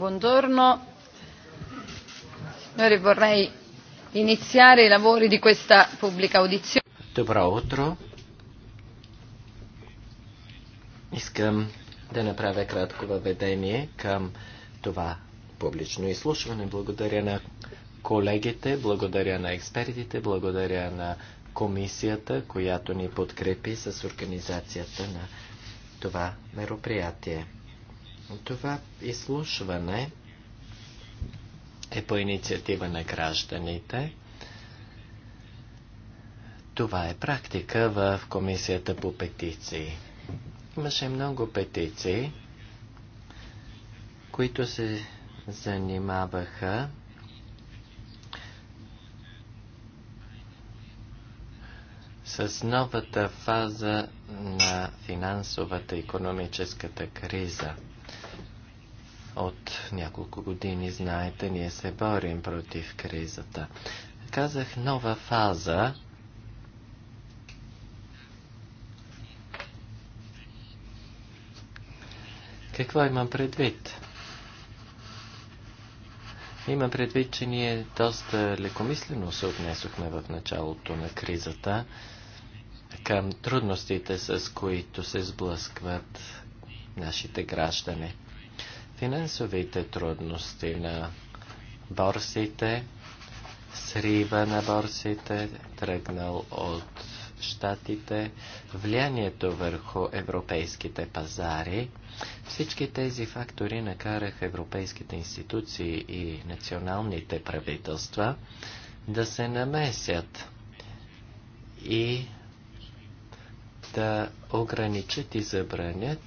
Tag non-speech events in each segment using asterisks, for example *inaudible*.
Buongiorno. Vorrei iniziare i lavori di questa pubblica audizione. Добро утро. Искам да направя кратко въведение към това публично изслушване. Благодаря на колегите, благодаря на експертите, благодаря на комисията, която ни подкрепи с организацията на това мероприятие. Това изслушване е по инициатива на гражданите. Това е практика в Комисията по петиции. Имаше много петиции, които се занимаваха с новата фаза на финансовата и економическата криза – от няколко години, знаете, ние се борим против кризата. Казах нова фаза. Какво имам предвид? Има предвид, че ние доста лекомислено се отнесохме в началото на кризата към трудностите, с които се сблъскват нашите граждани финансовите трудности на борсите, срива на борсите, тръгнал от щатите, влиянието върху европейските пазари. Всички тези фактори накараха европейските институции и националните правителства да се намесят и да ограничат и забранят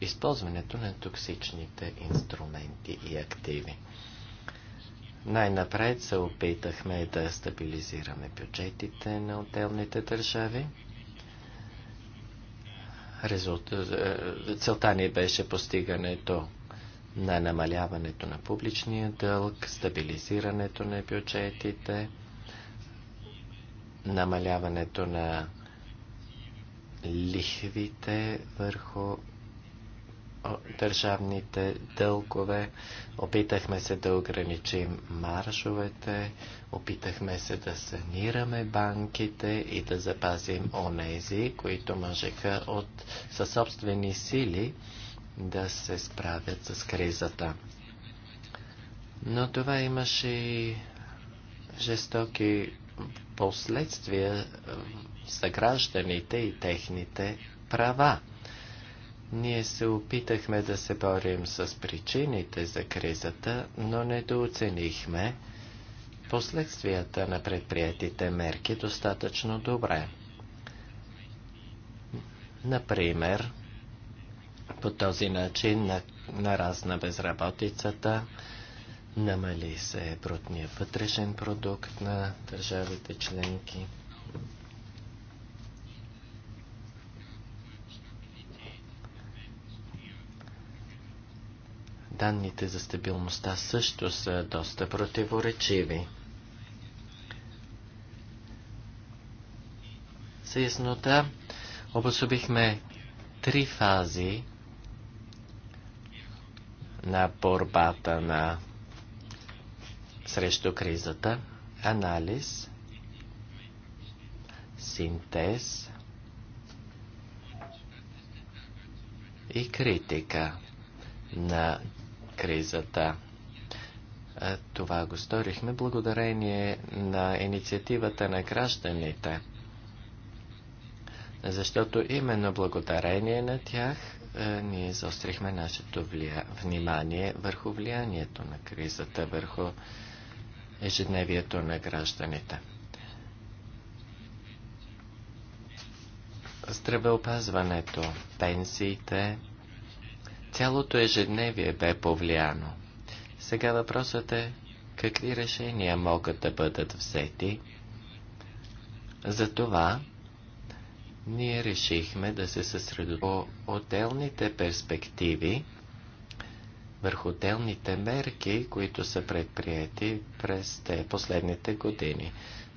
използването на токсичните инструменти и активи. Най-напред се опитахме да стабилизираме бюджетите на отделните държави. Резулт... Е, е, целта ни беше постигането на намаляването на публичния дълг, стабилизирането на бюджетите, намаляването на лихвите върху държавните дългове, опитахме се да ограничим маржовете, опитахме се да санираме банките и да запазим онези, които можеха от със собствени сили да се справят с кризата. Но това имаше и жестоки последствия за гражданите и техните права. Ние се опитахме да се борим с причините за кризата, но недооценихме последствията на предприятите мерки достатъчно добре. Например, по този начин нарасна безработицата, намали се брутния вътрешен продукт на държавите членки. данните за стабилността също са доста противоречиви. С яснота обособихме три фази на борбата на срещу кризата – анализ, синтез и критика на кризата. Това го сторихме благодарение на инициативата на гражданите, защото именно благодарение на тях ние заострихме нашето влия... внимание върху влиянието на кризата, върху ежедневието на гражданите. Здравеопазването, пенсиите, Цялото ежедневие бе повлияно. Сега въпросът е какви решения могат да бъдат взети. Затова ние решихме да се съсредоточим отделните перспективи върху отделните мерки, които са предприяти през те последните години.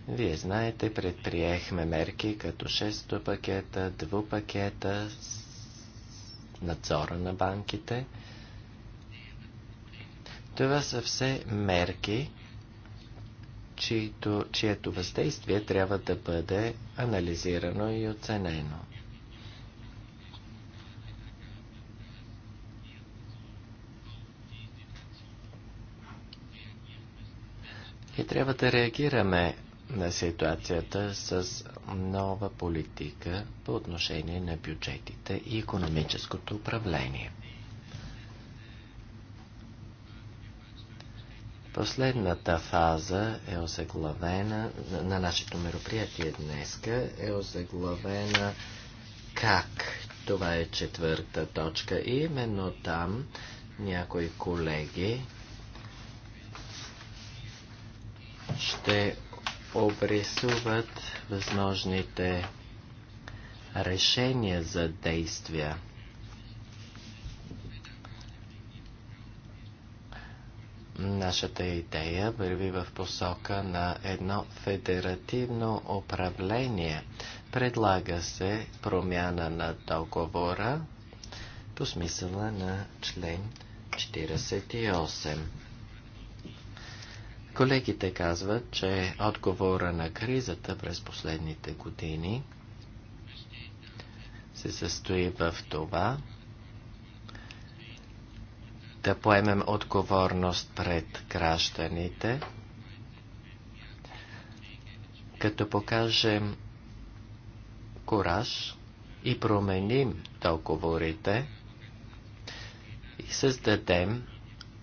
Вие знаете, предприехме мерки като 6 пакета, 2 пакета, надзора на банките. Това са все мерки, чието, чието въздействие трябва да бъде анализирано и оценено. И трябва да реагираме на ситуацията с нова политика по отношение на бюджетите и економическото управление. Последната фаза е озаглавена на нашето мероприятие днеска е озаглавена как. Това е четвърта точка. И именно там някои колеги ще обрисуват възможните решения за действия. Нашата идея върви в посока на едно федеративно управление. Предлага се промяна на договора по смисъла на член 48. Колегите казват, че отговора на кризата през последните години се състои в това да поемем отговорност пред гражданите, като покажем кураж и променим договорите и създадем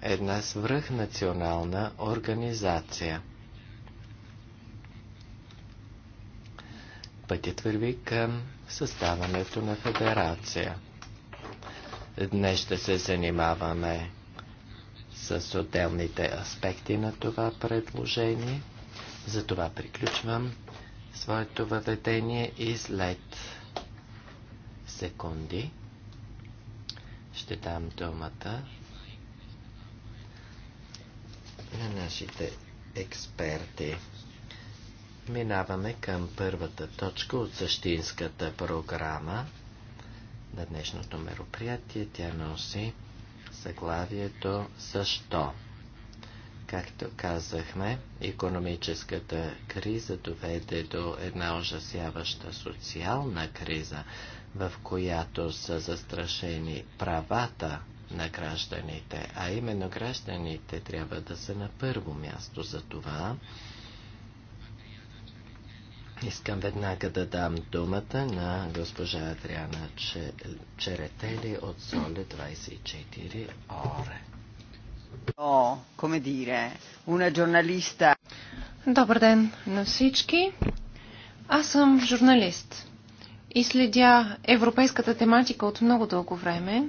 една свръхнационална организация. Пътят върви към съставането на федерация. Днес ще се занимаваме с отделните аспекти на това предложение. Затова приключвам своето въведение и след секунди ще дам думата на нашите експерти. Минаваме към първата точка от същинската програма на днешното мероприятие. Тя носи съглавието Защо? Както казахме, економическата криза доведе до една ужасяваща социална криза, в която са застрашени правата на гражданите, а именно гражданите трябва да са на първо място за това. Искам веднага да дам думата на госпожа Адриана Черетели от Соле 24 Оре. О, Добър ден на всички. Аз съм журналист и следя европейската тематика от много дълго време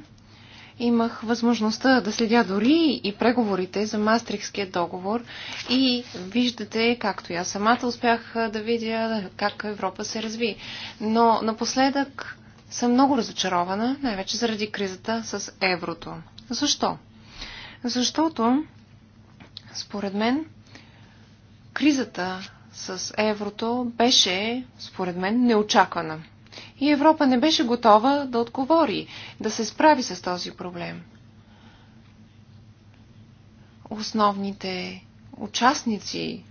имах възможността да следя дори и преговорите за Мастрихския договор и виждате, както и аз самата успях да видя как Европа се разви. Но напоследък съм много разочарована, най-вече заради кризата с еврото. Защо? Защото, според мен, кризата с еврото беше, според мен, неочаквана и Европа не беше готова да отговори, да се справи с този проблем. Основните участници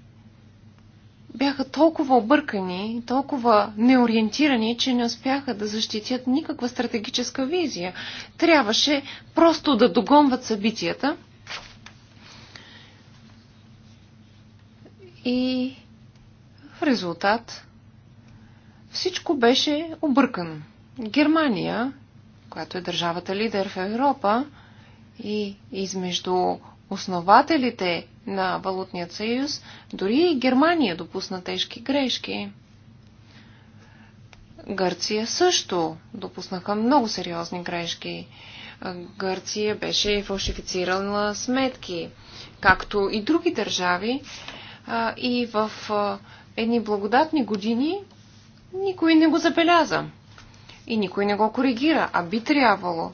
бяха толкова объркани, толкова неориентирани, че не успяха да защитят никаква стратегическа визия. Трябваше просто да догонват събитията и в резултат всичко беше объркано. Германия, която е държавата лидер в Европа и измежду основателите на Валутният съюз, дори и Германия допусна тежки грешки. Гърция също допуснаха много сериозни грешки. Гърция беше фалшифицирала сметки, както и други държави. И в едни благодатни години никой не го забеляза и никой не го коригира, а би трябвало.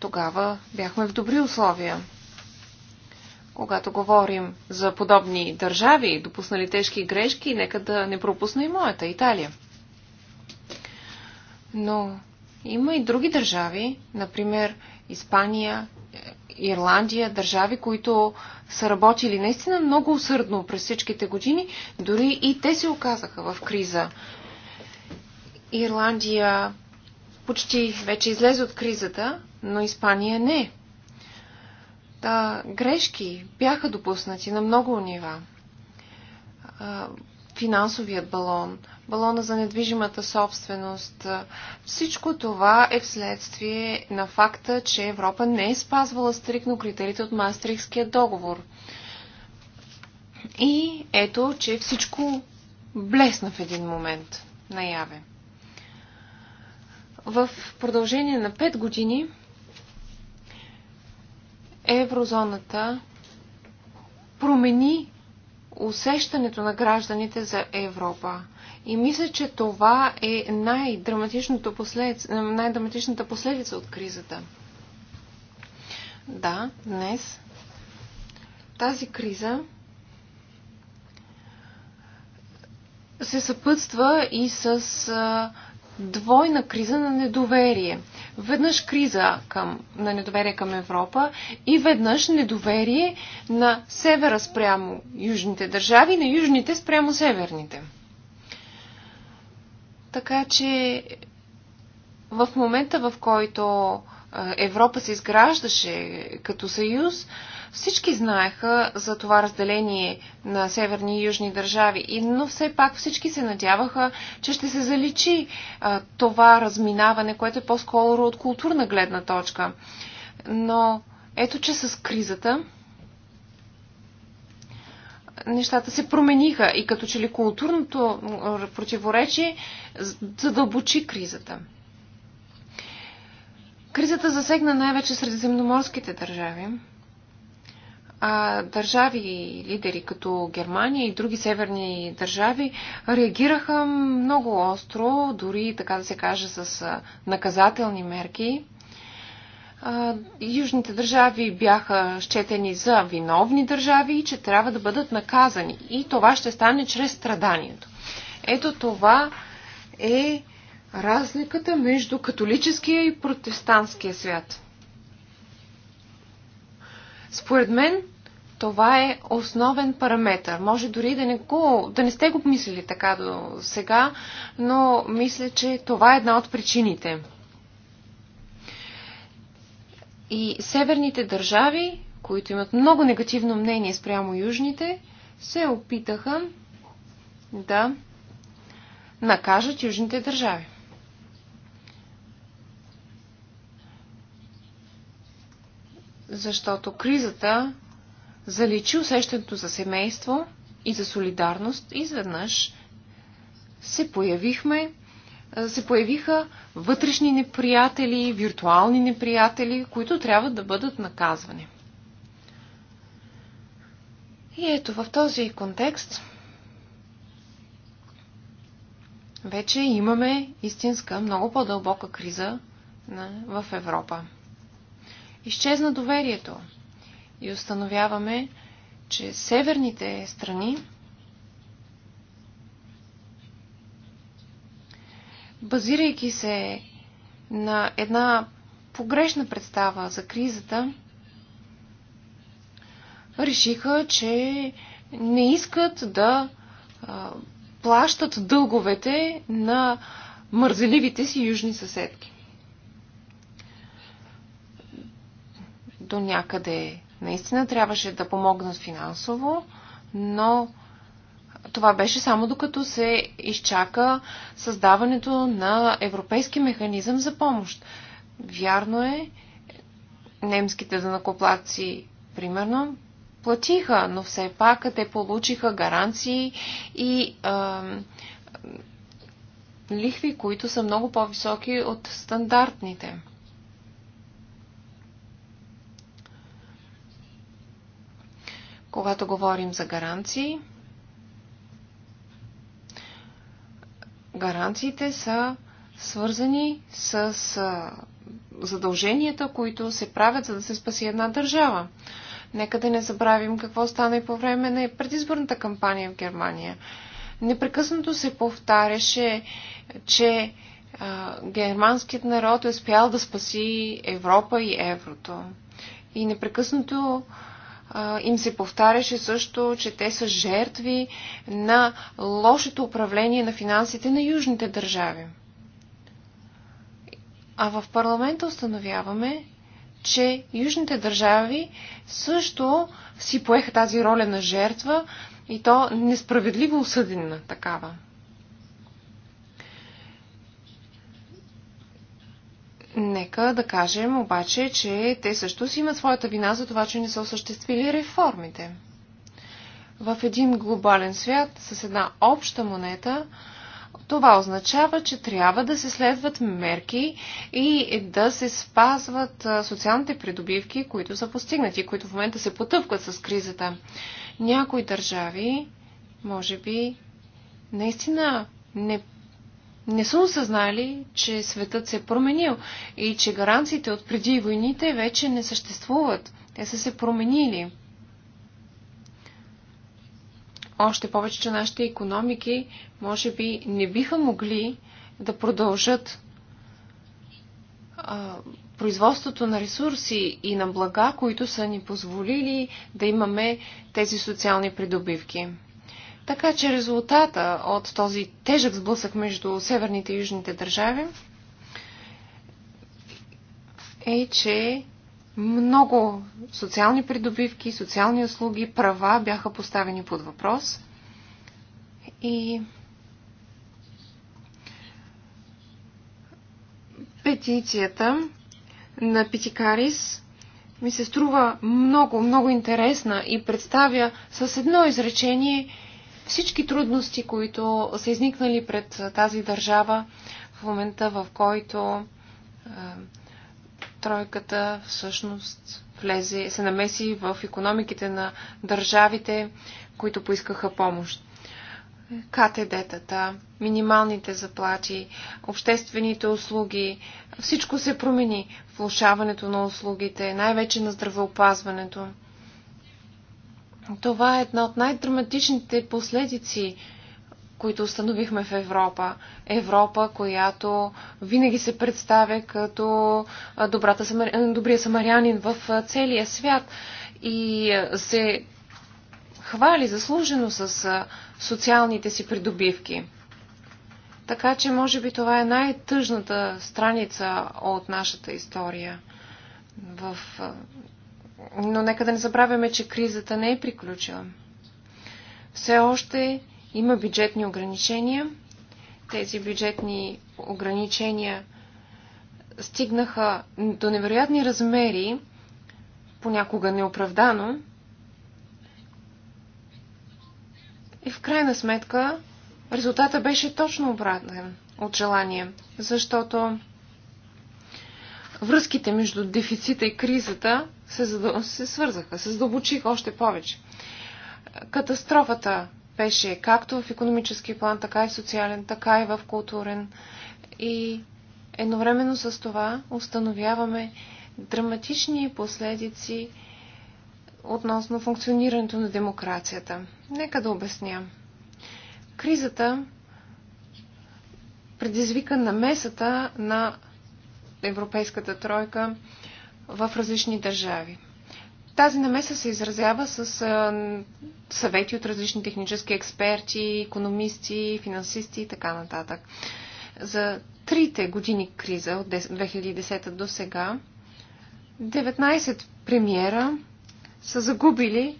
Тогава бяхме в добри условия. Когато говорим за подобни държави, допуснали тежки грешки, нека да не пропусна и моята Италия. Но има и други държави, например Испания, Ирландия, държави, които са работили наистина много усърдно през всичките години, дори и те се оказаха в криза. Ирландия почти вече излезе от кризата, но Испания не. Та, грешки бяха допуснати на много нива. Финансовият балон, балона за недвижимата собственост, всичко това е вследствие на факта, че Европа не е спазвала стрикно критериите от Мастрихския договор. И ето, че всичко блесна в един момент наяве. В продължение на 5 години еврозоната промени усещането на гражданите за Европа. И мисля, че това е, е най-драматичната послед... най последица от кризата. Да, днес тази криза се съпътства и с двойна криза на недоверие. Веднъж криза към, на недоверие към Европа и веднъж недоверие на севера спрямо южните държави, на южните спрямо северните. Така че в момента, в който Европа се изграждаше като съюз, всички знаеха за това разделение на северни и южни държави, и, но все пак всички се надяваха, че ще се заличи това разминаване, което е по-скоро от културна гледна точка. Но ето, че с кризата нещата се промениха и като че ли културното противоречие задълбочи кризата. Кризата засегна най-вече средиземноморските държави. А държави и лидери като Германия и други северни държави реагираха много остро, дори така да се каже с наказателни мерки. Южните държави бяха щетени за виновни държави и че трябва да бъдат наказани. И това ще стане чрез страданието. Ето това е разликата между католическия и протестантския свят. Според мен, това е основен параметр. Може дори да не, го, да не сте го мислили така до сега, но мисля, че това е една от причините. И северните държави, които имат много негативно мнение спрямо южните, се опитаха да накажат южните държави. защото кризата заличи усещането за семейство и за солидарност. Изведнъж се появихме, се появиха вътрешни неприятели, виртуални неприятели, които трябва да бъдат наказвани. И ето в този контекст вече имаме истинска, много по-дълбока криза в Европа изчезна доверието. И установяваме, че северните страни базирайки се на една погрешна представа за кризата, решиха, че не искат да а, плащат дълговете на мързеливите си южни съседки. до някъде наистина трябваше да помогнат финансово, но това беше само докато се изчака създаването на европейски механизъм за помощ. Вярно е, немските данакоплаци, примерно, платиха, но все пак те получиха гаранции и а, лихви, които са много по-високи от стандартните. когато говорим за гаранции, гаранциите са свързани с задълженията, които се правят, за да се спаси една държава. Нека да не забравим какво стана и по време на предизборната кампания в Германия. Непрекъснато се повтаряше, че а, германският народ е успял да спаси Европа и еврото. И непрекъснато а, им се повтаряше също, че те са жертви на лошото управление на финансите на южните държави. А в парламента установяваме, че южните държави също си поеха тази роля на жертва и то несправедливо осъдена такава. Нека да кажем обаче, че те също си имат своята вина за това, че не са осъществили реформите. В един глобален свят с една обща монета, това означава, че трябва да се следват мерки и да се спазват социалните придобивки, които са постигнати, които в момента се потъпкват с кризата. Някои държави, може би, наистина не не са осъзнали, че светът се е променил и че гаранциите от преди войните вече не съществуват. Те са се променили. Още повече, че нашите економики може би не биха могли да продължат а, производството на ресурси и на блага, които са ни позволили да имаме тези социални придобивки. Така че резултата от този тежък сблъсък между северните и южните държави е, че много социални придобивки, социални услуги, права бяха поставени под въпрос. И петицията на Питикарис ми се струва много, много интересна и представя с едно изречение всички трудности, които са изникнали пред тази държава в момента, в който е, тройката всъщност влезе, се намеси в економиките на държавите, които поискаха помощ. КТД-тата, минималните заплати, обществените услуги, всичко се промени. Влушаването на услугите, най-вече на здравеопазването. Това е една от най-драматичните последици, които установихме в Европа. Европа, която винаги се представя като добрата, добрия самарянин в целия свят и се хвали заслужено с социалните си придобивки. Така че, може би, това е най-тъжната страница от нашата история в но нека да не забравяме, че кризата не е приключила. Все още има бюджетни ограничения. Тези бюджетни ограничения стигнаха до невероятни размери, понякога неоправдано. И в крайна сметка резултата беше точно обратен от желание, защото връзките между дефицита и кризата се, задъл... се свързаха, се задълбочиха още повече. Катастрофата беше както в економически план, така и в социален, така и в културен. И едновременно с това установяваме драматични последици относно функционирането на демокрацията. Нека да обясня. Кризата предизвика намесата на Европейската тройка в различни държави. Тази намеса се изразява с съвети от различни технически експерти, економисти, финансисти и така нататък. За трите години криза от 2010 до сега, 19 премиера са загубили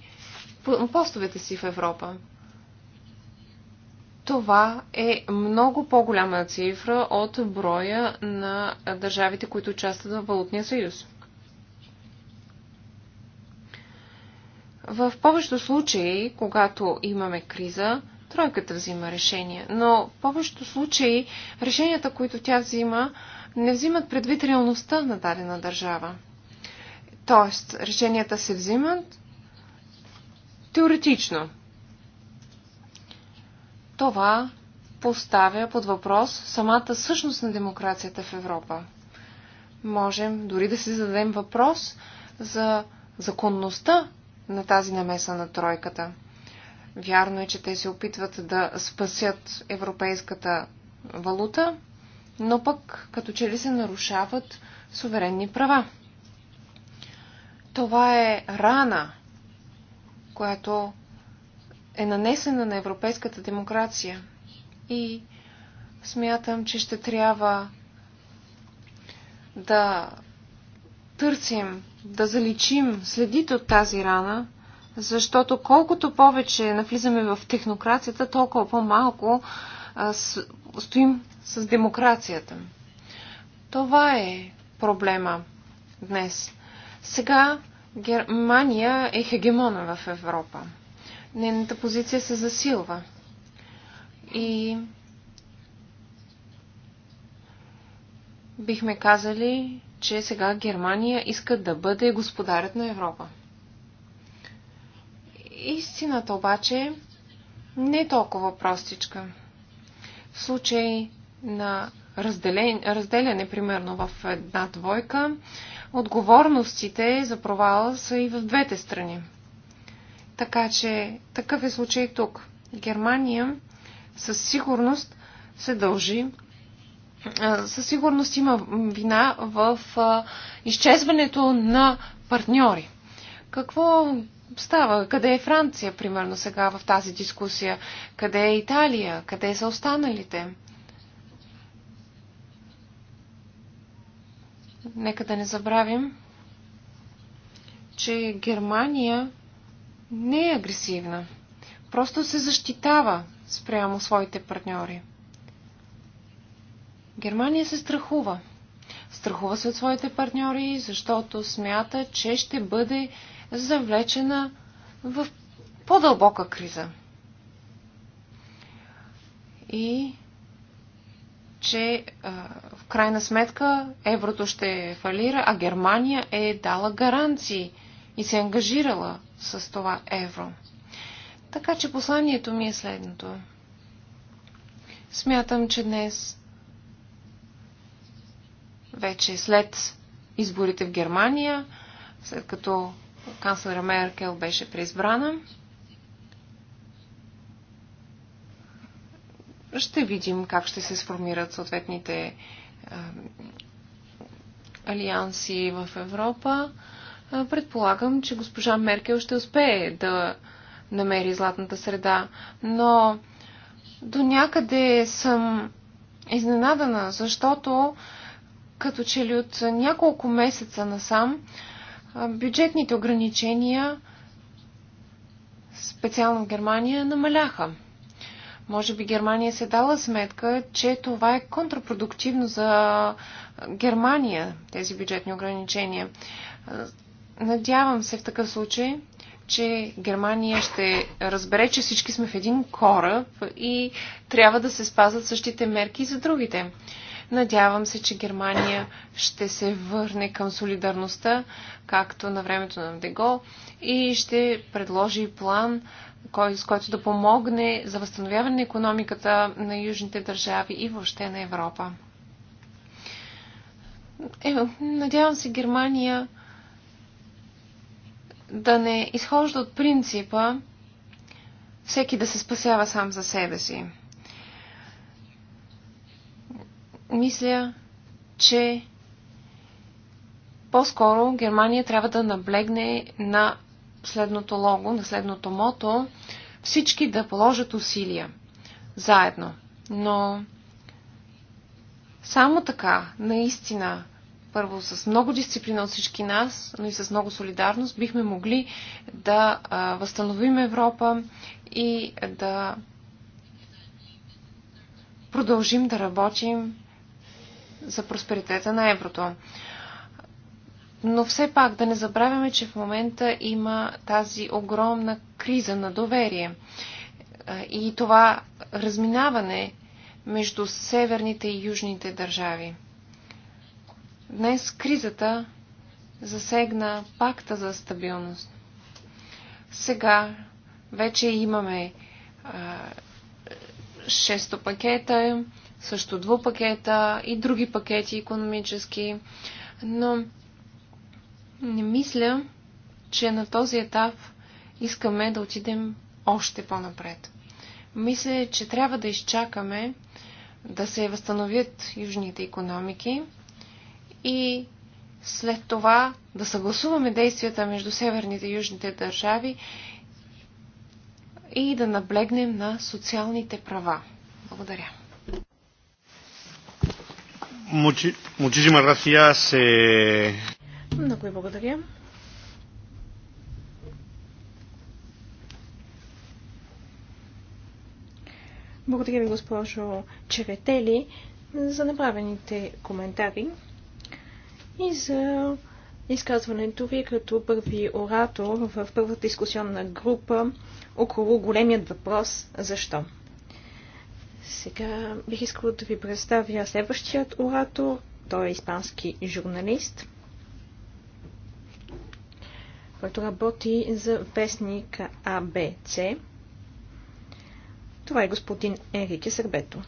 постовете си в Европа това е много по-голяма цифра от броя на държавите, които участват в Валутния съюз. В повечето случаи, когато имаме криза, тройката взима решения, но в повечето случаи решенията, които тя взима, не взимат предвид реалността на дадена държава. Тоест, решенията се взимат теоретично, това поставя под въпрос самата същност на демокрацията в Европа. Можем дори да си зададем въпрос за законността на тази намеса на тройката. Вярно е, че те се опитват да спасят европейската валута, но пък като че ли се нарушават суверенни права. Това е рана, която е нанесена на европейската демокрация. И смятам, че ще трябва да търсим, да заличим следите от тази рана, защото колкото повече навлизаме в технокрацията, толкова по-малко стоим с демокрацията. Това е проблема днес. Сега Германия е хегемона в Европа нейната позиция се засилва. И бихме казали, че сега Германия иска да бъде господарят на Европа. Истината обаче не е толкова простичка. В случай на разделяне, примерно в една двойка, отговорностите за провала са и в двете страни. Така че такъв е случай тук. Германия със сигурност се дължи със сигурност има вина в изчезването на партньори. Какво става? Къде е Франция, примерно, сега в тази дискусия? Къде е Италия? Къде са останалите? Нека да не забравим, че Германия не е агресивна. Просто се защитава спрямо своите партньори. Германия се страхува. Страхува се от своите партньори, защото смята, че ще бъде завлечена в по-дълбока криза. И че в крайна сметка еврото ще фалира, а Германия е дала гаранции и се е ангажирала с това евро. Така че посланието ми е следното. Смятам, че днес, вече след изборите в Германия, след като канцлера Меркел беше преизбрана, ще видим как ще се сформират съответните алианси в Европа. Предполагам, че госпожа Меркел ще успее да намери златната среда, но до някъде съм изненадана, защото като че ли от няколко месеца насам бюджетните ограничения, специално в Германия, намаляха. Може би Германия се дала сметка, че това е контрапродуктивно за Германия, тези бюджетни ограничения. Надявам се в такъв случай, че Германия ще разбере, че всички сме в един кораб и трябва да се спазват същите мерки и за другите. Надявам се, че Германия ще се върне към солидарността, както на времето на Дего, и ще предложи план, кой, с който да помогне за възстановяване на економиката на южните държави и въобще на Европа. Е, надявам се Германия да не изхожда от принципа всеки да се спасява сам за себе си. Мисля, че по-скоро Германия трябва да наблегне на следното лого, на следното мото, всички да положат усилия заедно. Но само така, наистина, първо с много дисциплина от всички нас, но и с много солидарност, бихме могли да възстановим Европа и да продължим да работим за просперитета на еврото. Но все пак да не забравяме, че в момента има тази огромна криза на доверие и това разминаване между северните и южните държави. Днес кризата засегна пакта за стабилност. Сега вече имаме шесто 6 пакета, също пакета и други пакети економически, но не мисля, че на този етап искаме да отидем още по-напред. Мисля, че трябва да изчакаме да се възстановят южните економики, и след това да съгласуваме действията между северните и южните държави и да наблегнем на социалните права. Благодаря. Е- Много ви благодаря. Благодаря ви, госпожо Черетели, за направените коментари и за изказването ви като първи оратор в първата дискусионна група около големият въпрос защо. Сега бих искала да ви представя следващият оратор. Той е испански журналист, който работи за вестник АБЦ. Това е господин Ерике Сърбето.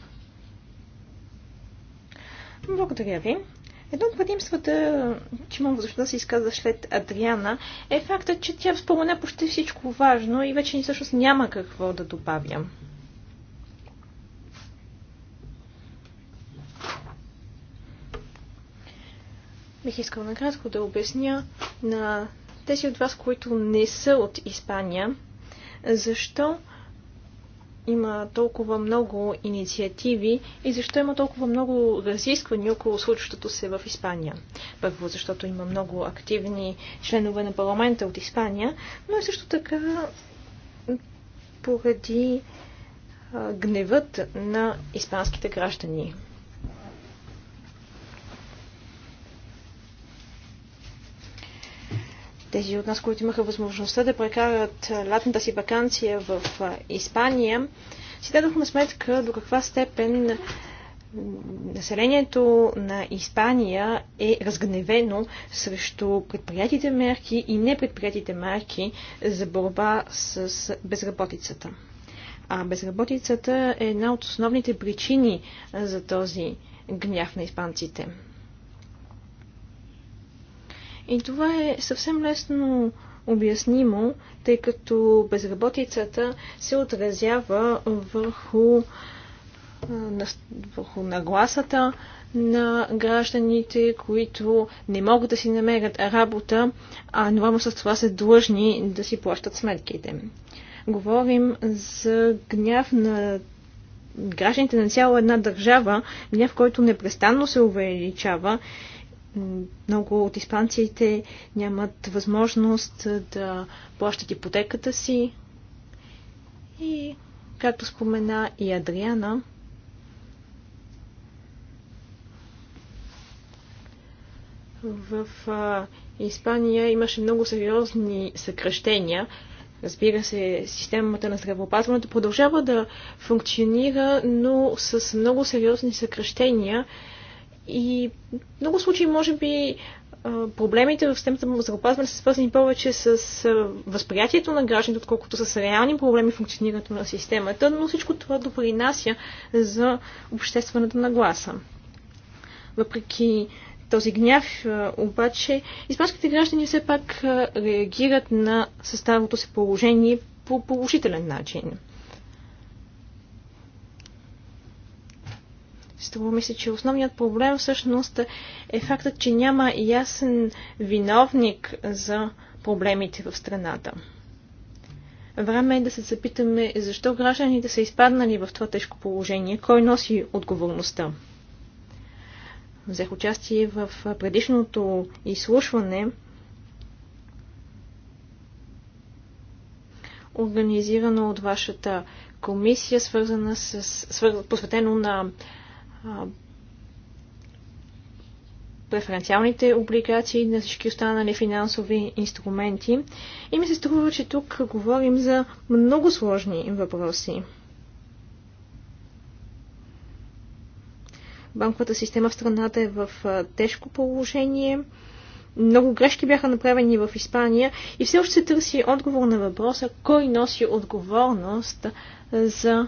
Благодаря ви. Едно от предимствата, че мога защо да се изказа след Адриана, е факта, че тя спомена почти всичко важно и вече всъщност няма какво да добавям. Бих искал накратко да обясня на тези от вас, които не са от Испания, защо има толкова много инициативи и защо има толкова много разисквания около случващото се в Испания. Първо, защото има много активни членове на парламента от Испания, но и също така поради гневът на испанските граждани. Тези от нас, които имаха възможността да прекарат лятната си вакансия в Испания, си дадохме сметка до каква степен населението на Испания е разгневено срещу предприятите мерки и непредприятите мерки за борба с безработицата. А безработицата е една от основните причини за този гняв на испанците. И това е съвсем лесно обяснимо, тъй като безработицата се отразява върху, върху нагласата на гражданите, които не могат да си намерят работа, а нормално с това са длъжни да си плащат сметките. Говорим за гняв на гражданите на цяла една държава, гняв, който непрестанно се увеличава много от испанците нямат възможност да плащат ипотеката си. И, както спомена и Адриана, в Испания имаше много сериозни съкръщения. Разбира се, системата на здравеопазването продължава да функционира, но с много сериозни съкръщения и в много случаи, може би, проблемите в системата на здравеопазване са свързани повече с възприятието на гражданите, отколкото с реални проблеми в функционирането на системата, но всичко това допринася за обществената нагласа. Въпреки този гняв, обаче, испанските граждани все пак реагират на съставното си положение по положителен начин. Струва ми се, че основният проблем всъщност е фактът, че няма ясен виновник за проблемите в страната. Време е да се запитаме защо гражданите са изпаднали в това тежко положение, кой носи отговорността. Взех участие в предишното изслушване, организирано от вашата комисия, свързана с, свър... посветено на преференциалните облигации на всички останали финансови инструменти. И ми се струва, че тук говорим за много сложни въпроси. банковата система в страната е в тежко положение. Много грешки бяха направени в Испания и все още се търси отговор на въпроса кой носи отговорност за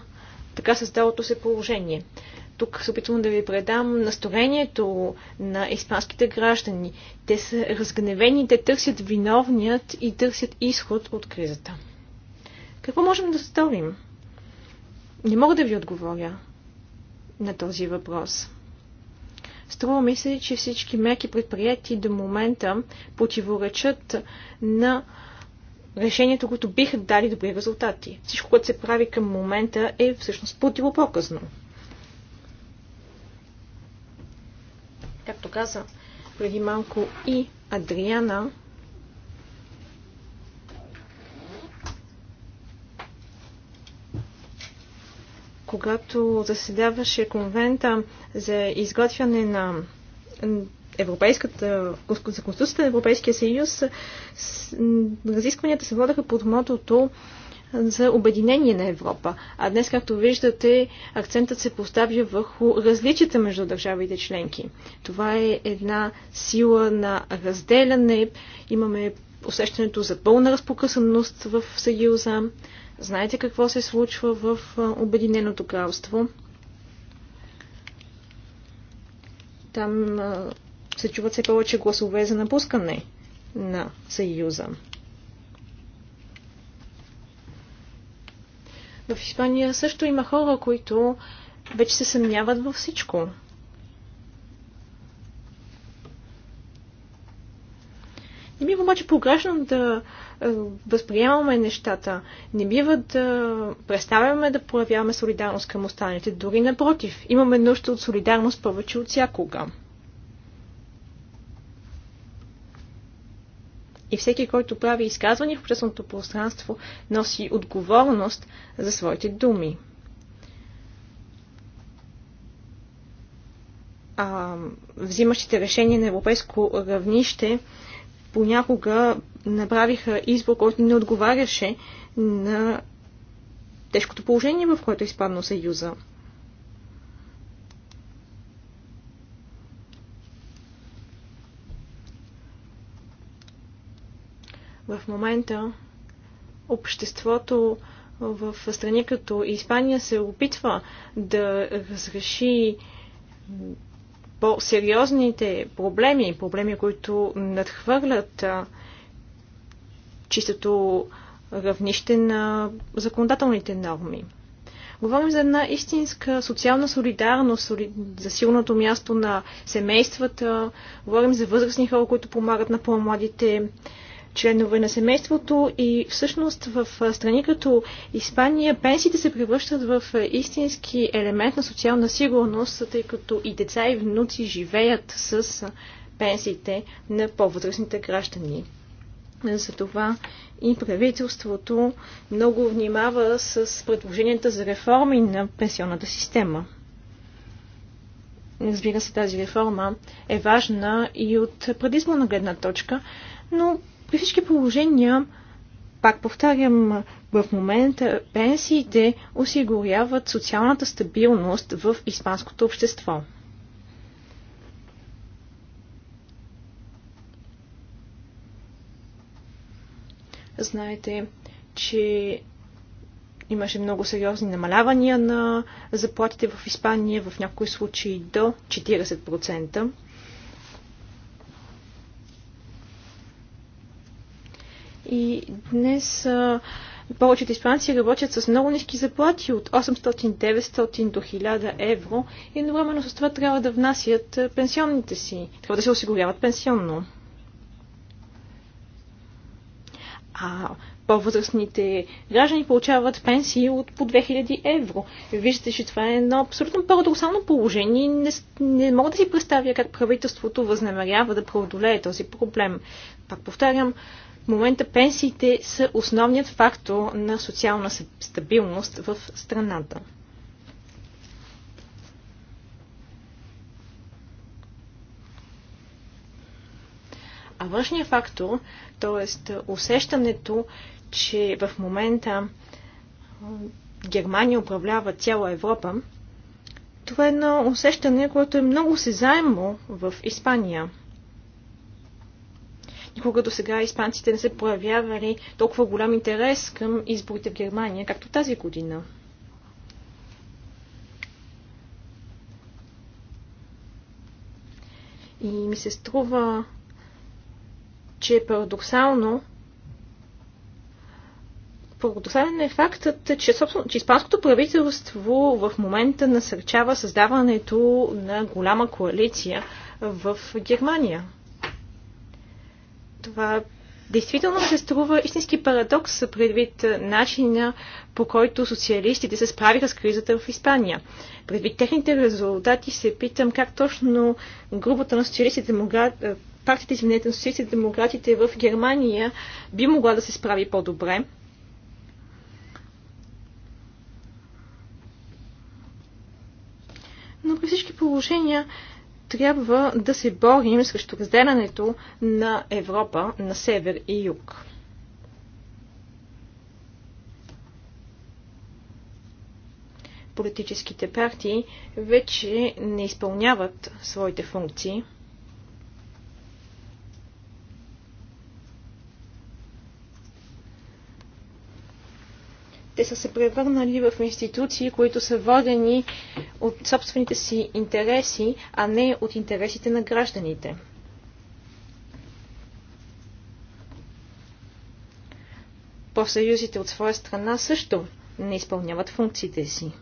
така създалото се положение. Тук се опитвам да ви предам настроението на испанските граждани. Те са разгневени, те търсят виновният и търсят изход от кризата. Какво можем да сторим? Не мога да ви отговоря на този въпрос. Струва ми се, че всички мерки предприяти до момента противоречат на решението, което биха дали добри резултати. Всичко, което се прави към момента е всъщност противопоказно. Както каза преди малко и Адриана, когато заседаваше конвента за изготвяне на Европейската, за Конституцията на Европейския съюз, разискванията се водеха под мотото за обединение на Европа. А днес, както виждате, акцентът се поставя върху различията между държавите членки. Това е една сила на разделяне. Имаме усещането за пълна разпокъсаност в Съюза. Знаете какво се случва в Обединеното кралство. Там се чуват все повече гласове за напускане на Съюза. В Испания също има хора, които вече се съмняват във всичко. Не бива обаче погрешно да е, възприемаме нещата. Не бива да представяме да проявяваме солидарност към останалите. Дори напротив, имаме нужда от солидарност повече от всякога. и всеки, който прави изказвания в общественото пространство, носи отговорност за своите думи. А, взимащите решения на европейско равнище понякога направиха избор, който не отговаряше на тежкото положение, в което е изпаднал Съюза. в момента обществото в страни като Испания се опитва да разреши по-сериозните проблеми, проблеми, които надхвърлят чистото равнище на законодателните норми. Говорим за една истинска социална солидарност, за силното място на семействата, говорим за възрастни хора, които помагат на по-младите, членове на семейството и всъщност в страни като Испания пенсиите се превръщат в истински елемент на социална сигурност, тъй като и деца и внуци живеят с пенсиите на по-възрастните граждани. Затова и правителството много внимава с предложенията за реформи на пенсионната система. Разбира се, тази реформа е важна и от предизборна гледна точка, но при всички положения, пак повтарям, в момента пенсиите осигуряват социалната стабилност в испанското общество. Знаете, че имаше много сериозни намалявания на заплатите в Испания, в някои случаи до 40%. И днес повечето испанци работят с много ниски заплати от 800, 900 до 1000 евро и едновременно с това трябва да внасят пенсионните си. Трябва да се осигуряват пенсионно. А по-възрастните граждани получават пенсии от по 2000 евро. Виждате, че това е едно абсолютно парадоксално положение. Не, не мога да си представя как правителството възнамерява да преодолее този проблем. Пак повтарям, в момента пенсиите са основният фактор на социална стабилност в страната. А външният фактор, т.е. усещането, че в момента Германия управлява цяла Европа, това е едно усещане, което е много сезаемо в Испания. Никога до сега испанците не са проявявали толкова голям интерес към изборите в Германия, както тази година. И ми се струва, че е парадоксално, Парадоксален е фактът, че, собствен, че испанското правителство в момента насърчава създаването на голяма коалиция в Германия. Това действително се струва истински парадокс предвид начина по който социалистите се справиха с кризата в Испания. Предвид техните резултати се питам как точно групата на социалистите могла, е, партията извинете, на социалистите демократите в Германия би могла да се справи по-добре. Но при всички положения трябва да се борим срещу разделянето на Европа на север и юг. Политическите партии вече не изпълняват своите функции – те са се превърнали в институции, които са водени от собствените си интереси, а не от интересите на гражданите. Профсъюзите от своя страна също не изпълняват функциите си.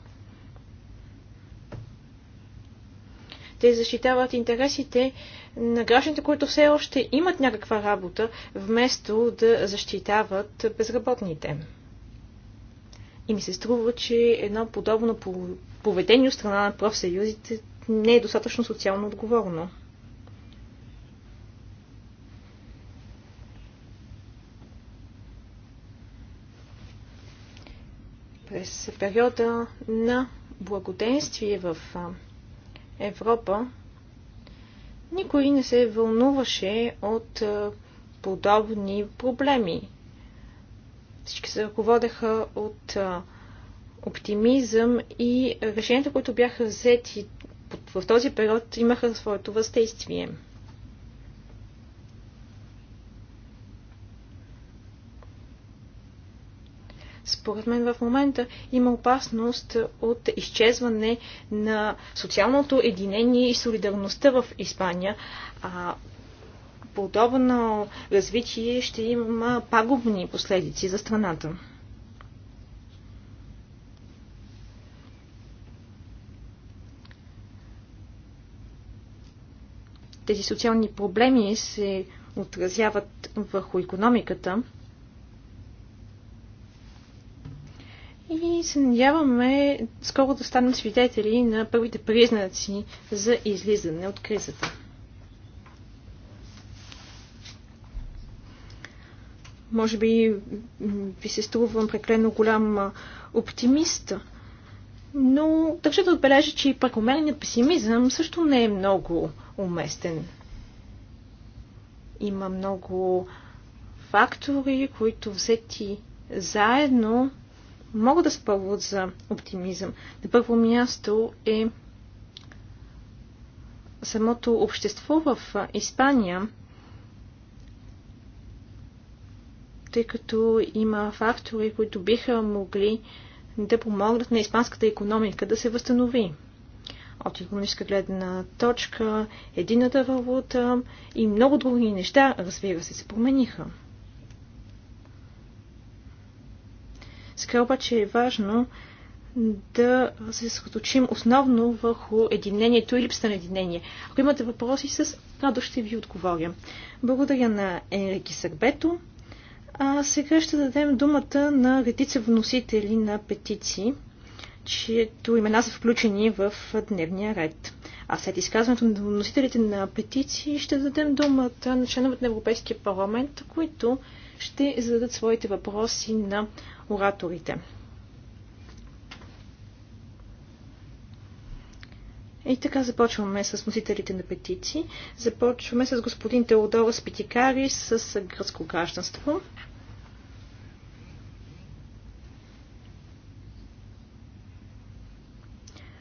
Те защитават интересите на гражданите, които все още имат някаква работа, вместо да защитават безработните. И ми се струва, че едно подобно поведение от страна на профсъюзите не е достатъчно социално отговорно. През периода на благоденствие в Европа никой не се вълнуваше от подобни проблеми. Всички се ръководеха от оптимизъм и решенията, които бяха взети в този период, имаха своето въздействие. според мен в момента има опасност от изчезване на социалното единение и солидарността в Испания. А подобно развитие ще има пагубни последици за страната. Тези социални проблеми се отразяват върху економиката. И се надяваме скоро да станем свидетели на първите признаци за излизане от кризата. Може би ви се струвам преклено голям оптимист, но държа да отбележа, че и прекомерният песимизъм също не е много уместен. Има много фактори, които взети заедно могат да спъват за оптимизъм. На първо място е самото общество в Испания – тъй като има фактори, които биха могли да помогнат на испанската економика да се възстанови. От економическа гледна точка, едината валута и много други неща, разбира се, се промениха. Сега обаче е важно да се съсредоточим основно върху единението и липса на единение. Ако имате въпроси, с радост ще ви отговоря. Благодаря на Енрики Сърбето. А сега ще дадем думата на редица вносители на петиции, чието имена са включени в дневния ред. А след изказването на вносителите на петиции ще дадем думата на членовете на Европейския парламент, които ще зададат своите въпроси на ораторите. И така започваме с носителите на петиции. Започваме с господин Теодора Спитикари с гръцко гражданство.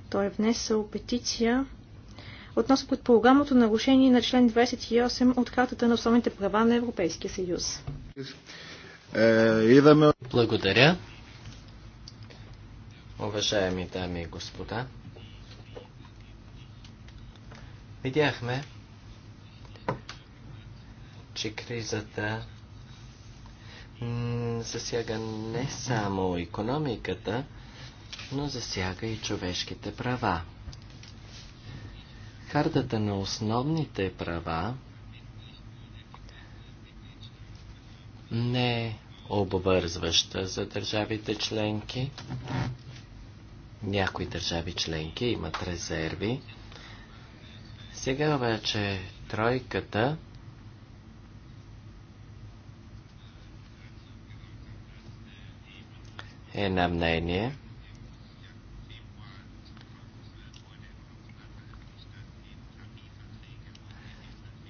Той е внесъл петиция относно предполагамото нарушение на член 28 от Картата на основните права на Европейския съюз. Е, Благодаря. Уважаеми дами и господа, видяхме, че кризата засяга не само економиката, но засяга и човешките права. Хардата на основните права не е обвързваща за държавите членки. Някои държави членки имат резерви. Сега обаче тройката е на мнение,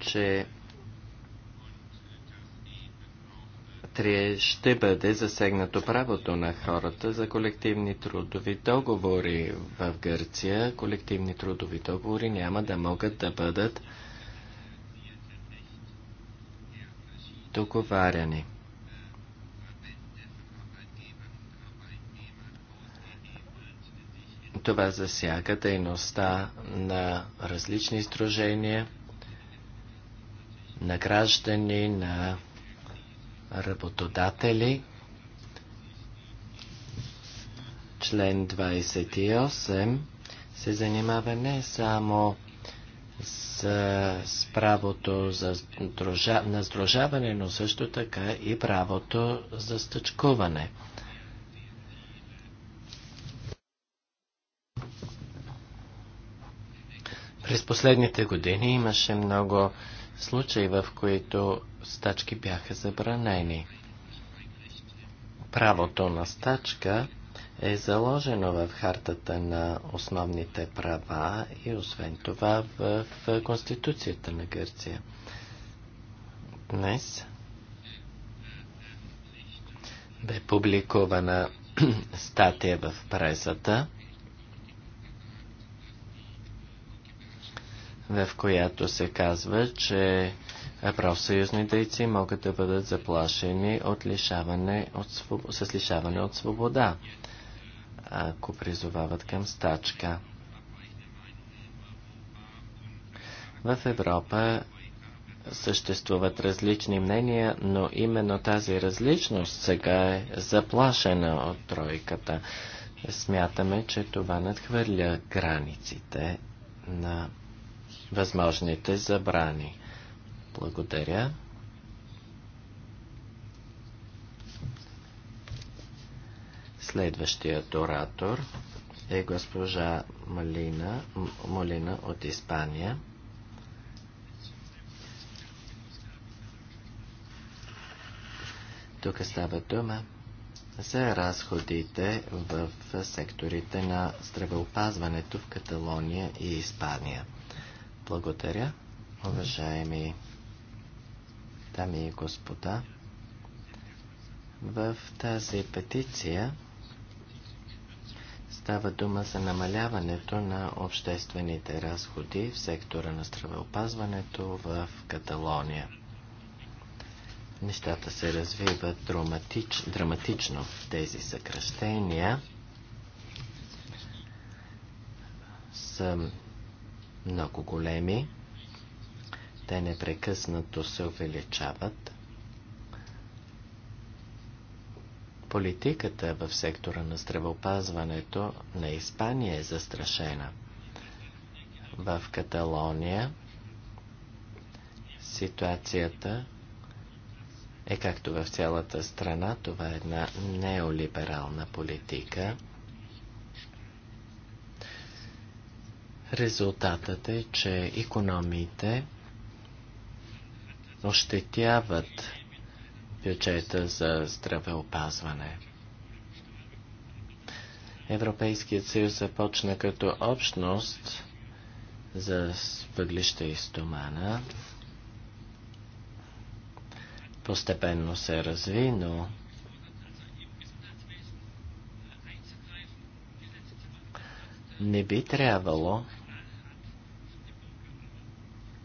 че ще бъде засегнато правото на хората за колективни трудови договори. В Гърция колективни трудови договори няма да могат да бъдат договаряни. Това засяга дейността на различни сдружения – на граждани, на работодатели. Член 28 се занимава не само с, с правото за сдружа, на сдружаване, но също така и правото за стъчкуване. През последните години имаше много случаи, в които стачки бяха забранени. Правото на стачка е заложено в хартата на основните права и освен това в, Конституцията на Гърция. Днес бе публикувана *clears throat* статия в пресата в която се казва, че профсъюзни дейци могат да бъдат заплашени от лишаване от своб... с лишаване от свобода, ако призовават към стачка. В Европа съществуват различни мнения, но именно тази различност сега е заплашена от тройката. Смятаме, че това надхвърля границите на възможните забрани. Благодаря. Следващият оратор е госпожа Малина, Молина от Испания. Тук става дума за разходите в секторите на здравеопазването в Каталония и Испания. Благодаря, уважаеми дами и господа. В тази петиция става дума за намаляването на обществените разходи в сектора на здравеопазването в Каталония. Нещата се развиват драматич, драматично. Тези съкръщения са много големи. Те непрекъснато се увеличават. Политиката в сектора на здравеопазването на Испания е застрашена. В Каталония ситуацията е както в цялата страна, това е една неолиберална политика – Резултатът е, че економиите ощетяват бюджета за здравеопазване. Европейският съюз започна като общност за въглища и стомана. Постепенно се разви, но не би трябвало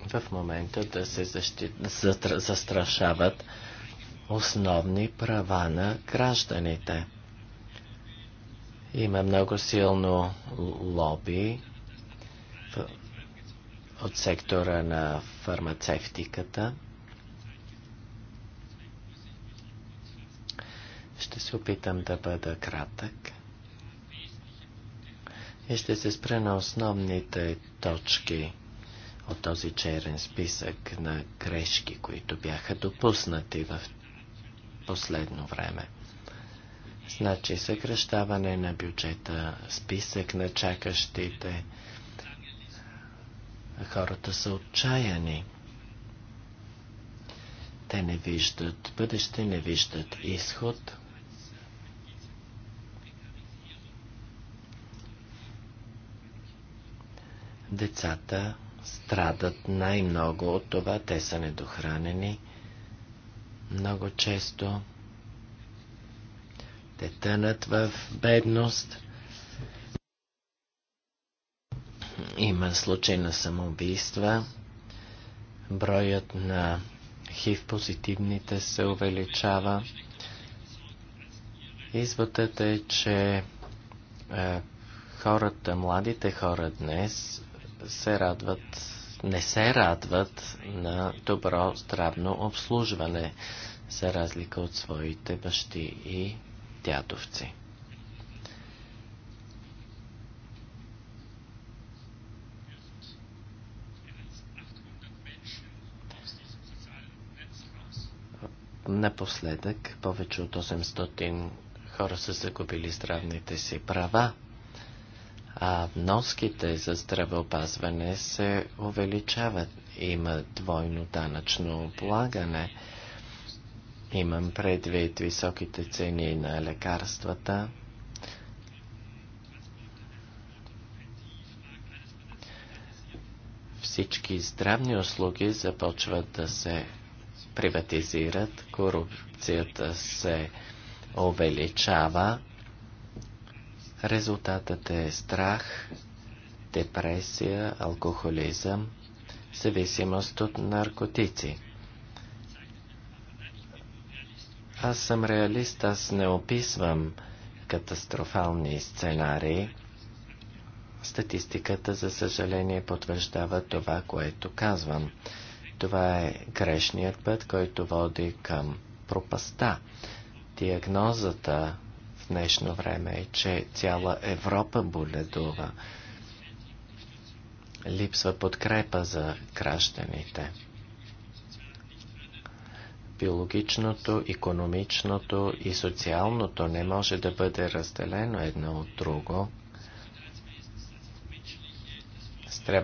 в момента да се защит... застрашават основни права на гражданите. Има много силно лоби в... от сектора на фармацевтиката. Ще се опитам да бъда кратък и ще се спре на основните точки от този черен списък на грешки, които бяха допуснати в последно време. Значи съкръщаване на бюджета, списък на чакащите. Хората са отчаяни. Те не виждат бъдеще, не виждат изход. Децата страдат най-много от това. Те са недохранени. Много често те тънат в бедност. Има случаи на самоубийства. Броят на хив позитивните се увеличава. Изводът е, че е, хората, младите хора днес се радват, не се радват на добро здравно обслужване, за разлика от своите бащи и дядовци. Напоследък повече от 800 хора са загубили здравните си права а вноските за здравеопазване се увеличават. Има двойно данъчно облагане. Имам предвид високите цени на лекарствата. Всички здравни услуги започват да се приватизират, корупцията се увеличава Резултатът е страх, депресия, алкохолизъм, зависимост от наркотици. Аз съм реалист, аз не описвам катастрофални сценарии. Статистиката, за съжаление, потвърждава това, което казвам. Това е грешният път, който води към пропаста. Диагнозата в днешно време е, че цяла Европа боледува. Липсва подкрепа за гражданите. Биологичното, економичното и социалното не може да бъде разделено едно от друго.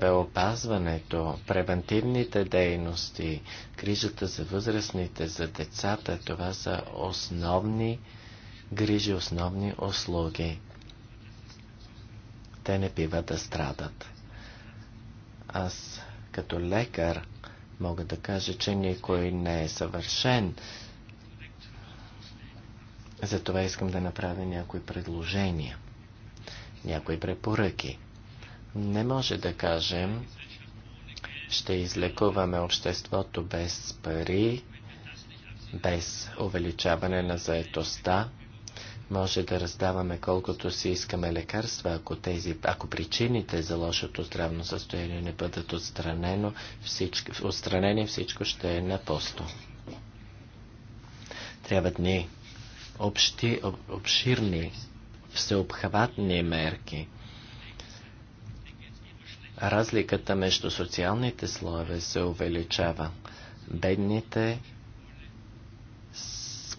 опазването, превентивните дейности, грижата за възрастните, за децата, това са основни грижи основни услуги. Те не бива да страдат. Аз като лекар мога да кажа, че никой не е съвършен. Затова искам да направя някои предложения, някои препоръки. Не може да кажем, ще излекуваме обществото без пари, без увеличаване на заетостта. Може да раздаваме колкото си искаме лекарства, ако, тези, ако причините за лошото здравно състояние не бъдат отстранено, всичко, отстранени, всичко ще е на посто. Трябват ни общи, об, обширни, всеобхватни мерки. Разликата между социалните слоеве се увеличава. Бедните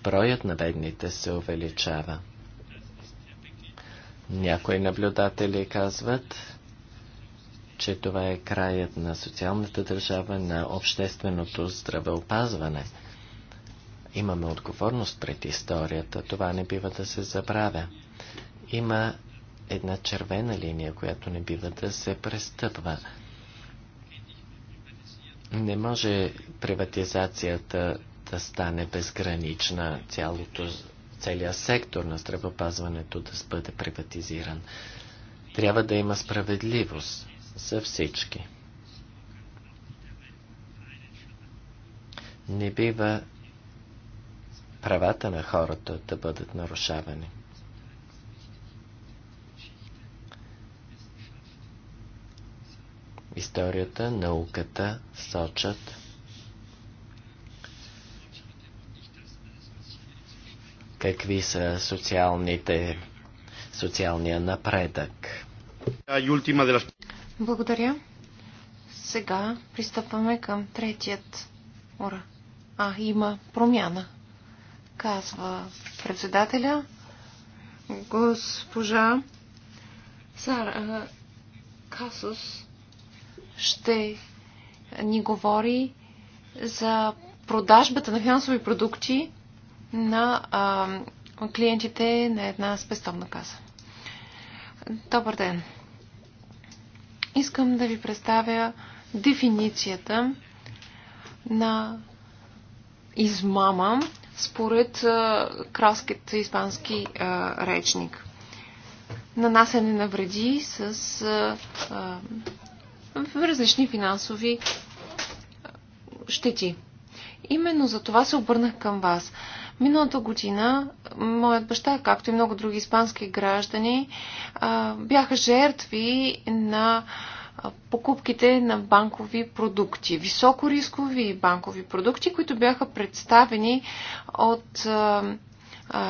броят на бедните се увеличава. Някои наблюдатели казват, че това е краят на социалната държава, на общественото здравеопазване. Имаме отговорност пред историята, това не бива да се забравя. Има една червена линия, която не бива да се престъпва. Не може приватизацията да стане безгранична, цялото, целият сектор на здравеопазването да бъде приватизиран. Трябва да има справедливост за всички. Не бива правата на хората да бъдат нарушавани. Историята, науката сочат, какви са социалните, социалния напредък. Благодаря. Сега пристъпваме към третият ура. А, има промяна. Казва председателя госпожа Сара Касус ще ни говори за продажбата на финансови продукти на а, клиентите на една спестовна каса. Добър ден! Искам да ви представя дефиницията на измама според а, кралският испански а, речник. Нанасене на вреди с а, а, различни финансови щети. Именно за това се обърнах към вас. Миналата година моят баща, както и много други испански граждани, бяха жертви на покупките на банкови продукти, високорискови банкови продукти, които бяха представени от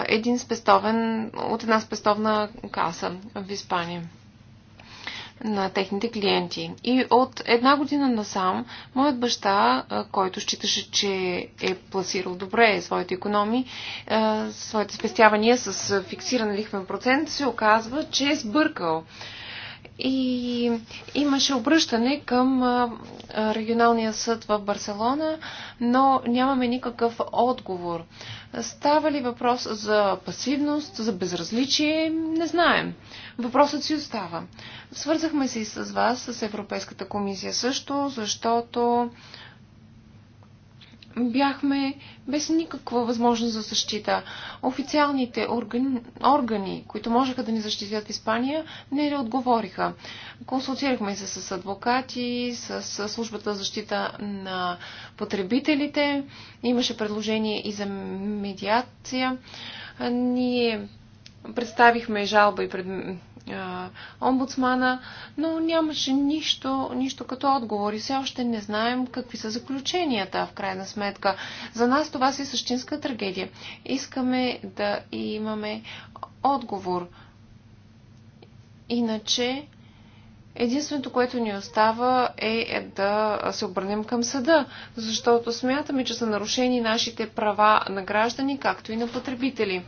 един спестовен, от една спестовна каса в Испания на техните клиенти. И от една година насам, моят баща, който считаше, че е пласирал добре своите економии, своите спестявания с фиксиран лихвен процент, се оказва, че е сбъркал. И имаше обръщане към регионалния съд в Барселона, но нямаме никакъв отговор. Става ли въпрос за пасивност, за безразличие? Не знаем. Въпросът си остава. Свързахме се и с вас, с Европейската комисия също, защото бяхме без никаква възможност за защита. Официалните органи, органи които можеха да ни защитят в Испания, не ли отговориха. Консултирахме се с адвокати, с службата за защита на потребителите. Имаше предложение и за медиация. Ние представихме жалба и пред омбудсмана, но нямаше нищо, нищо като отговор и все още не знаем какви са заключенията в крайна сметка. За нас това си е същинска трагедия. Искаме да имаме отговор. Иначе Единственото, което ни остава е, да се обърнем към съда, защото смятаме, че са нарушени нашите права на граждани, както и на потребители.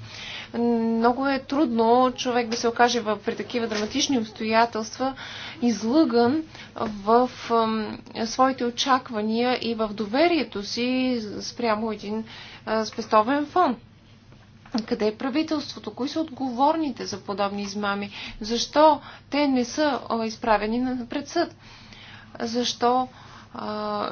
Много е трудно човек да се окаже при такива драматични обстоятелства излъган в своите очаквания и в доверието си спрямо един спестовен фонд. Къде е правителството? Кои са отговорните за подобни измами? Защо те не са изправени на предсъд, Защо а,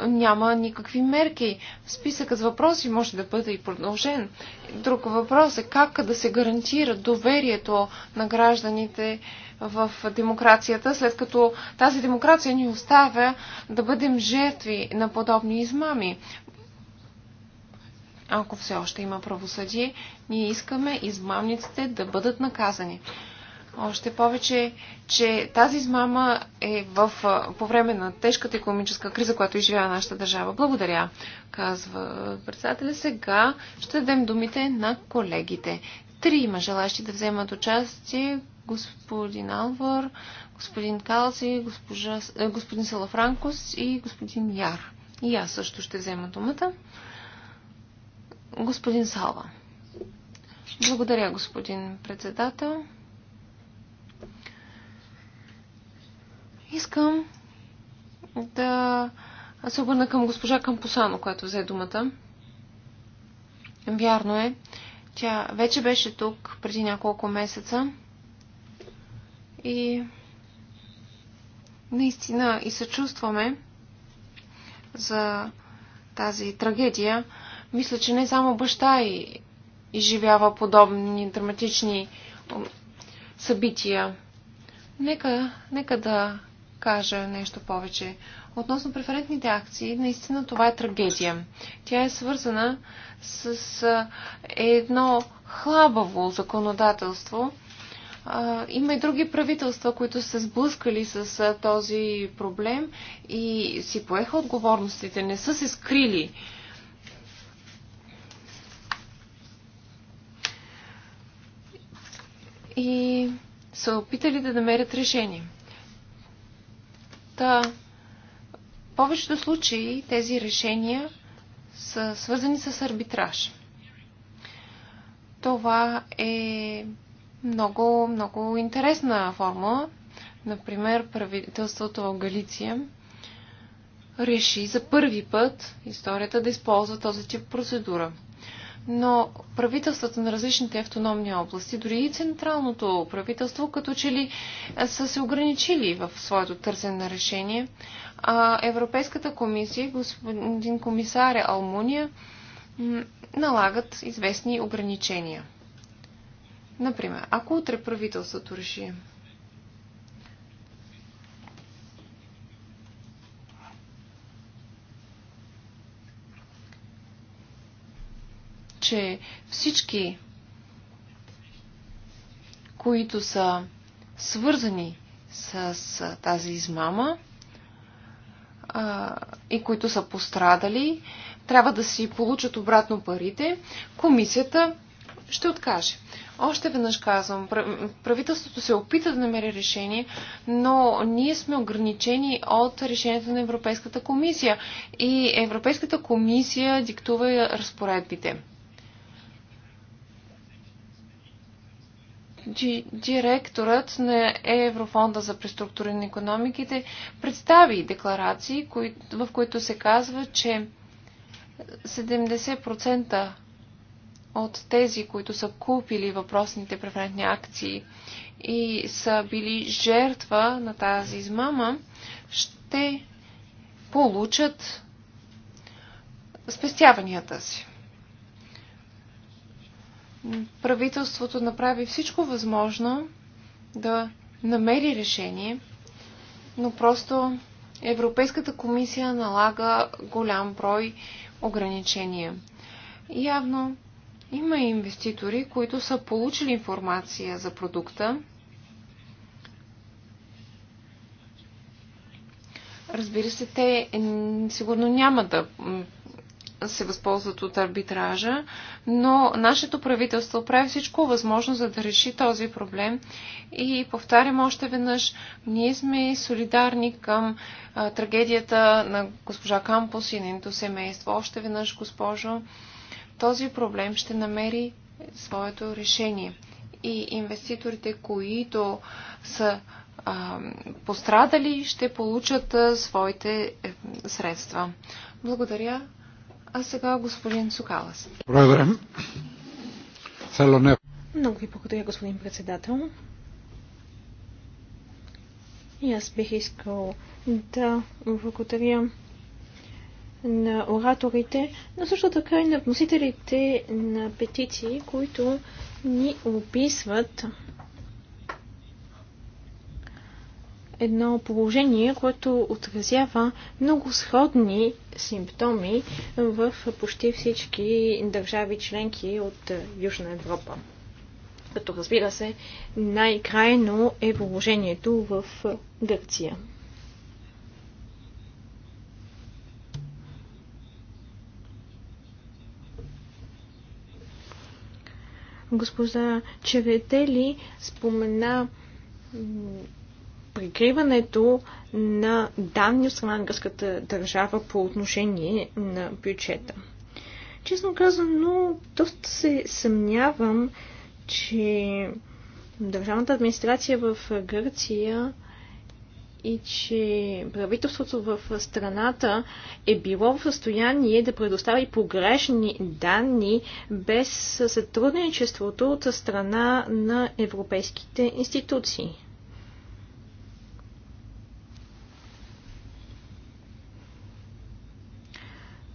няма никакви мерки? Списъкът с въпроси може да бъде и продължен. Друг въпрос е как да се гарантира доверието на гражданите в демокрацията, след като тази демокрация ни оставя да бъдем жертви на подобни измами ако все още има правосъдие, ние искаме измамниците да бъдат наказани. Още повече, че тази измама е в, по време на тежката економическа криза, която изживява нашата държава. Благодаря, казва председателя. Сега ще дадем думите на колегите. Три има желащи да вземат участие. Господин Алвар, господин Калси, госпожа, е, господин Салафранкос и господин Яр. И аз също ще взема думата. Господин Салва. Благодаря, господин председател. Искам да се обърна към госпожа Кампусано, която взе думата. Вярно е, тя вече беше тук преди няколко месеца и наистина и се чувстваме за тази трагедия, мисля, че не само баща и изживява подобни драматични събития. Нека, нека да кажа нещо повече. Относно преферентните акции, наистина това е трагедия. Тя е свързана с едно хлабаво законодателство. Има и други правителства, които се сблъскали с този проблем и си поеха отговорностите, не са се скрили и са опитали да намерят решение. Та, в повечето случаи тези решения са свързани с арбитраж. Това е много, много интересна формула. Например, правителството в Галиция реши за първи път историята да използва този тип процедура но правителствата на различните автономни области, дори и централното правителство, като че ли са се ограничили в своето търсене на решение. А Европейската комисия, господин комисар Алмуния, налагат известни ограничения. Например, ако утре правителството реши че всички, които са свързани с тази измама а, и които са пострадали, трябва да си получат обратно парите, комисията ще откаже. Още веднъж казвам, правителството се опита да намери решение, но ние сме ограничени от решението на Европейската комисия и Европейската комисия диктува разпоредбите. директорът на Еврофонда за преструктуриране на економиките представи декларации, в които се казва, че 70% от тези, които са купили въпросните преферентни акции и са били жертва на тази измама, ще получат спестяванията си правителството направи всичко възможно да намери решение, но просто Европейската комисия налага голям брой ограничения. Явно има и инвеститори, които са получили информация за продукта. Разбира се, те сигурно няма да се възползват от арбитража, но нашето правителство прави всичко възможно за да реши този проблем. И повтарям още веднъж, ние сме солидарни към а, трагедията на госпожа Кампус и нейното семейство. Още веднъж, госпожо, този проблем ще намери своето решение. И инвеститорите, които са а, пострадали, ще получат а, своите е, средства. Благодаря. А сега господин Сокалас. Много ви благодаря, господин председател. И аз бих искал да благодаря на ораторите, но също така и на вносителите на петиции, които ни описват едно положение, което отразява много сходни симптоми в почти всички държави членки от Южна Европа. Като разбира се, най-крайно е положението в Гърция. Госпожа Чеветели спомена прикриването на данни от страна на гръцката държава по отношение на бюджета. Честно казано, доста се съмнявам, че държавната администрация в Гърция и че правителството в страната е било в състояние да предостави погрешни данни без сътрудничеството от страна на европейските институции.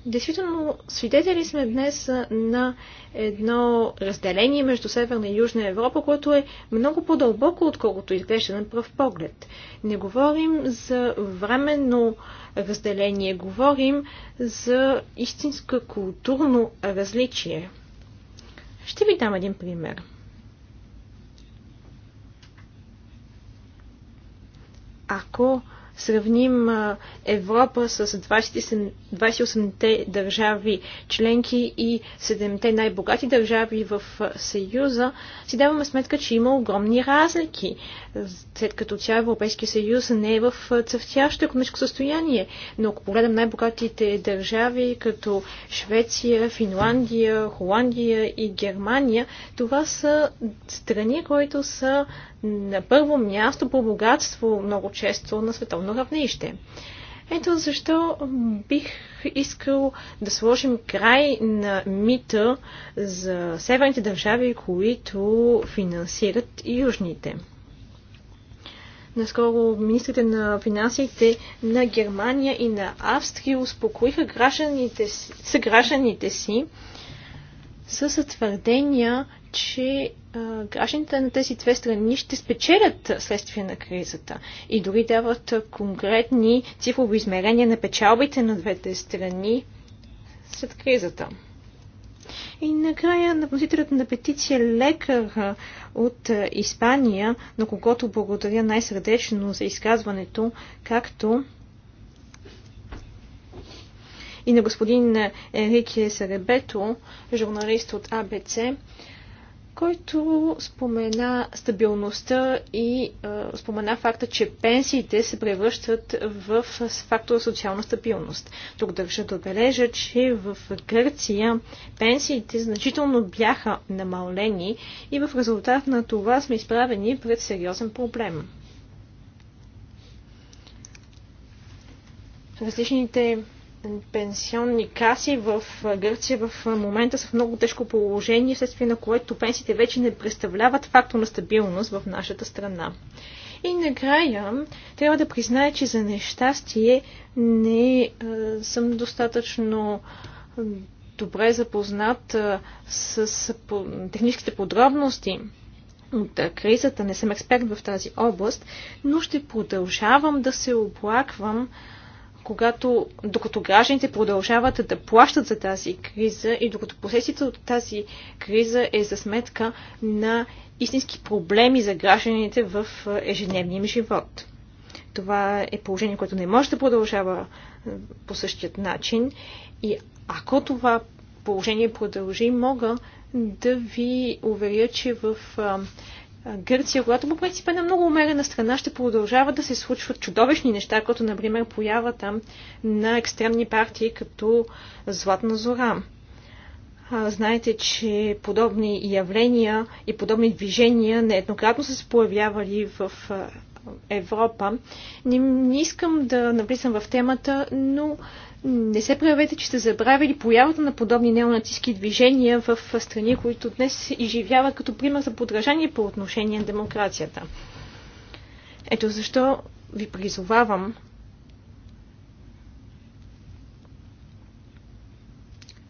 Действително, свидетели сме днес на едно разделение между Северна и Южна Европа, което е много по-дълбоко, отколкото изглежда на пръв поглед. Не говорим за временно разделение, говорим за истинско културно различие. Ще ви дам един пример. Ако сравним Европа с 28-те държави членки и 7-те най-богати държави в Съюза, си даваме сметка, че има огромни разлики, след като цял Европейския съюз не е в цъфтящо економическо състояние. Но ако погледам най-богатите държави, като Швеция, Финландия, Холандия и Германия, това са страни, които са на първо място по богатство много често на световно равнище. Ето защо бих искал да сложим край на мита за северните държави, които финансират южните. Наскоро министрите на финансите на Германия и на Австрия успокоиха гражданите, съгражданите си с твърдения, че гражданите на тези две страни ще спечелят следствие на кризата и дори дават конкретни цифрови измерения на печалбите на двете страни след кризата. И накрая на вносителят на петиция лекар от Испания, на когото благодаря най-сърдечно за изказването, както и на господин Ерике Серебето, журналист от АБЦ, който спомена стабилността и а, спомена факта, че пенсиите се превръщат в фактор социална стабилност. Тук държа да отбележа, че в Гърция пенсиите значително бяха намалени и в резултат на това сме изправени пред сериозен проблем. Различните пенсионни каси в Гърция в момента са в много тежко положение, вследствие на което пенсиите вече не представляват фактор на стабилност в нашата страна. И накрая трябва да призная, че за нещастие не е, съм достатъчно добре запознат е, с, по, техническите подробности от кризата. Не съм експерт в тази област, но ще продължавам да се оплаквам когато, докато гражданите продължават да плащат за тази криза и докато последствията от тази криза е за сметка на истински проблеми за гражданите в е, ежедневния им живот. Това е положение, което не може да продължава по същият начин. И ако това положение продължи, мога да ви уверя, че в Гърция, която по принцип е на много умерена страна, ще продължава да се случват чудовищни неща, като например появата на екстремни партии като Златна зора. Знаете, че подобни явления и подобни движения нееднократно са се появявали в Европа. Не, не искам да навлизам в темата, но не се правете, че сте забравили появата на подобни неонацистски движения в страни, които днес се изживяват като пример за подражание по отношение на демокрацията. Ето защо ви призовавам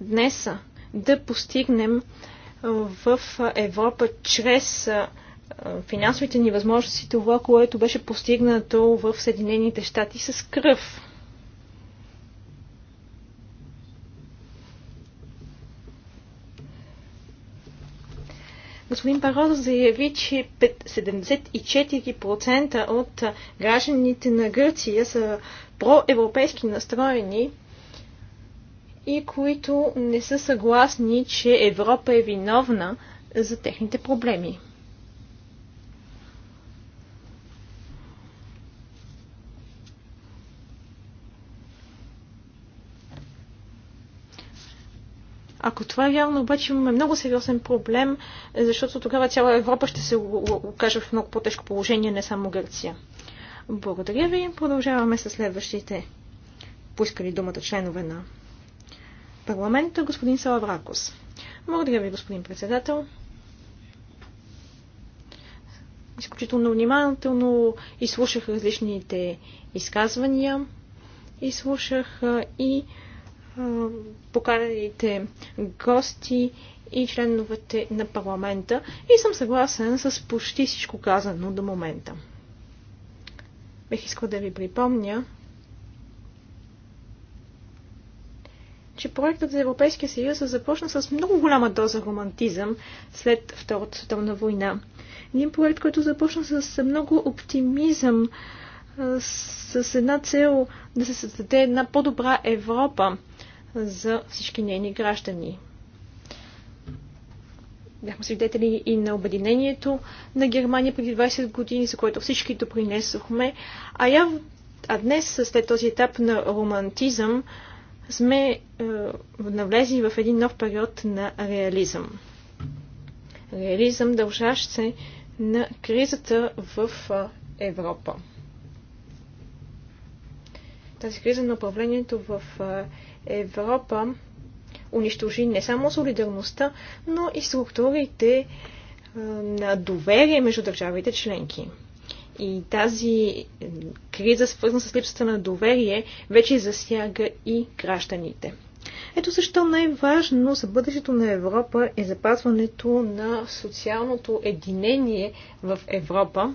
днес да постигнем в Европа чрез финансовите ни възможности това, което беше постигнато в Съединените щати с кръв. Господин Барозов заяви, че 74% от гражданите на Гърция са проевропейски настроени и които не са съгласни, че Европа е виновна за техните проблеми. Ако това е вярно, обаче имаме много сериозен проблем, защото тогава цяла Европа ще се окаже в много по-тежко положение, не само Гърция. Благодаря ви. Продължаваме с следващите поискали думата членове на парламента, господин Салавракос. Благодаря ви, господин председател. Изключително внимателно изслушах различните изказвания, изслушах и поканените гости и членовете на парламента и съм съгласен с почти всичко казано до момента. Бех искал да ви припомня, че проектът за Европейския съюз започна с много голяма доза романтизъм след Втората световна война. Един проект, който започна с много оптимизъм, с една цел да се създаде една по-добра Европа за всички нейни граждани. Бяхме свидетели и на обединението на Германия преди 20 години, за което всички допринесохме. А, я, а днес, след този етап на романтизъм, сме е, навлезли в един нов период на реализъм. Реализъм, дължащ се на кризата в е, Европа. Тази криза на управлението в е, Европа унищожи не само солидарността, но и структурите е, на доверие между държавите членки. И тази е, криза, свързана с липсата на доверие, вече засяга и гражданите. Ето защо най-важно за бъдещето на Европа е запазването на социалното единение в Европа.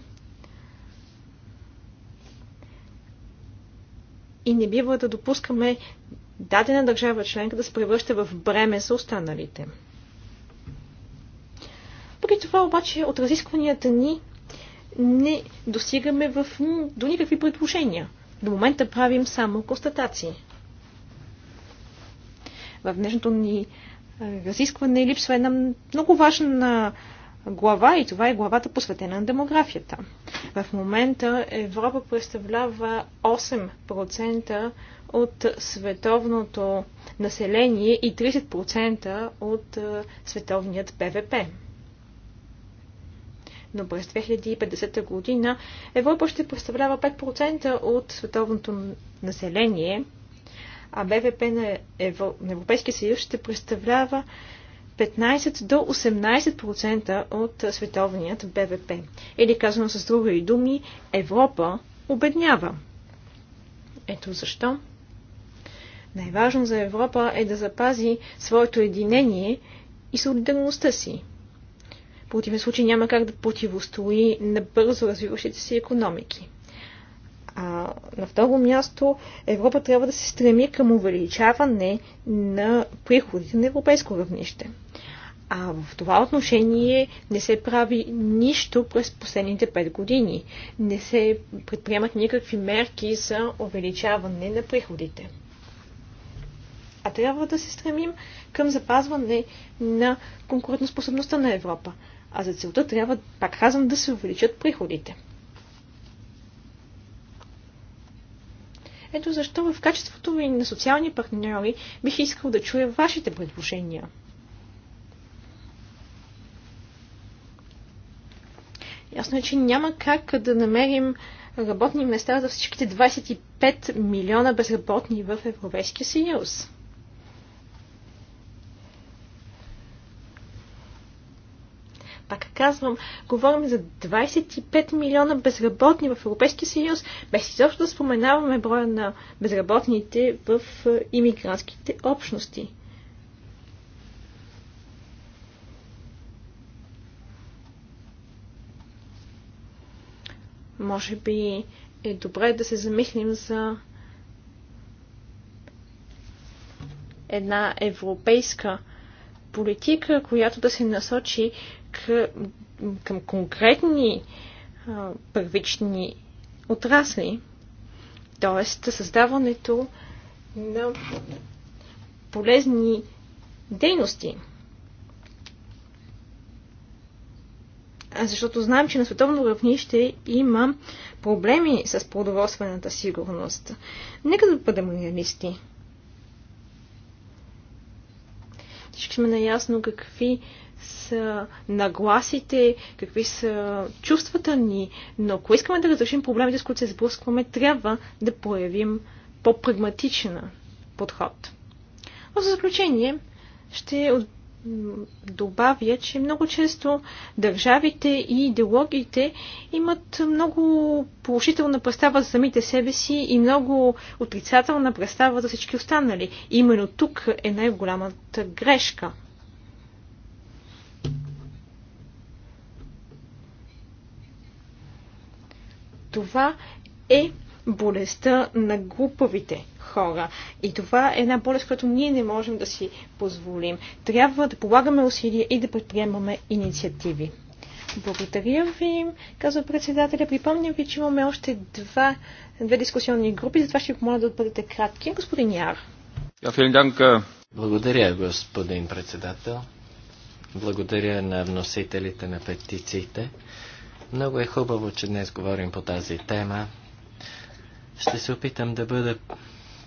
И не бива да допускаме дадена държава членка да се превръща в бреме за останалите. При това обаче от разискванията ни не достигаме в, до никакви предложения. До момента правим само констатации. В днешното ни е, разискване липсва една много важна глава и това е главата посветена на демографията. В момента Европа представлява 8% от световното население и 30% от е, световният БВП. Но през 2050 година Европа ще представлява 5% от световното население, а БВП на, Евро... на Европейския съюз ще представлява 15 до 18% от световният БВП. Или казано с други думи, Европа обеднява. Ето защо най-важно за Европа е да запази своето единение и солидарността си. В противен случай няма как да противостои на бързо развиващите си економики. А на второ място Европа трябва да се стреми към увеличаване на приходите на европейско равнище. А в това отношение не се прави нищо през последните 5 години. Не се предприемат никакви мерки за увеличаване на приходите а трябва да се стремим към запазване на конкурентоспособността на Европа. А за целта трябва, пак казвам, да се увеличат приходите. Ето защо в качеството ви на социални партньори бих искал да чуя вашите предложения. Ясно е, че няма как да намерим работни места за всичките 25 милиона безработни в Европейския съюз. Пак казвам, говорим за 25 милиона безработни в Европейския съюз, без изобщо да споменаваме броя на безработните в е, иммигрантските общности. Може би е добре да се замислим за една европейска политика, която да се насочи към, към конкретни а, първични отрасли, т.е. създаването на полезни дейности. Защото знаем, че на световно равнище има проблеми с продоволствената сигурност. Нека да бъдем реалисти. Всички сме наясно какви са нагласите, какви са чувствата ни, но ако искаме да разрешим проблемите, с които се сблъскваме, трябва да проявим по-прагматичен подход. В заключение ще добавя, че много често държавите и идеологиите имат много положителна представа за самите себе си и много отрицателна представа за всички останали. Именно тук е най-голямата грешка. Това е болестта на глупавите хора. И това е една болест, която ние не можем да си позволим. Трябва да полагаме усилия и да предприемаме инициативи. Благодаря ви, казва председателя. Припомням ви, че имаме още два, две дискусионни групи, затова ще ви помоля да бъдете кратки. Господин Яр. Е. Благодаря, господин председател. Благодаря на вносителите на петициите. Много е хубаво, че днес говорим по тази тема. Ще се опитам да бъда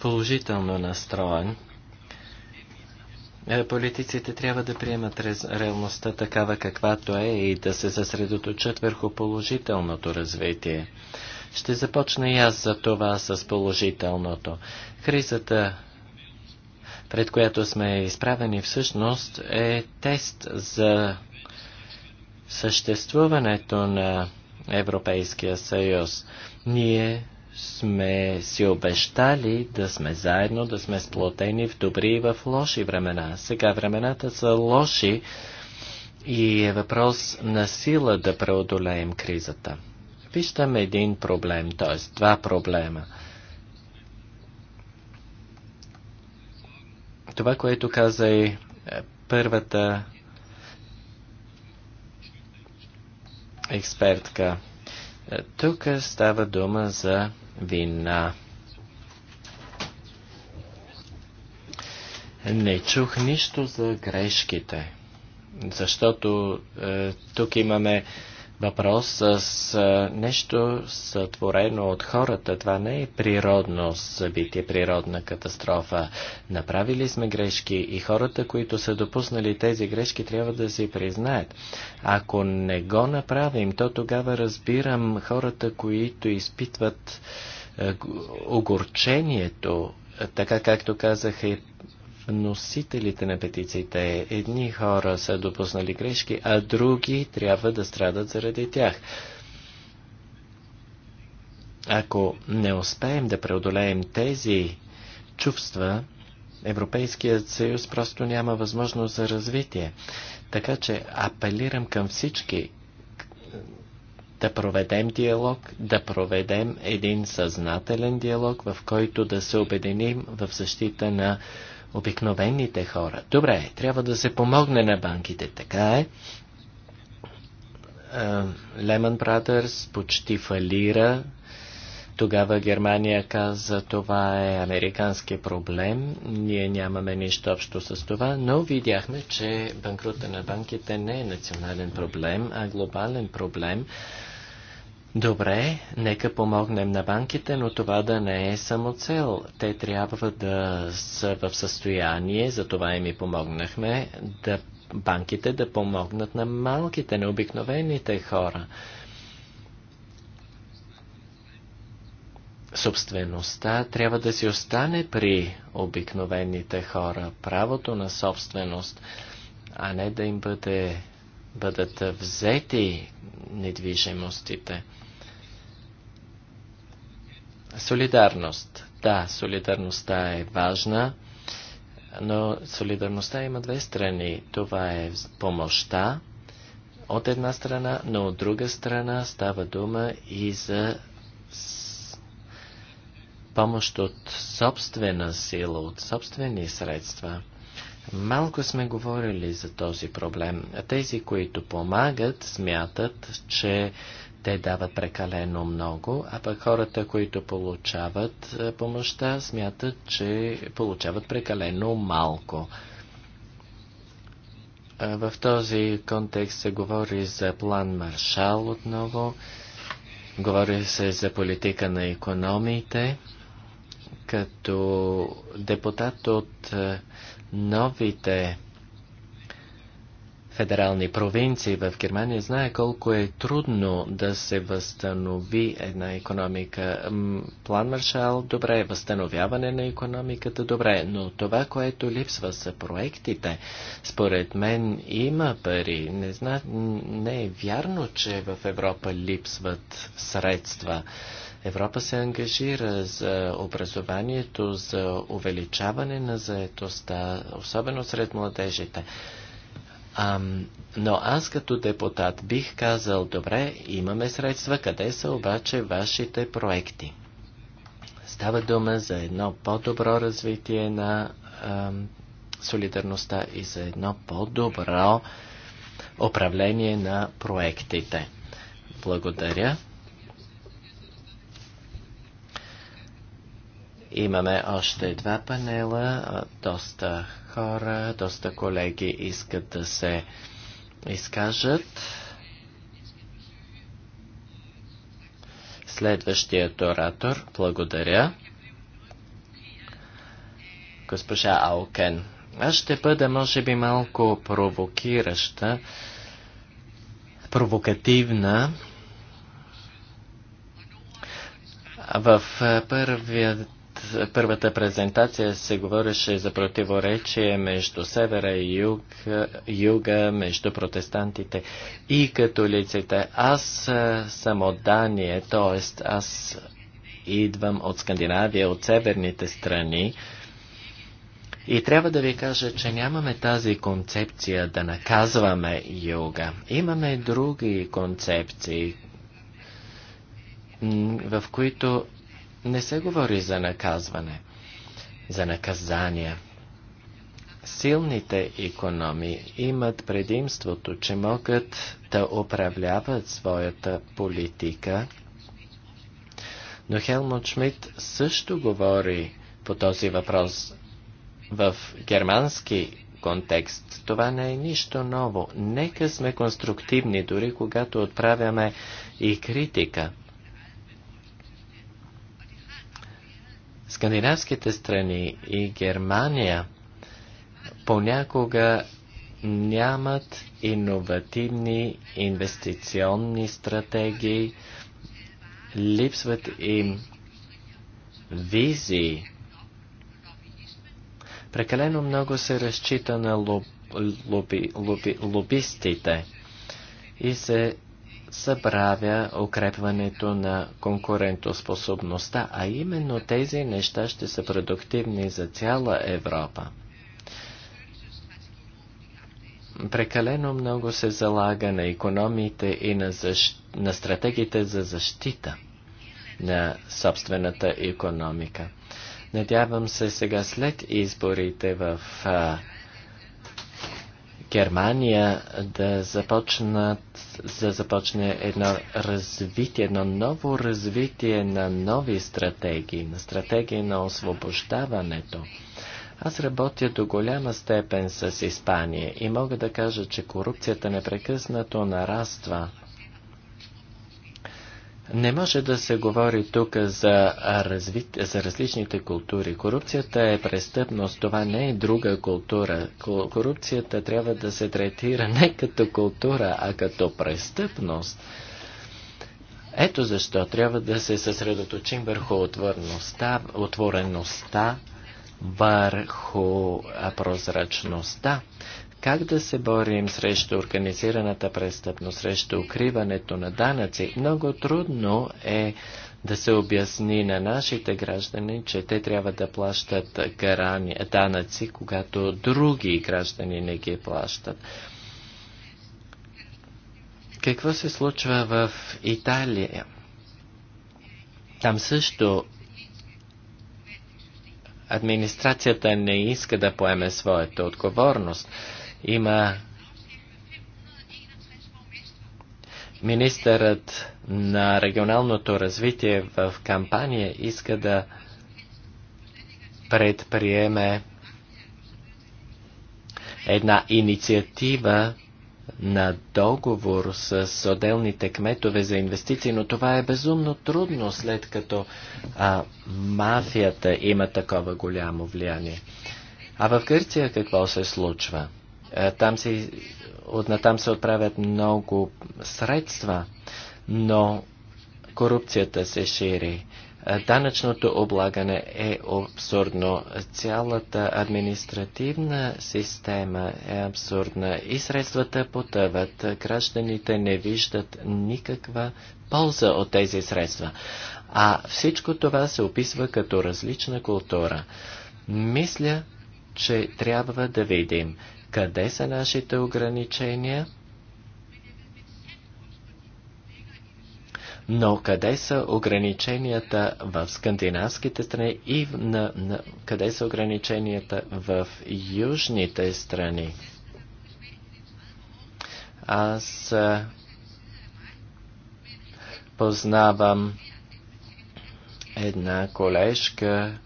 положително настроен. Е, политиците трябва да приемат реалността такава каквато е и да се съсредоточат върху положителното развитие. Ще започна и аз за това с положителното. Кризата, пред която сме изправени всъщност, е тест за съществуването на Европейския съюз. Ние сме си обещали да сме заедно, да сме сплотени в добри и в лоши времена. Сега времената са лоши и е въпрос на сила да преодолеем кризата. Виждам един проблем, т.е. два проблема. Това, което каза и е, първата експертка. Е, тук става дума за вина. Не чух нищо за грешките, защото е, тук имаме въпрос с нещо сътворено от хората. Това не е природно събитие, природна катастрофа. Направили сме грешки и хората, които са допуснали тези грешки, трябва да си признаят. Ако не го направим, то тогава разбирам хората, които изпитват огорчението, така както казаха и е носителите на петициите. Едни хора са допуснали грешки, а други трябва да страдат заради тях. Ако не успеем да преодолеем тези чувства, Европейският съюз просто няма възможност за развитие. Така че апелирам към всички да проведем диалог, да проведем един съзнателен диалог, в който да се обединим в защита на обикновените хора. Добре, трябва да се помогне на банките, така е. Лемън Брадърс почти фалира. Тогава Германия каза, това е американски проблем, ние нямаме нищо общо с това, но видяхме, че банкрута на банките не е национален проблем, а глобален проблем. Добре, нека помогнем на банките, но това да не е само цел. Те трябва да са в състояние, за това и и помогнахме, да банките да помогнат на малките, на обикновените хора. Собствеността трябва да си остане при обикновените хора, правото на собственост, а не да им бъде, бъдат взети недвижимостите. Солидарност. Да, солидарността е важна, но солидарността има две страни. Това е помощта от една страна, но от друга страна става дума и за помощ от собствена сила, от собствени средства. Малко сме говорили за този проблем. Тези, които помагат, смятат, че те дават прекалено много, а пък хората, които получават е, помощта, смятат, че получават прекалено малко. В този контекст се говори за план Маршал отново, говори се за политика на економите, Като депутат от е, новите федерални провинции в Германия знае колко е трудно да се възстанови една економика. План Маршал добре, възстановяване на економиката добре, но това, което липсва са проектите. Според мен има пари. Не, зна... не е вярно, че в Европа липсват средства. Европа се ангажира за образованието, за увеличаване на заетостта, особено сред младежите. Ам, но аз като депутат бих казал, добре, имаме средства, къде са обаче вашите проекти? Става дума за едно по-добро развитие на ам, солидарността и за едно по-добро управление на проектите. Благодаря. Имаме още два панела, доста хора, доста колеги искат да се изкажат. Следващият оратор, благодаря. Госпожа Алкен, аз ще бъда, може би, малко провокираща, провокативна. В първият първата презентация се говореше за противоречие между севера и юг, юга, между протестантите и католиците. Аз съм от Дания, т.е. аз идвам от Скандинавия, от северните страни. И трябва да ви кажа, че нямаме тази концепция да наказваме юга. Имаме други концепции, в които не се говори за наказване, за наказания. Силните економи имат предимството, че могат да управляват своята политика, но Хелмут Шмидт също говори по този въпрос в германски контекст. Това не е нищо ново. Нека сме конструктивни, дори когато отправяме и критика. скандинавските страни и Германия понякога нямат иновативни инвестиционни стратегии, липсват им визии. Прекалено много се разчита на лоб, лоби, лоби, лобистите и се забравя укрепването на конкурентоспособността, а именно тези неща ще са продуктивни за цяла Европа. Прекалено много се залага на економите и на, защ... на стратегиите за защита на собствената економика. Надявам се сега след изборите в а, Германия да, започнат, да започне едно развитие, едно ново развитие на нови стратегии, на стратегии на освобождаването. Аз работя до голяма степен с Испания и мога да кажа, че корупцията непрекъснато нараства. Не може да се говори тук за, разви... за различните култури. Корупцията е престъпност, това не е друга култура. Корупцията трябва да се третира не като култура, а като престъпност. Ето защо трябва да се съсредоточим върху отвореността, отвореността върху прозрачността. Как да се борим срещу организираната престъпност, срещу укриването на данъци? Много трудно е да се обясни на нашите граждани, че те трябва да плащат гарани, данъци, когато други граждани не ги плащат. Какво се случва в Италия? Там също администрацията не иска да поеме своята отговорност. Има Министърът на регионалното развитие в кампания иска да предприеме една инициатива на договор с отделните кметове за инвестиции, но това е безумно трудно, след като а, мафията има такова голямо влияние. А в Гърция какво се случва? Е, там се, отнатам се отправят много средства, но корупцията се шири. Е, данъчното облагане е абсурдно. Цялата административна система е абсурдна и средствата потъват. Гражданите не виждат никаква полза от тези средства. А всичко това се описва като различна култура. Мисля, че трябва да видим къде са нашите ограничения, но къде са ограниченията в скандинавските страни и на, на, къде са ограниченията в южните страни. Аз познавам една колежка,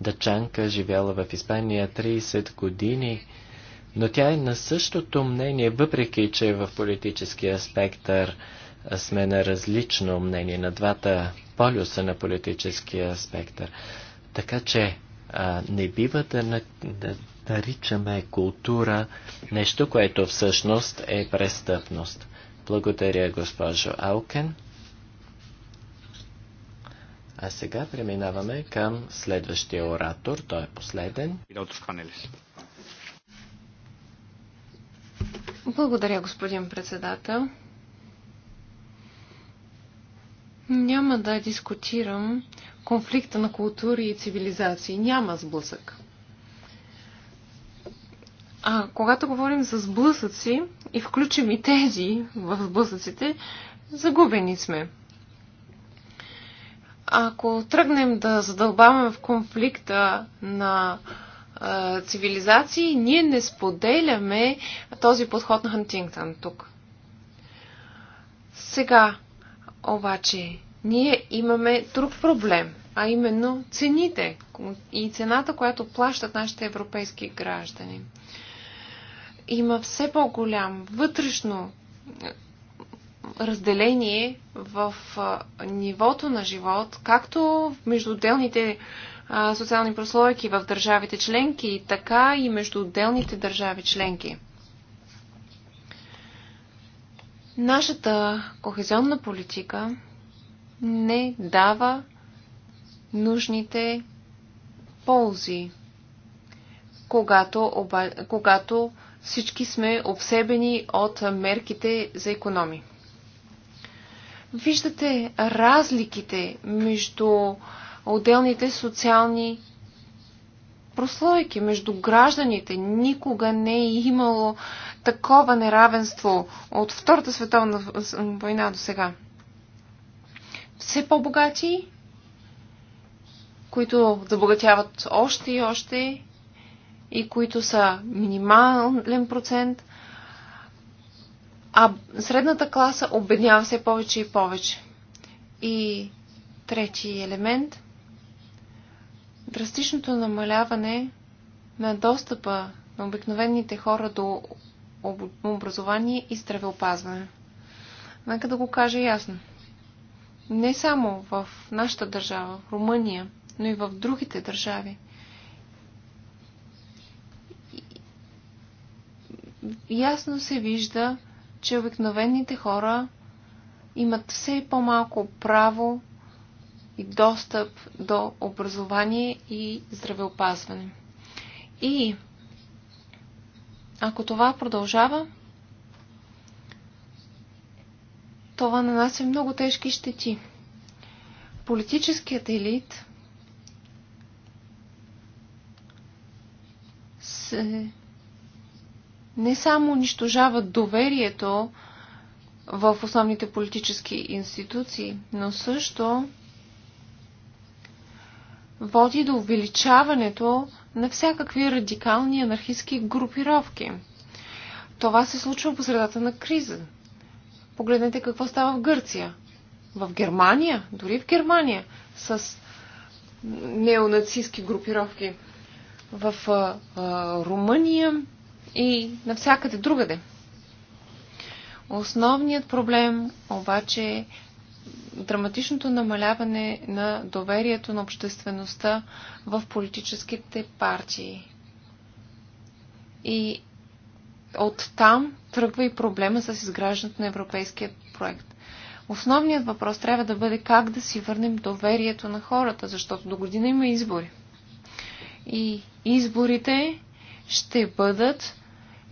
дъчанка, живяла в Испания 30 години но тя е на същото мнение, въпреки че в политическия спектър сме на различно мнение, на двата полюса на политическия спектър. Така че а, не бива да, на, да наричаме култура нещо, което всъщност е престъпност. Благодаря, госпожо Аукен. А сега преминаваме към следващия оратор. Той е последен. Пилотов панелис. Благодаря, господин председател. Няма да дискутирам конфликта на култури и цивилизации. Няма сблъсък. А когато говорим за сблъсъци и включим и тези в сблъсъците, загубени сме. Ако тръгнем да задълбаваме в конфликта на цивилизации, ние не споделяме този подход на Хантингтън тук. Сега, обаче, ние имаме друг проблем, а именно цените и цената, която плащат нашите европейски граждани. Има все по-голям вътрешно разделение в нивото на живот, както между отделните социални прослойки в държавите членки, така и между отделните държави членки. Нашата кохезионна политика не дава нужните ползи, когато, оба, когато всички сме обсебени от мерките за економи. Виждате разликите между отделните социални прослойки между гражданите. Никога не е имало такова неравенство от Втората световна война до сега. Все по-богати, които забогатяват още и още и които са минимален процент, а средната класа обеднява все повече и повече. И трети елемент – драстичното намаляване на достъпа на обикновените хора до образование и здравеопазване. Нека да го кажа ясно. Не само в нашата държава, в Румъния, но и в другите държави. Ясно се вижда, че обикновените хора имат все по-малко право и достъп до образование и здравеопазване. И ако това продължава, това нанася много тежки щети. Политическият елит се не само унищожава доверието в основните политически институции, но също води до увеличаването на всякакви радикални анархистски групировки. Това се случва по средата на криза. Погледнете какво става в Гърция. В Германия, дори в Германия, с неонацистски групировки. В а, а, Румъния и навсякъде другаде. Основният проблем обаче е драматичното намаляване на доверието на обществеността в политическите партии. И от там тръгва и проблема с изграждането на европейския проект. Основният въпрос трябва да бъде как да си върнем доверието на хората, защото до година има избори. И изборите ще бъдат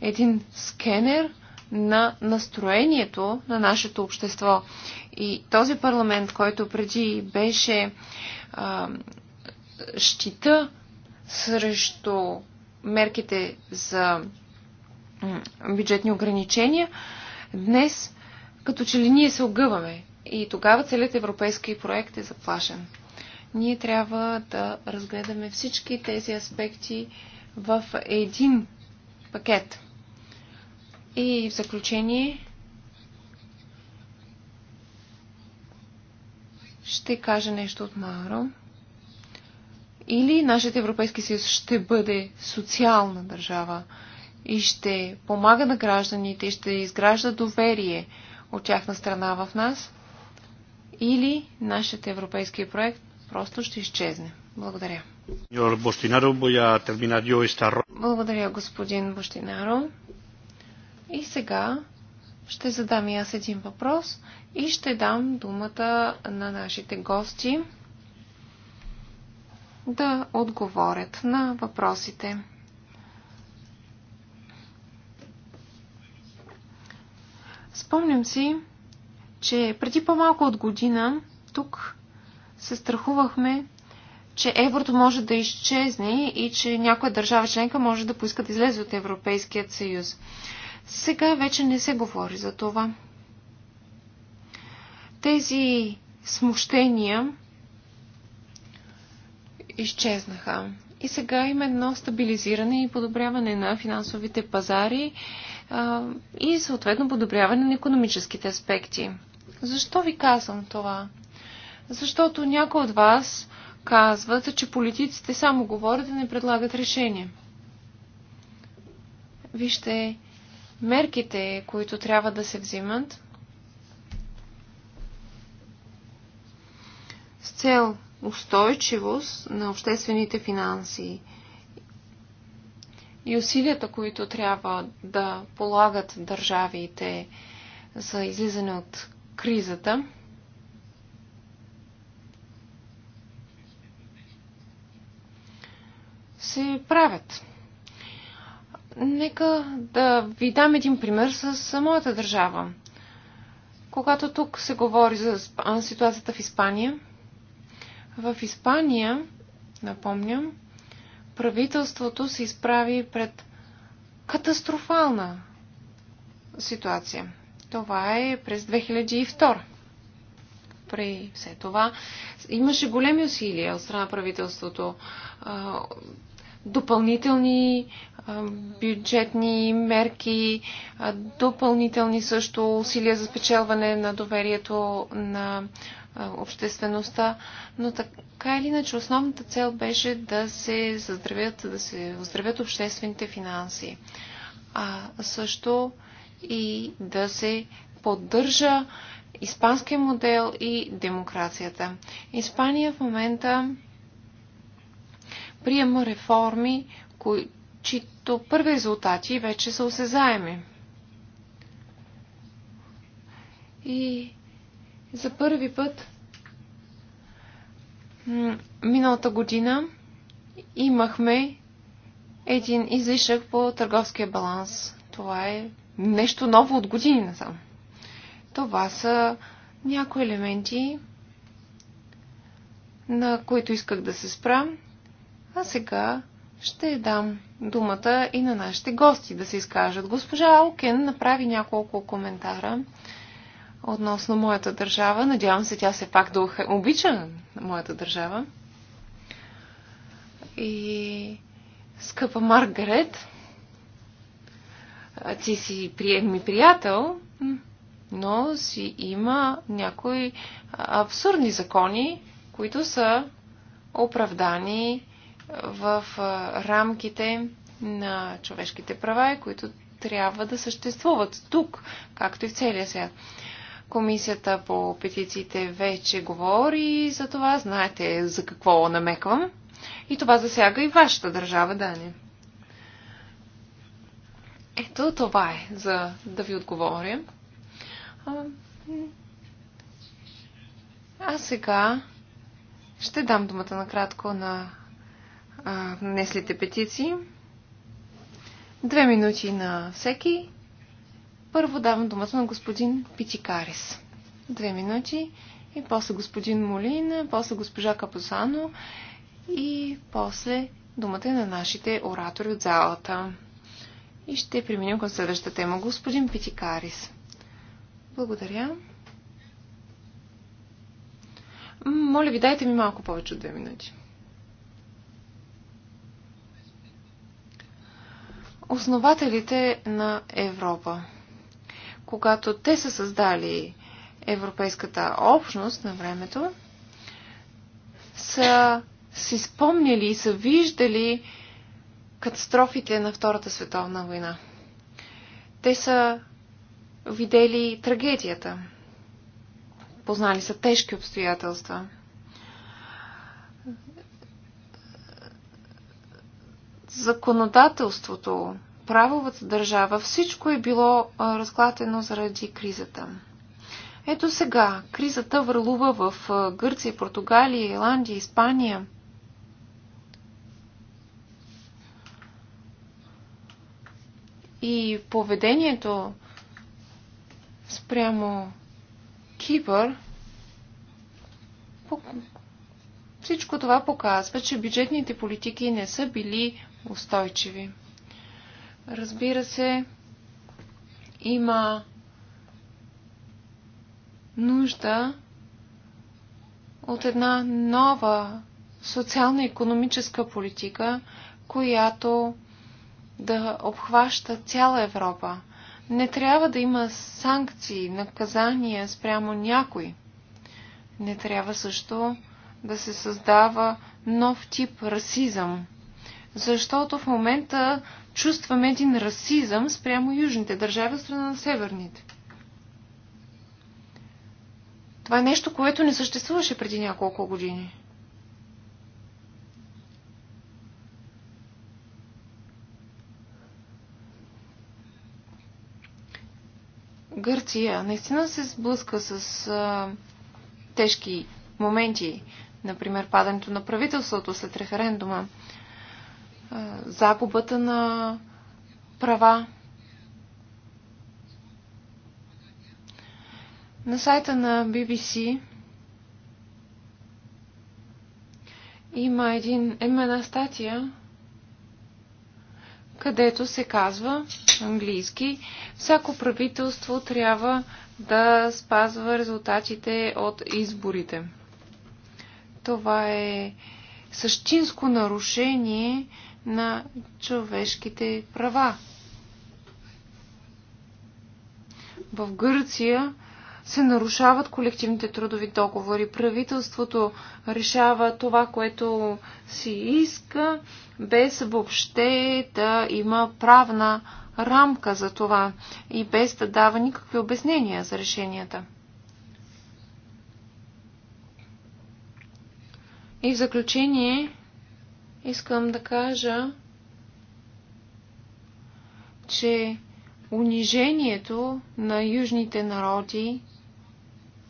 един скенер на настроението на нашето общество. И този парламент, който преди беше а, щита срещу мерките за бюджетни ограничения, днес като че ли ние се огъваме. И тогава целият европейски проект е заплашен. Ние трябва да разгледаме всички тези аспекти в един пакет. И в заключение ще каже нещо от Маро. Или нашият Европейски съюз ще бъде социална държава и ще помага на гражданите и ще изгражда доверие от тяхна страна в нас, или нашият европейски проект просто ще изчезне. Благодаря. Благодаря, господин Бощинаро. И сега ще задам и аз един въпрос и ще дам думата на нашите гости да отговорят на въпросите. Спомням си, че преди по-малко от година тук се страхувахме, че еврото може да изчезне и че някоя държава членка може да поиска да излезе от Европейският съюз. Сега вече не се говори за това. Тези смущения изчезнаха. И сега има едно стабилизиране и подобряване на финансовите пазари а, и съответно подобряване на економическите аспекти. Защо ви казвам това? Защото някои от вас казват, че политиците само говорят и не предлагат решение. Вижте, мерките, които трябва да се взимат с цел устойчивост на обществените финанси и усилията, които трябва да полагат държавите за излизане от кризата, се правят. Нека да ви дам един пример с моята държава. Когато тук се говори за ситуацията в Испания, в Испания, напомням, правителството се изправи пред катастрофална ситуация. Това е през 2002. При все това имаше големи усилия от страна правителството допълнителни бюджетни мерки, допълнителни също усилия за спечелване на доверието на обществеността, но така или иначе основната цел беше да се заздравят, да се оздравят обществените финанси, а също и да се поддържа испанския модел и демокрацията. Испания в момента приема реформи, кои, чието първи резултати вече са осезаеми. И за първи път миналата година имахме един излишък по търговския баланс. Това е нещо ново от години назад. Това са някои елементи, на които исках да се спра. А сега ще дам думата и на нашите гости да се изкажат. Госпожа Алкен направи няколко коментара относно моята държава. Надявам се тя все пак да обича моята държава. И скъпа Маргарет, ти си приемни приятел, но си има някои абсурдни закони, които са оправдани в рамките на човешките права, които трябва да съществуват тук, както и в целия свят. Комисията по петициите вече говори за това, знаете за какво намеквам. И това засяга и вашата държава, Дания. Ето това е, за да ви отговоря. А сега ще дам думата накратко на а, внеслите петиции. Две минути на всеки. Първо давам думата на господин Питикарис. Две минути. И после господин Молин, после госпожа Капозано и после думата е на нашите оратори от залата. И ще преминем към следващата тема. Господин Питикарис. Благодаря. Моля ви, дайте ми малко повече от две минути. основателите на Европа. Когато те са създали Европейската общност на времето, са си спомняли и са виждали катастрофите на Втората световна война. Те са видели трагедията. Познали са тежки обстоятелства – законодателството, правовата държава, всичко е било разклатено заради кризата. Ето сега, кризата върлува в Гърция, Португалия, Ирландия, Испания. И поведението спрямо Кипър всичко това показва, че бюджетните политики не са били устойчиви. Разбира се, има нужда от една нова социална-економическа политика, която да обхваща цяла Европа. Не трябва да има санкции, наказания спрямо някой. Не трябва също да се създава нов тип расизъм защото в момента чувстваме един расизъм спрямо южните държави страна на северните. Това е нещо, което не съществуваше преди няколко години. Гърция наистина се сблъска с а, тежки моменти, например падането на правителството след референдума загубата на права. На сайта на BBC има, един, има една статия, където се казва английски, всяко правителство трябва да спазва резултатите от изборите. Това е същинско нарушение на човешките права. В Гърция се нарушават колективните трудови договори. Правителството решава това, което си иска, без въобще да има правна рамка за това и без да дава никакви обяснения за решенията. И в заключение искам да кажа, че унижението на южните народи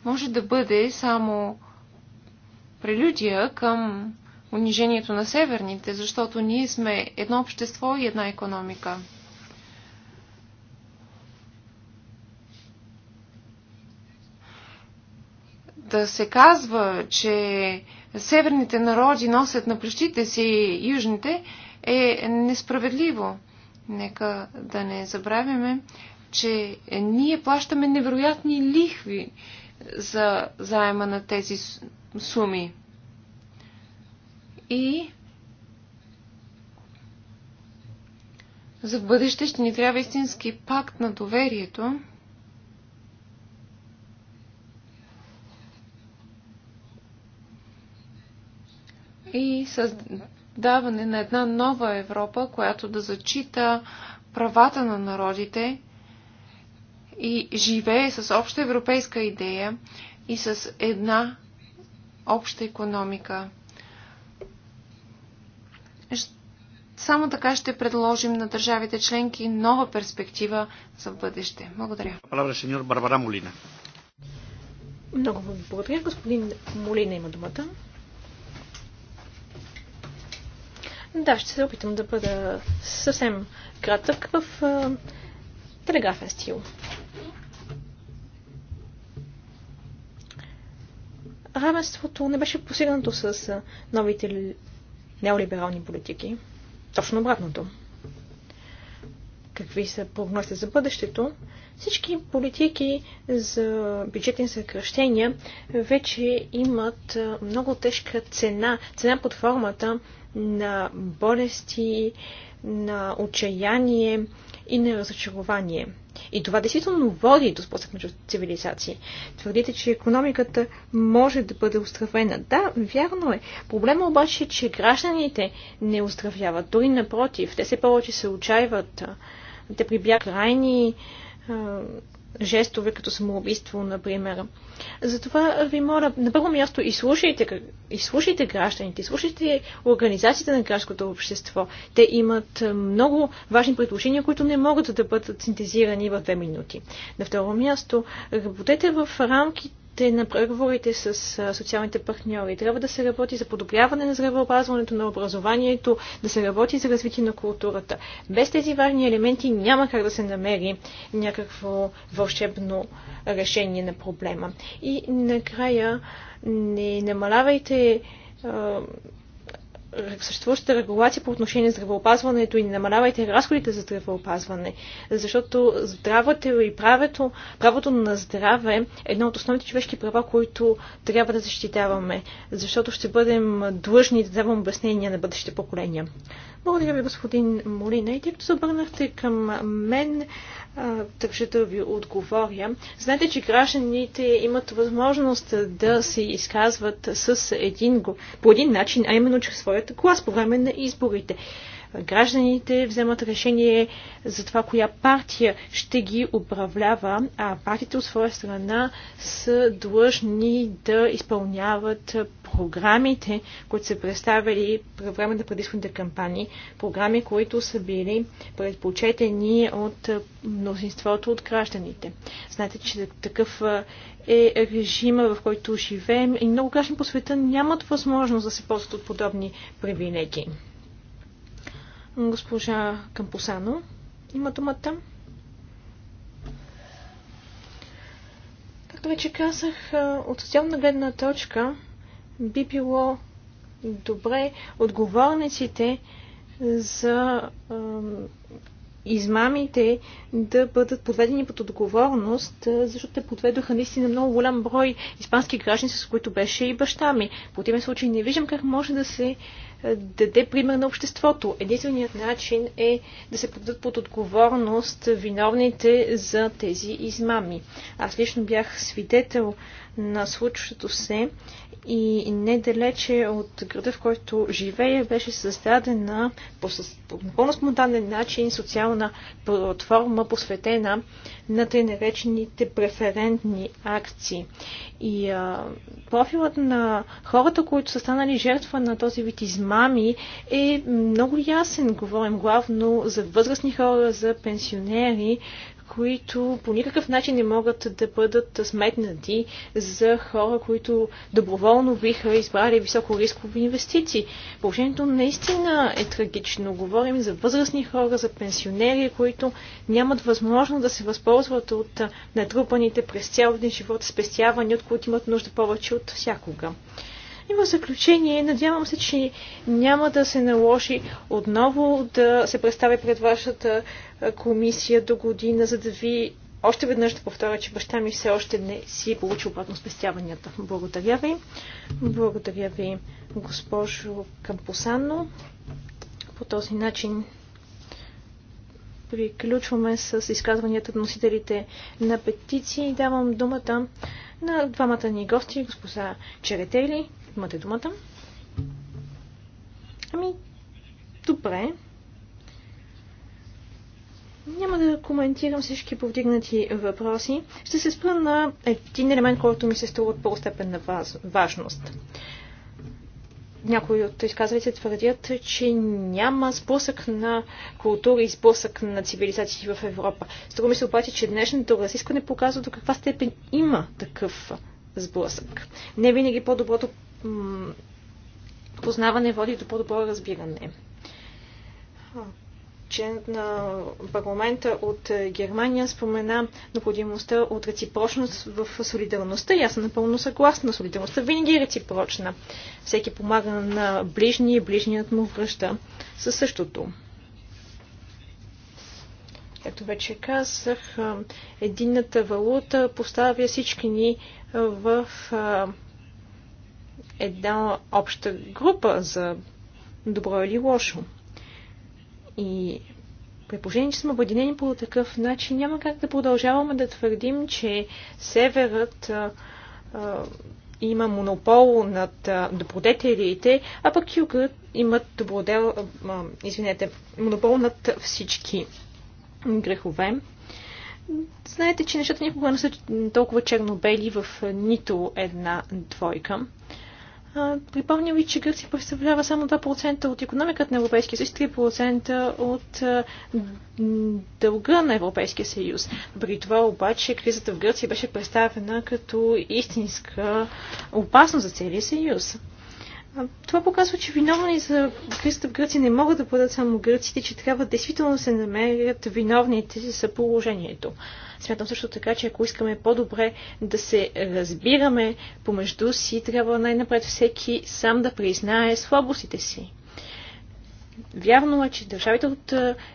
може да бъде само прелюдия към унижението на северните, защото ние сме едно общество и една економика. Да се казва, че северните народи носят на плещите си южните, е несправедливо. Нека да не забравяме, че ние плащаме невероятни лихви за заема на тези суми. И за бъдеще ще ни трябва истински пакт на доверието, и създаване на една нова Европа, която да зачита правата на народите и живее с обща европейска идея и с една обща економика. Само така ще предложим на държавите членки нова перспектива за бъдеще. Благодаря. Благодаря, сеньор Барбара Молина. Много благодаря. Господин Молина има думата. Да, ще се опитам да бъда съвсем кратък в а, телеграфен стил. Равенството не беше посигнато с новите неолиберални политики. Точно обратното. Какви са прогнозите за бъдещето? Всички политики за бюджетни съкръщения вече имат много тежка цена, цена под формата на болести, на отчаяние и на разочарование. И това действително води до сблъсък между цивилизации. Твърдите, че економиката може да бъде устравена. Да, вярно е. Проблема обаче е, че гражданите не устравяват. Дори напротив, те се повече се отчаиват. Те прибягат крайни жестове, като самоубийство, например. Затова ви моля, на първо място, изслушайте, изслушайте гражданите, изслушайте организациите на гражданското общество. Те имат е, много важни предложения, които не могат да бъдат синтезирани в две минути. На второ място, работете в рамките те на преговорите с социалните партньори. Трябва да се работи за подобряване на здравеопазването, на образованието, да се работи за развитие на културата. Без тези важни елементи няма как да се намери някакво вълшебно решение на проблема. И накрая не намалявайте съществуващата регулация по отношение на здравеопазването и не намалявайте разходите за здравеопазване, защото здравето и правото, правото на здраве е едно от основните човешки права, които трябва да защитаваме, защото ще бъдем длъжни да давам обяснения на бъдещите поколения. Благодаря ви, господин Молина. И тъй като се обърнахте към мен, държа да ви отговоря. Знаете, че гражданите имат възможност да се изказват с един, по един начин, а именно чрез своята глас по време на изборите гражданите вземат решение за това, коя партия ще ги управлява, а партиите от своя страна са длъжни да изпълняват програмите, които са представили по време на предишните кампании, програми, които са били предпочетени от мнозинството от гражданите. Знаете, че такъв е режима, в който живеем и много граждани по света нямат възможност да се ползват от подобни привилегии. Госпожа Кампусано има думата. Както вече казах, от социална гледна точка би било добре отговорниците за измамите да бъдат подведени под отговорност, защото те подведоха наистина много голям брой испански граждани, с които беше и баща ми. По противен случай не виждам как може да се даде пример на обществото. Единственият начин е да се подадат под отговорност виновните за тези измами. Аз лично бях свидетел на случващото се и недалече от града, в който живее, беше създадена по, по напълно спонтанен начин социална платформа, посветена на тъй наречените преферентни акции. И а, профилът на хората, които са станали жертва на този вид измами е много ясен. Говорим главно за възрастни хора, за пенсионери, които по никакъв начин не могат да бъдат сметнати за хора, които доброволно биха избрали високо рискови инвестиции. Положението наистина е трагично. Говорим за възрастни хора, за пенсионери, които нямат възможност да се възползват от натрупаните през цял ден живот спестявания, от които имат нужда повече от всякога. И в заключение, надявам се, че няма да се наложи отново да се представя пред вашата комисия до година, за да ви още веднъж да повторя, че баща ми все още не си е получил обратно спестяванията. Благодаря ви. Благодаря ви, госпожо Кампосано. По този начин приключваме с изказванията на носителите на петиции. Давам думата на двамата ни гости, госпожа Черетели Имате думата. Ами, добре. Няма да коментирам всички повдигнати въпроси. Ще се спра на един елемент, който ми се струва от на важност. Някои от изказалите твърдят, че няма сблъсък на култури и сблъсък на цивилизации в Европа. Струва ми се обаче, че днешното разискване показва до каква степен има такъв сблъсък. Не винаги по-доброто познаване води до по-добро разбиране. Членът на парламента от Германия спомена необходимостта от реципрочност в солидарността и аз съм напълно съгласна. Солидарността винаги е реципрочна. Всеки помага на ближни и ближният му връща със същото. Както вече казах, единната валута поставя всички ни в една обща група за добро или лошо. И при положение, че сме обединени по такъв начин, няма как да продължаваме да твърдим, че Северът а, а, има монопол над а, добродетелите, а пък Югът имат добродел, а, а, извинете, монопол над всички грехове. Знаете, че нещата никога не са толкова черно-бели в нито една двойка. Припомня ви, че Гърция представлява само 2% от економиката на Европейския съюз, 3% от дълга на Европейския съюз. При това обаче кризата в Гърция беше представена като истинска опасност за целия съюз. Това показва, че виновни за кризата в Гърция не могат да бъдат само гърците, че трябва действително да се намерят виновните за положението. Смятам също така, че ако искаме по-добре да се разбираме помежду си, трябва най-напред всеки сам да признае слабостите си. Вярно е, че държавите от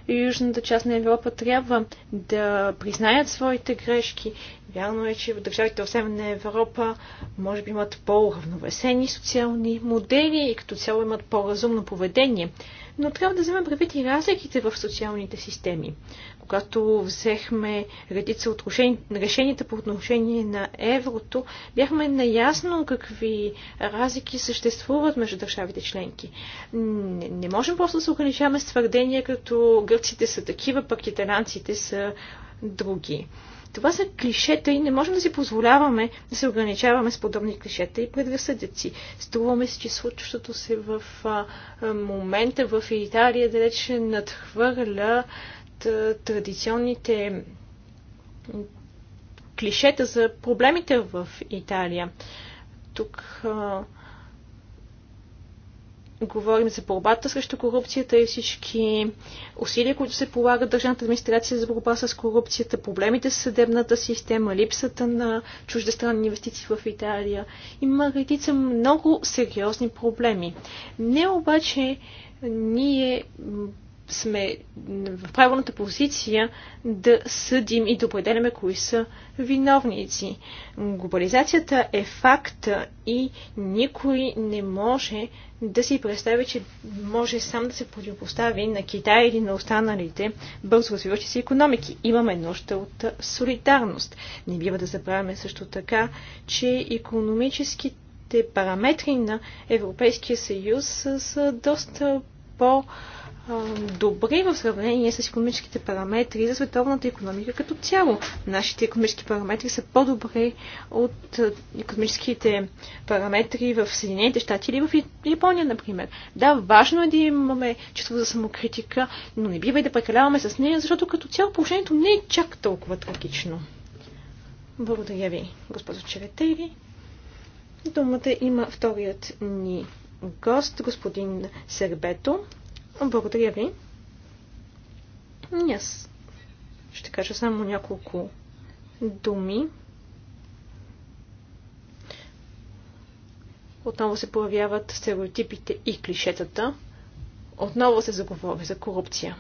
южната част на Европа трябва да признаят своите грешки. Вярно е, че държавите от Северна Европа може би имат по-равновесени социални модели и като цяло имат по-разумно поведение. Но трябва да вземем предвид и разликите в социалните системи когато взехме редица от решенията по отношение на еврото, бяхме наясно какви разлики съществуват между държавите членки. Не, можем просто да се ограничаваме с твърдения, като гърците са такива, пък италянците са други. Това са клишета и не можем да си позволяваме да се ограничаваме с подобни клишета и предразсъдъци. Струваме се, че случващото се в а, момента в Италия далеч надхвърля е, традиционните клишета за проблемите в Италия. Тук а, е, говорим за борбата срещу корупцията и всички усилия, които се полагат държавната администрация за борба с корупцията, проблемите с съдебната система, липсата на чуждестранни инвестиции в Италия. Има редица много сериозни проблеми. Не обаче ние сме в правилната позиция да съдим и да определяме кои са виновници. Глобализацията е факт и никой не може да си представи, че може сам да се противопостави на Китай или на останалите бързо развиващи се економики. Имаме нужда от солидарност. Не бива да забравяме също така, че економическите параметри на Европейския съюз са доста по- добри в сравнение с економическите параметри за световната економика като цяло. Нашите економически параметри са по-добри от економическите параметри в Съединените щати или в Япония, например. Да, важно е да имаме чувство за самокритика, но не бива и да прекаляваме с нея, защото като цяло положението не е чак толкова трагично. Благодаря ви, госпожо Черетери. Думата има вторият ни гост, господин Сербето, благодаря ви. Аз ще кажа само няколко думи. Отново се появяват стереотипите и клишетата. Отново се заговори за корупция.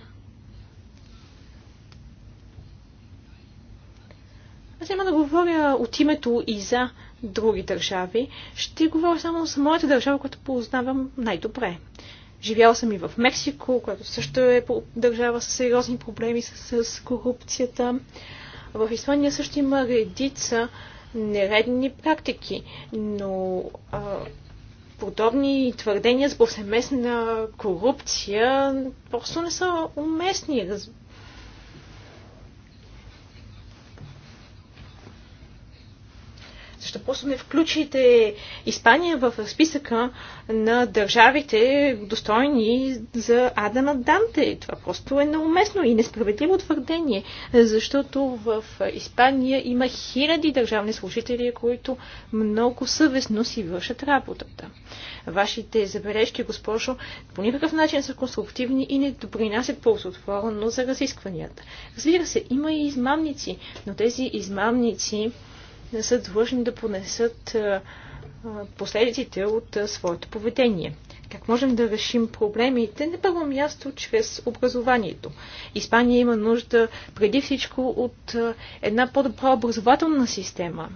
Аз няма да говоря от името и за други държави. Ще говоря само за моята държава, която познавам най-добре. Живял съм и в Мексико, която също е държава с сериозни проблеми с, с корупцията. В Испания също има редица нередни практики, но а, подобни твърдения с повсеместна корупция просто не са уместни. Защо просто не включите Испания в списъка на държавите достойни за Ада на Данте? Това просто е неуместно и несправедливо твърдение, защото в Испания има хиляди държавни служители, които много съвестно си вършат работата. Вашите забележки, госпожо, по никакъв начин са конструктивни и не допринасят ползотворно за разискванията. Разбира се, има и измамници, но тези измамници не са длъжни да понесат последиците от своето поведение. Как можем да решим проблемите? На първо място чрез образованието. Испания има нужда преди всичко от една по-добра образователна система.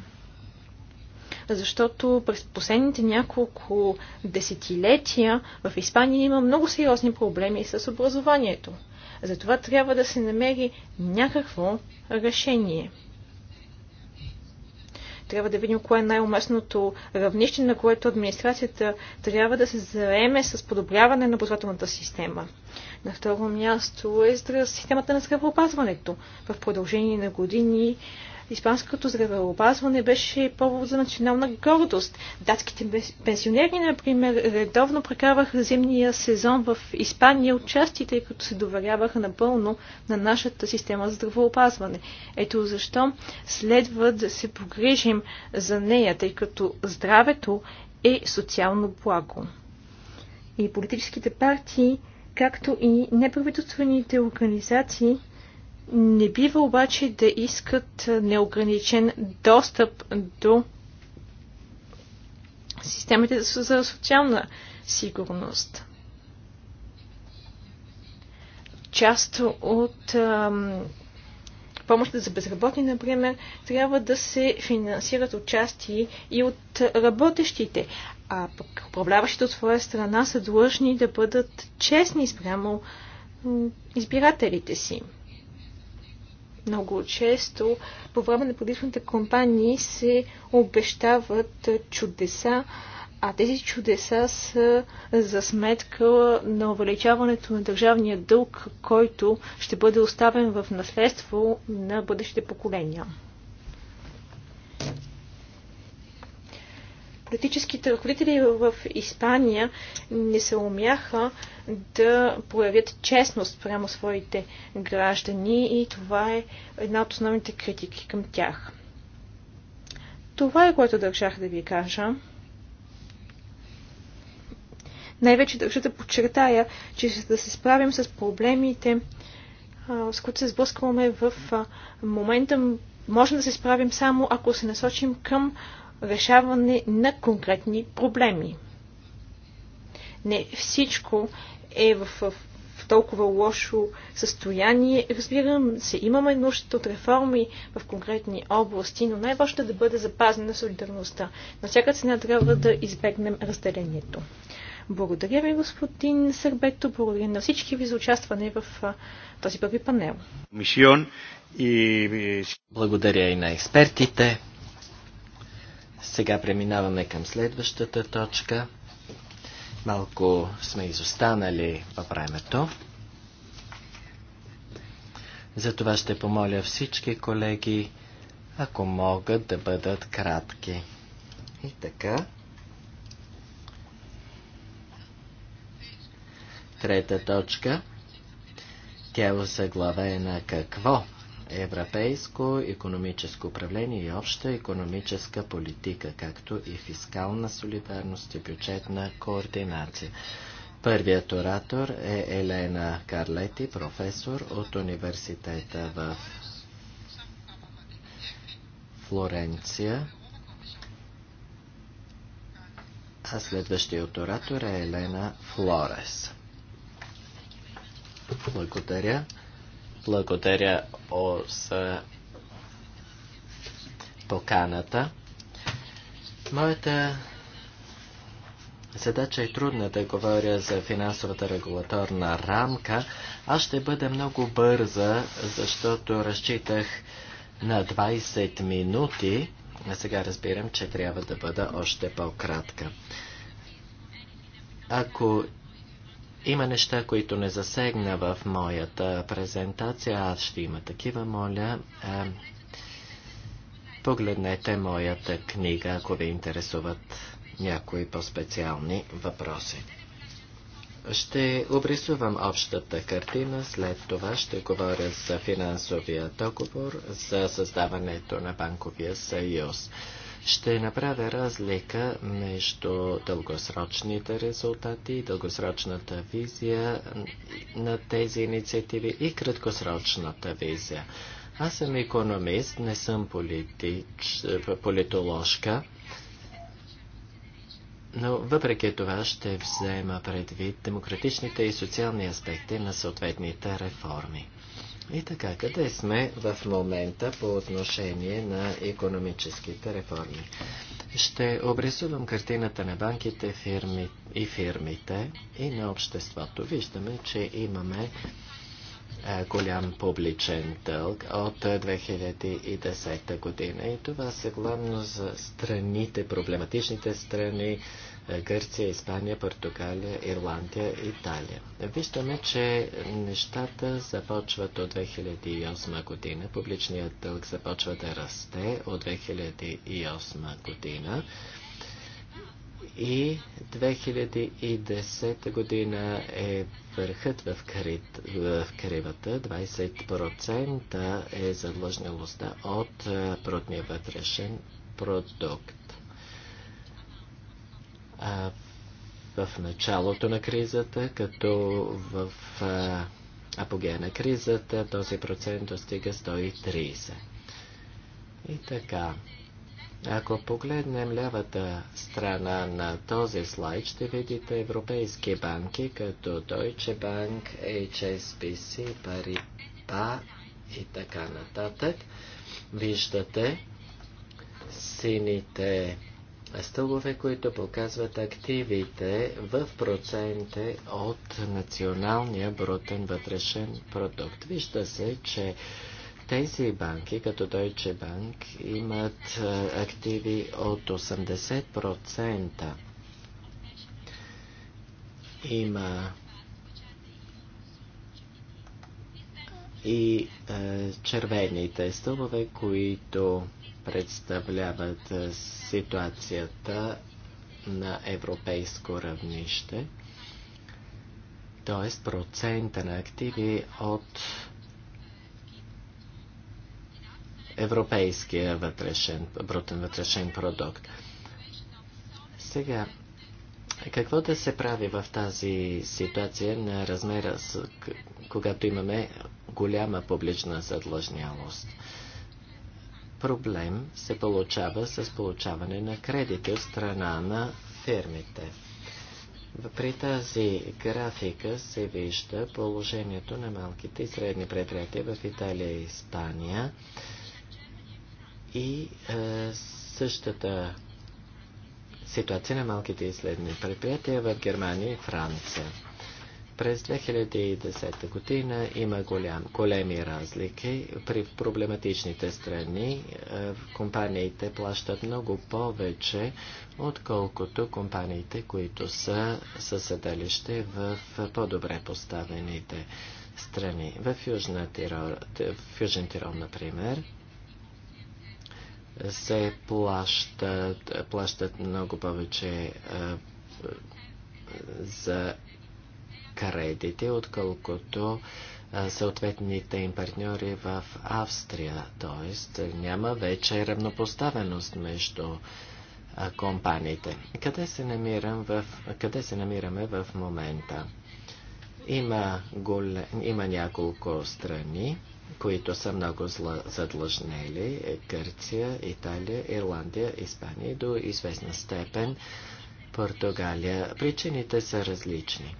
Защото през последните няколко десетилетия в Испания има много сериозни проблеми с образованието. Затова трябва да се намери някакво решение. Трябва да видим кое е най-уместното равнище, на което администрацията трябва да се заеме с подобряване на образователната система. На второ място е системата на здравеопазването. В продължение на години Испанското здравеопазване беше повод за национална гордост. Датските пенсионери, например, редовно прекараха зимния сезон в Испания от части, тъй като се доверяваха напълно на нашата система за здравеопазване. Ето защо следва да се погрижим за нея, тъй като здравето е социално благо. И политическите партии, както и неправителствените организации, не бива обаче да искат неограничен достъп до системите за социална сигурност. Част от ам, помощта за безработни, например, трябва да се финансират отчасти и от работещите, а пък управляващите от своя страна са длъжни да бъдат честни спрямо избирателите си. Много често по време на предишните кампании се обещават чудеса, а тези чудеса са за сметка на увеличаването на държавния дълг, който ще бъде оставен в наследство на бъдещите поколения. политическите ръководители в Испания не се умяха да проявят честност прямо своите граждани и това е една от основните критики към тях. Това е което държах да ви кажа. Най-вече държа да подчертая, че за да се справим с проблемите, с които се сблъскваме в момента, можем да се справим само ако се насочим към решаване на конкретни проблеми. Не всичко е в, в, в толкова лошо състояние. Разбирам се, имаме нужда от реформи в конкретни области, но най-важно е да бъде запазена солидарността. На всяка цена трябва да избегнем разделението. Благодаря ви, господин Сърбето. Благодаря на всички ви за участване в този първи панел. Благодаря и на експертите. Сега преминаваме към следващата точка. Малко сме изостанали във времето. Затова ще помоля всички колеги, ако могат да бъдат кратки. И така. Трета точка. Тя е заглавена какво? европейско економическо управление и обща економическа политика, както и фискална солидарност и бюджетна координация. Първият оратор е Елена Карлети, професор от университета в Флоренция. А следващият оратор е Елена Флорес. Благодаря. Благодаря за поканата. Моята задача е трудна да говоря за финансовата регулаторна рамка. Аз ще бъда много бърза, защото разчитах на 20 минути. А сега разбирам, че трябва да бъда още по-кратка. Ако има неща, които не засегна в моята презентация. Аз ще има такива, моля. Е, погледнете моята книга, ако ви интересуват някои по-специални въпроси. Ще обрисувам общата картина, след това ще говоря за финансовия договор, за създаването на банковия съюз. Ще направя разлика между дългосрочните резултати и дългосрочната визия на тези инициативи и краткосрочната визия. Аз съм економист, не съм политич, политоложка, но въпреки това ще взема предвид демократичните и социални аспекти на съответните реформи. И така, къде сме в момента по отношение на економическите реформи? Ще обрисувам картината на банките фирми, и фирмите и на обществото. Виждаме, че имаме е, голям публичен дълг от 2010 е, година. И това се главно за страните, проблематичните страни, Гърция, Испания, Португалия, Ирландия, Италия. Виждаме, че нещата започват от 2008 година. Публичният дълг започва да расте от 2008 година. И 2010 година е върхът в, крит, в кривата. 20% е задлъжнялостта от брутния вътрешен продукт в началото на кризата, като в а, апогея на кризата този процент достига 130. И така, ако погледнем лявата страна на този слайд, ще видите европейски банки, като Deutsche Bank, HSBC, Paripa и така нататък. Виждате сините стълбове, които показват активите в проценте от националния брутен вътрешен продукт. Вижда се, че тези банки, като Deutsche Bank, имат активи от 80%. Има и е, червените стълбове, които представляват ситуацията на европейско равнище, т.е. процента на активи от европейския вътрешен, брутен вътрешен продукт. Сега, какво да се прави в тази ситуация на размера, когато имаме голяма публична задлъжнялост? проблем се получава с получаване на кредити от страна на фирмите. При тази графика се вижда положението на малките и средни предприятия в Италия и Испания и е, същата ситуация на малките и средни предприятия в Германия и Франция. През 2010 година има голям, големи разлики. При проблематичните страни е, компаниите плащат много повече, отколкото компаниите, които са със седалище в по-добре поставените страни. В, Южна Тирол, в Южен Тирол, например, се плащат, плащат много повече е, за кредити, отколкото съответните им партньори в Австрия. Тоест няма вече равнопоставеност между компаниите. Къде се, намирам в, къде се намираме в момента? Има, голе, има няколко страни, които са много зла, задлъжнели. Е, Гърция, Италия, Ирландия, Испания и до известна степен Португалия. Причините са различни.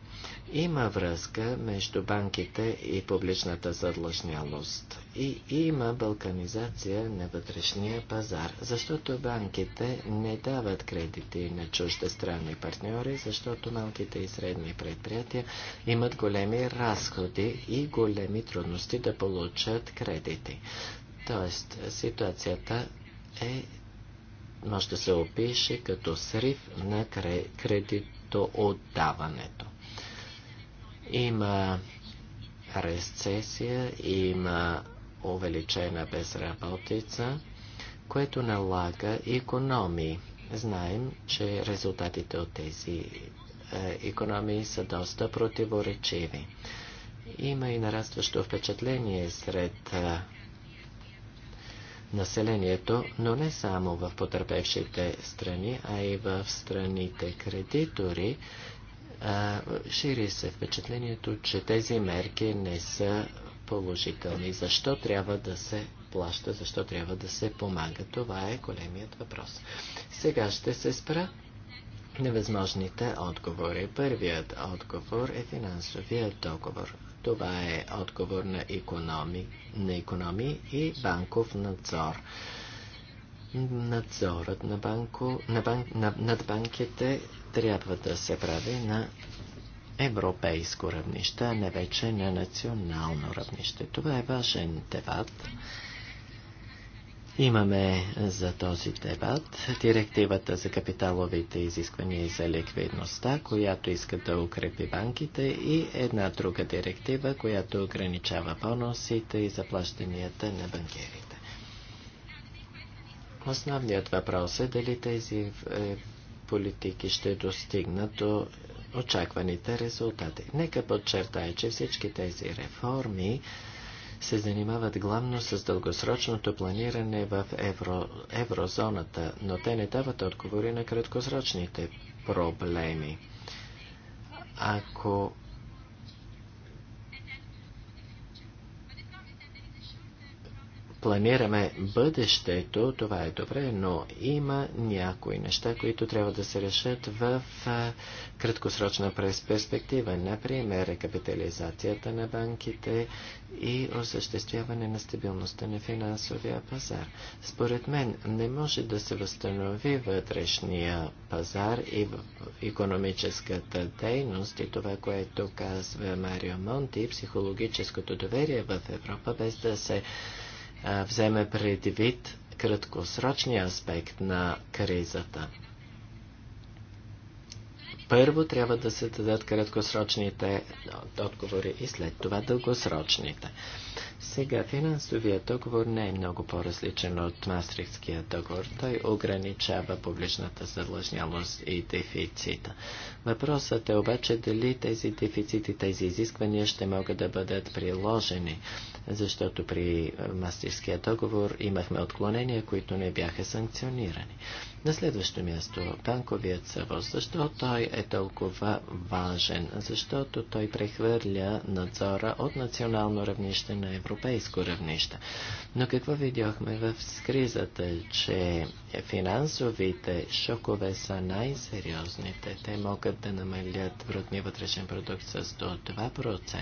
Има връзка между банките и публичната задлъжнялост. И има балканизация на вътрешния пазар, защото банките не дават кредити на странни партньори, защото малките и средни предприятия имат големи разходи и големи трудности да получат кредити. Тоест, ситуацията е, може да се опише като срив на кредитоотдаването. Има рецесия, има увеличена безработица, което налага економии. Знаем, че резултатите от тези економии са доста противоречиви. Има и нарастващо впечатление сред е, населението, но не само в потърпевшите страни, а и в страните кредитори, шири се впечатлението, че тези мерки не са положителни. Защо трябва да се плаща, защо трябва да се помага? Това е големият въпрос. Сега ще се спра невъзможните отговори. Първият отговор е финансовият договор. Това е отговор на економи, на економи и банков надзор. Надзорът на, банко, на, бан, на над банките трябва да се прави на европейско равнище, а не вече на национално равнище. Това е важен дебат. Имаме за този дебат директивата за капиталовите изисквания и за ликвидността, която иска да укрепи банките и една друга директива, която ограничава поносите и заплащанията на банкерите. Основният въпрос е дали тези е, политики ще достигнат до очакваните резултати. Нека подчертая, че всички тези реформи се занимават главно с дългосрочното планиране в евро, еврозоната, но те не дават отговори на краткосрочните проблеми. Ако планираме бъдещето, това е добре, но има някои неща, които трябва да се решат в краткосрочна перспектива. Например, рекапитализацията на банките и осъществяване на стабилността на финансовия пазар. Според мен не може да се възстанови вътрешния пазар и в економическата дейност и това, което казва Марио Монти, психологическото доверие в Европа, без да се вземе предвид краткосрочния аспект на кризата. Първо трябва да се дадат краткосрочните отговори и след това дългосрочните. Сега финансовият договор не е много по-различен от Мастрихтския договор. Той ограничава публичната задлъжнялост и дефицита. Въпросът е обаче дали тези дефицити, тези изисквания ще могат да бъдат приложени защото при мастерския договор имахме отклонения, които не бяха санкционирани. На следващо място, банковият съвоз. Защо той е толкова важен? Защото той прехвърля надзора от национално равнище на европейско равнище. Но какво видяхме в кризата, че финансовите шокове са най-сериозните. Те могат да намалят брутния вътрешен продукт с до 2%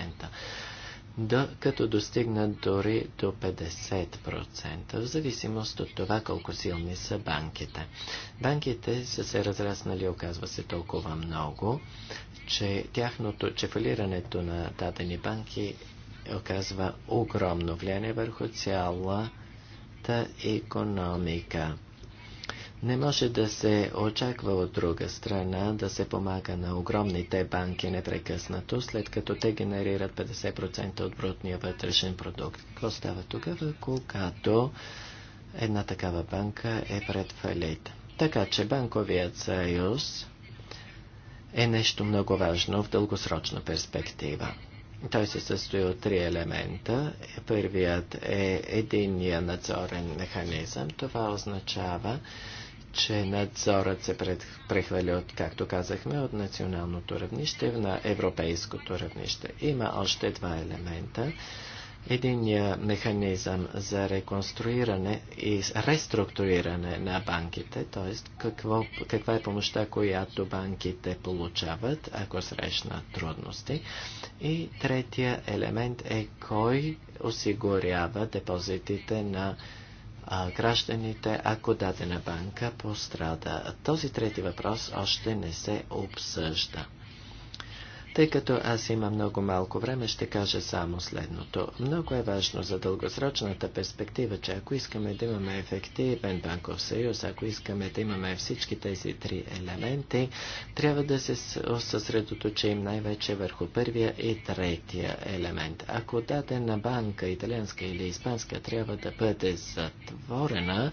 да, като достигнат дори до 50%, в зависимост от това колко силни са банките. Банките са се разраснали, оказва се толкова много, че тяхното, че фалирането на дадени банки оказва огромно влияние върху цялата економика. Не може да се очаква от друга страна да се помага на огромните банки непрекъснато, след като те генерират 50% от брутния вътрешен продукт. Какво става тогава, когато една такава банка е пред фалит? Така че банковият съюз е нещо много важно в дългосрочна перспектива. Той се състои от три елемента. Първият е единния надзорен механизъм. Това означава, че надзорът се прехвали от, както казахме, от националното равнище на европейското равнище. Има още два елемента. Единият механизъм за реконструиране и реструктуриране на банките, т.е. каква е помощта, която банките получават, ако срещнат трудности. И третия елемент е кой осигурява депозитите на а, гражданите, ако дадена банка пострада. Този трети въпрос още не се обсъжда. Тъй като аз имам много малко време, ще кажа само следното. Много е важно за дългосрочната перспектива, че ако искаме да имаме ефективен банков съюз, ако искаме да имаме всички тези три елементи, трябва да се съсредоточим най-вече върху първия и третия елемент. Ако дадена банка, италианска или испанска, трябва да бъде затворена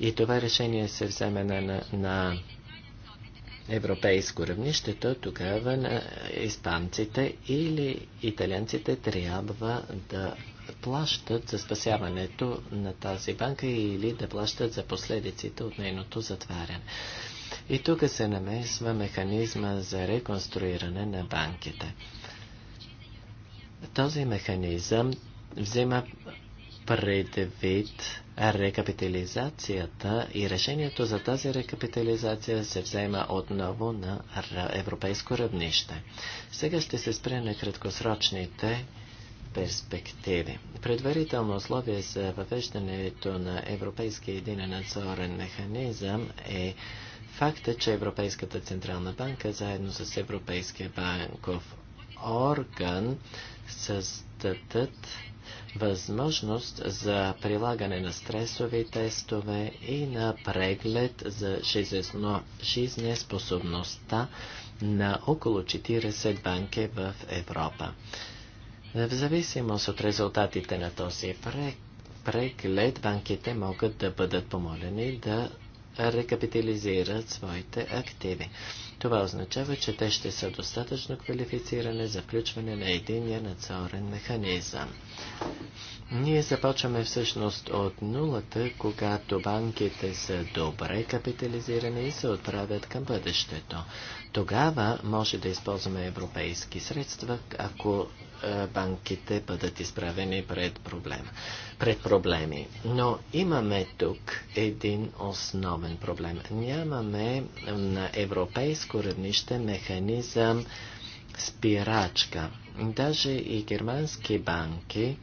и това решение се вземе на, на европейско равнище, то тогава на испанците или италианците трябва да плащат за спасяването на тази банка или да плащат за последиците от нейното затваряне. И тук се намесва механизма за реконструиране на банките. Този механизъм взема предвид рекапитализацията и решението за тази рекапитализация се взема отново на европейско равнище. Сега ще се спре на краткосрочните перспективи. Предварително условие за въвеждането на Европейския единен надзорен механизъм е факта, че Европейската Централна банка заедно с Европейския банков орган създадат възможност за прилагане на стресови тестове и на преглед за жизнеспособността на около 40 банки в Европа. В зависимост от резултатите на този преглед, банките могат да бъдат помолени да рекапитализират своите активи. Това означава, че те ще са достатъчно квалифицирани за включване на единия надзорен механизъм. Ние започваме всъщност от нулата, когато банките са добре капитализирани и се отправят към бъдещето. Тогава може да използваме европейски средства, ако е, банките бъдат изправени пред, проблем, пред проблеми. Но имаме тук един основен проблем. Нямаме на европейско равнище механизъм спирачка. Даже и германски банки,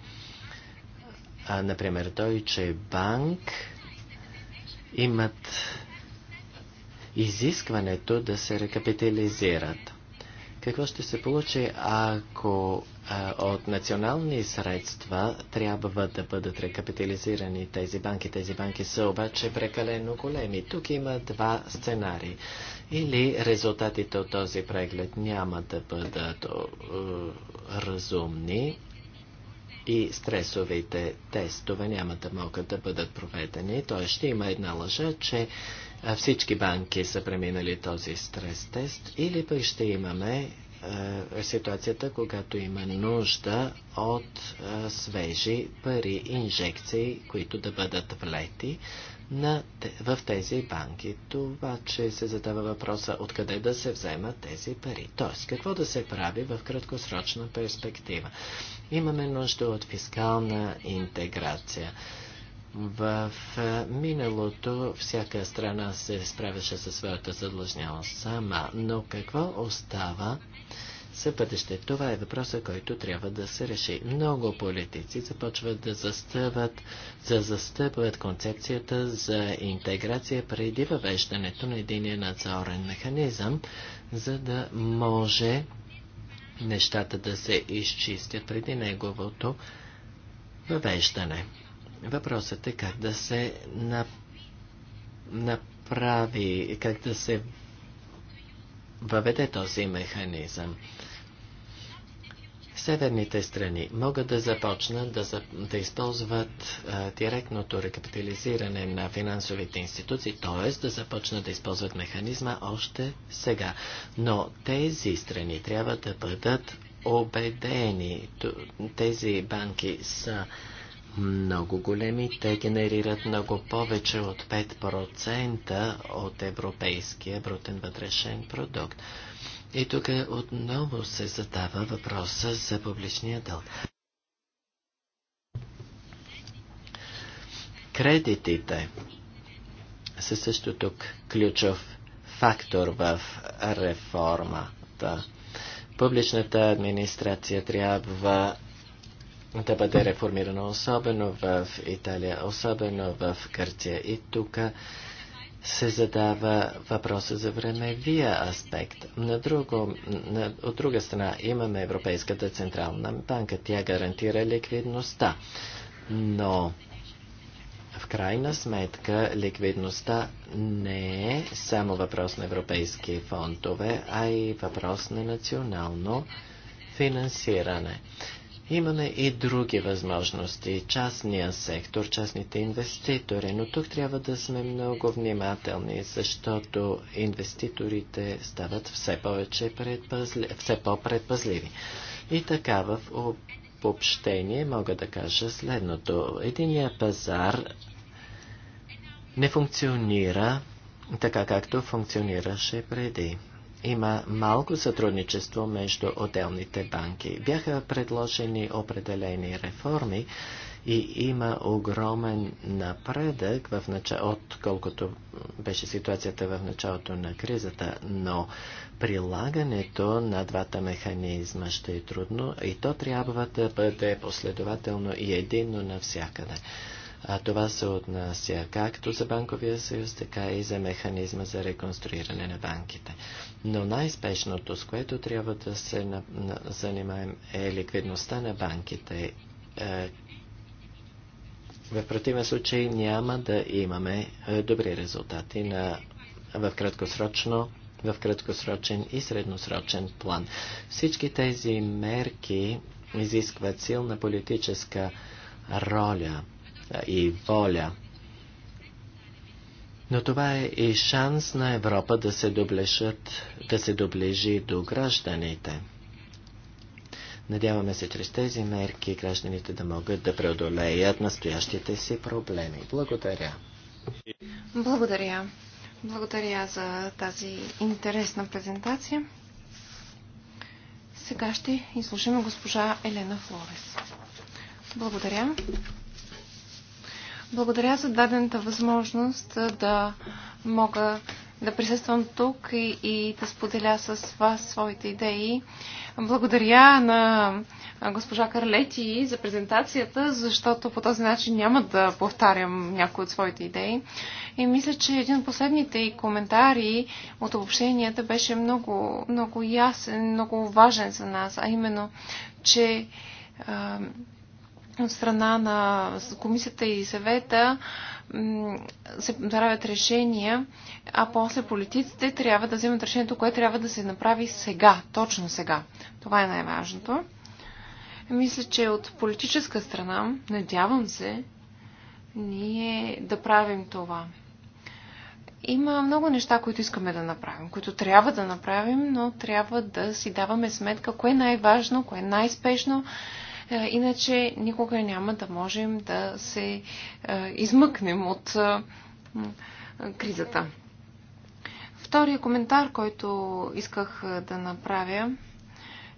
а, например Deutsche Bank, имат изискването да се рекапитализират. Какво ще се получи, ако а, от национални средства трябва да бъдат рекапитализирани тези банки? Тези банки са обаче прекалено големи. Тук има два сценари. Или резултатите от този преглед няма да бъдат о, о, разумни и стресовите тестове няма да могат да бъдат проведени. Т.е. ще има една лъжа, че всички банки са преминали този стрес тест или пък ще имаме а, е, ситуацията, когато има нужда от а, е, свежи пари, инжекции, които да бъдат влети на, в тези банки. Това, че се задава въпроса откъде да се вземат тези пари. Тоест, какво да се прави в краткосрочна перспектива. Имаме нужда от фискална интеграция. В миналото всяка страна се справяше със своята задлъжнялост сама, но какво остава за бъдеще? Това е въпросът, който трябва да се реши. Много политици започват да застъпват, да застъпват концепцията за интеграция преди въвеждането на единия надзорен механизъм, за да може нещата да се изчистят преди неговото въвеждане. Въпросът е как да се направи, как да се въведе този механизъм. Северните страни могат да започнат да, за, да използват а, директното рекапитализиране на финансовите институции, т.е. да започнат да използват механизма още сега. Но тези страни трябва да бъдат убедени. Тези банки са много големи. Те генерират много повече от 5% от европейския брутен вътрешен продукт. И тук отново се задава въпроса за публичния дълг. Кредитите са също тук ключов фактор в реформата. Публичната администрация трябва да бъде реформирано, особено в Италия, особено в Гърция. И тук се задава въпроса за времевия аспект. На друго, на, от друга страна имаме Европейската централна банка. Тя гарантира ликвидността. Но в крайна сметка ликвидността не е само въпрос на европейски фондове, а и въпрос на национално финансиране. Имаме и други възможности. Частния сектор, частните инвеститори. Но тук трябва да сме много внимателни, защото инвеститорите стават все повече предпазли... все по-предпазливи. И така в общение мога да кажа следното. Единия пазар не функционира така, както функционираше преди има малко сътрудничество между отделните банки. Бяха предложени определени реформи и има огромен напредък в от отколкото беше ситуацията в началото на кризата, но прилагането на двата механизма ще е трудно и то трябва да бъде последователно и единно навсякъде. А това се отнася както за Банковия съюз, така и за механизма за реконструиране на банките. Но най-спешното, с което трябва да се на, на, занимаем, е ликвидността на банките. Е, в противен случай няма да имаме е, добри резултати на, в краткосрочно в краткосрочен и средносрочен план. Всички тези мерки изискват силна политическа роля и воля. Но това е и шанс на Европа да се, доблешат, да се доближи до гражданите. Надяваме се чрез тези мерки гражданите да могат да преодолеят настоящите си проблеми. Благодаря. Благодаря. Благодаря за тази интересна презентация. Сега ще изслушаме госпожа Елена Флорес. Благодаря. Благодаря за дадената възможност да мога да присъствам тук и, и да споделя с вас своите идеи. Благодаря на госпожа Карлети за презентацията, защото по този начин няма да повтарям някои от своите идеи. И мисля, че един от последните и коментари от обобщенията беше много, много ясен, много важен за нас, а именно, че от страна на комисията и съвета се правят решения, а после политиците трябва да вземат решението, което трябва да се направи сега, точно сега. Това е най-важното. Мисля, че от политическа страна, надявам се, ние да правим това. Има много неща, които искаме да направим, които трябва да направим, но трябва да си даваме сметка кое е най-важно, кое е най-спешно е, иначе никога няма да можем да се е, измъкнем от е, кризата. Втория коментар, който исках да направя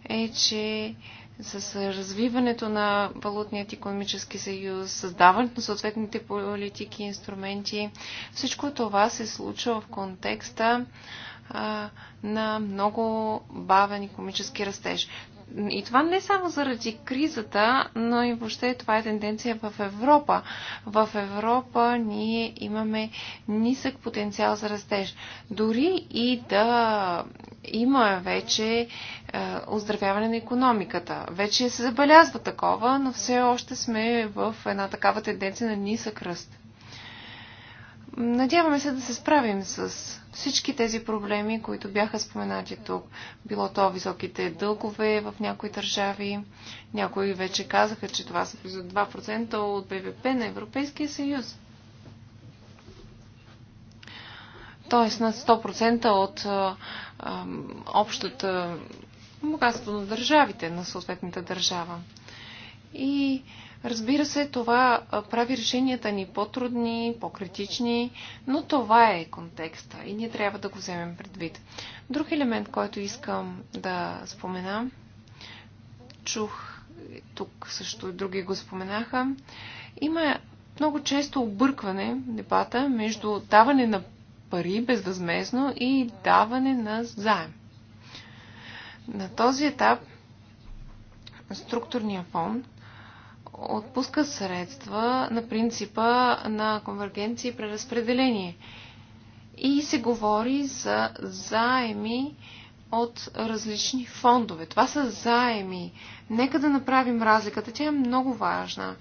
е, че с развиването на валутният економически съюз, създаването на съответните политики и инструменти, всичко това се случва в контекста а, на много бавен економически растеж. И това не само заради кризата, но и въобще това е тенденция в Европа. В Европа ние имаме нисък потенциал за растеж. Дори и да има вече е, оздравяване на економиката. Вече се забелязва такова, но все още сме в една такава тенденция на нисък ръст. Надяваме се да се справим с всички тези проблеми, които бяха споменати тук. Било то високите дългове в някои държави. Някои вече казаха, че това са близо 2% от БВП на Европейския съюз. Тоест над 100% от а, а, общата богатство на държавите, на съответната държава. И Разбира се, това прави решенията ни по-трудни, по-критични, но това е контекста и ние трябва да го вземем предвид. Друг елемент, който искам да спомена, чух тук също и други го споменаха, има много често объркване дебата между даване на пари безвъзмезно и даване на заем. На този етап структурния фонд отпуска средства на принципа на конвергенция и преразпределение. И се говори за заеми от различни фондове. Това са заеми. Нека да направим разликата. Тя е много важна.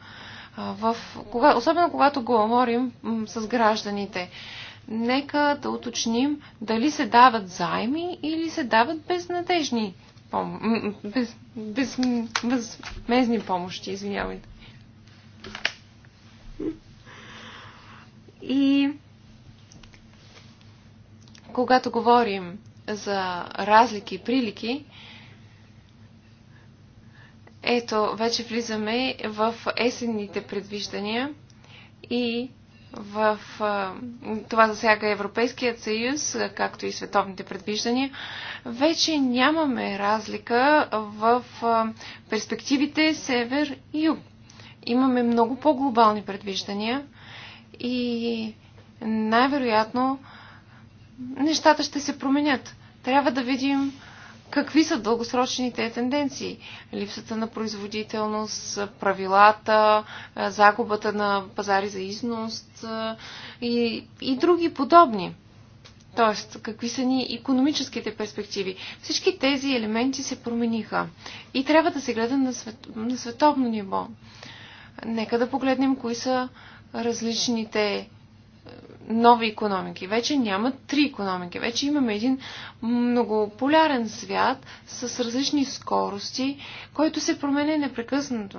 В, кога, особено когато говорим с гражданите. Нека да уточним дали се дават заеми или се дават безнадежни пом... без, без, безмезни помощи, извинявайте. И когато говорим за разлики и прилики, ето, вече влизаме в есенните предвиждания и в това засяга Европейският съюз, както и световните предвиждания, вече нямаме разлика в перспективите север и юг имаме много по-глобални предвиждания и най-вероятно нещата ще се променят. Трябва да видим какви са дългосрочните тенденции. Липсата на производителност, правилата, загубата на пазари за износ и, и други подобни. Тоест, какви са ни економическите перспективи. Всички тези елементи се промениха и трябва да се гледа на, свет, на световно ниво. Нека да погледнем кои са различните нови економики. Вече няма три економики. Вече имаме един многополярен свят с различни скорости, който се променя непрекъснато.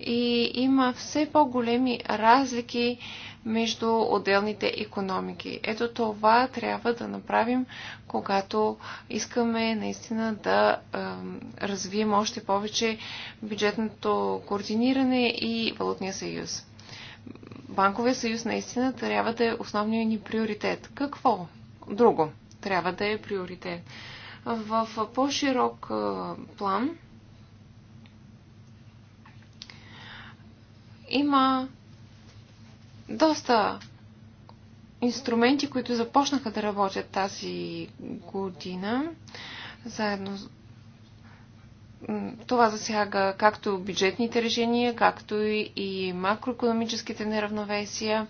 И има все по-големи разлики между отделните економики. Ето това трябва да направим, когато искаме наистина да е, развием още повече бюджетното координиране и валутния съюз банковия съюз наистина трябва да е основният ни приоритет. Какво? Друго трябва да е приоритет. В по-широк план има доста инструменти, които започнаха да работят тази година, заедно това засяга както бюджетните решения, както и макроекономическите неравновесия.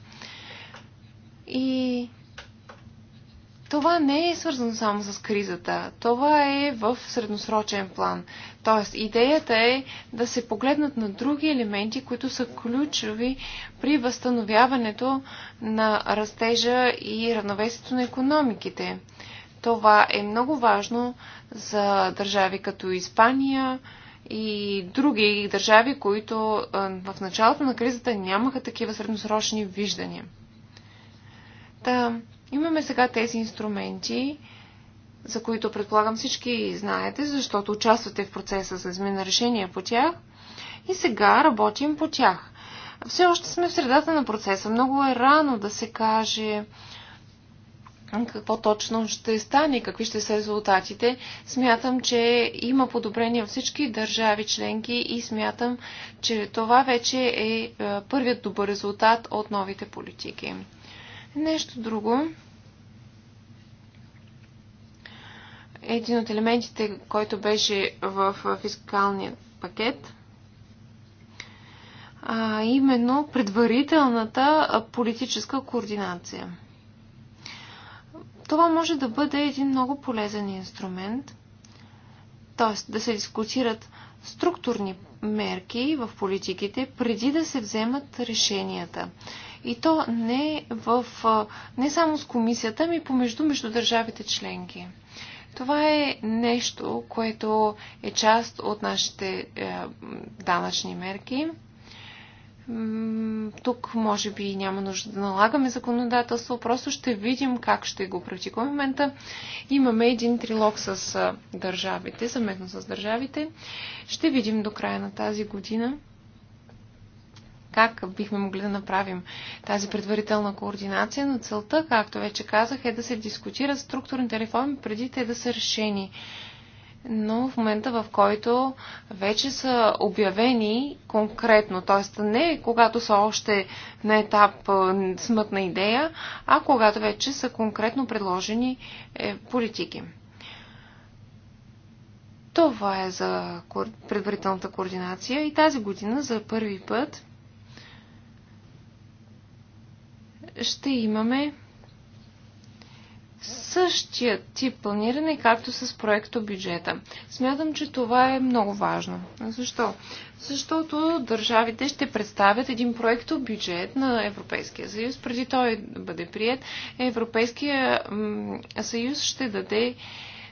И това не е свързано само с кризата. Това е в средносрочен план. Тоест, идеята е да се погледнат на други елементи, които са ключови при възстановяването на растежа и равновесието на економиките. Това е много важно за държави като Испания и други държави, които в началото на кризата нямаха такива средносрочни виждания. Та, да, имаме сега тези инструменти, за които предполагам всички знаете, защото участвате в процеса за измена решения по тях и сега работим по тях. Все още сме в средата на процеса. Много е рано да се каже какво точно ще стане, какви ще са резултатите. Смятам, че има подобрение във всички държави членки и смятам, че това вече е, е първият добър резултат от новите политики. Нещо друго. Един от елементите, който беше в фискалния пакет, а именно предварителната политическа координация. Това може да бъде един много полезен инструмент, т.е. да се дискутират структурни мерки в политиките преди да се вземат решенията. И то не, в, не само с комисията, ми помежду между държавите членки. Това е нещо, което е част от нашите е, данъчни мерки. Тук може би няма нужда да налагаме законодателство, просто ще видим как ще го практикуваме. В момента имаме един трилог с държавите, съвместно с държавите. Ще видим до края на тази година как бихме могли да направим тази предварителна координация, но целта, както вече казах, е да се дискутират структурните реформи преди те да са решени но в момента в който вече са обявени конкретно, т.е. не когато са още на етап смътна идея, а когато вече са конкретно предложени е, политики. Това е за предварителната координация и тази година за първи път ще имаме същия тип планиране, както с проекто бюджета. Смятам, че това е много важно. Защо? Защото държавите ще представят един проекто бюджет на Европейския съюз. Преди той да бъде прият, Европейския съюз ще даде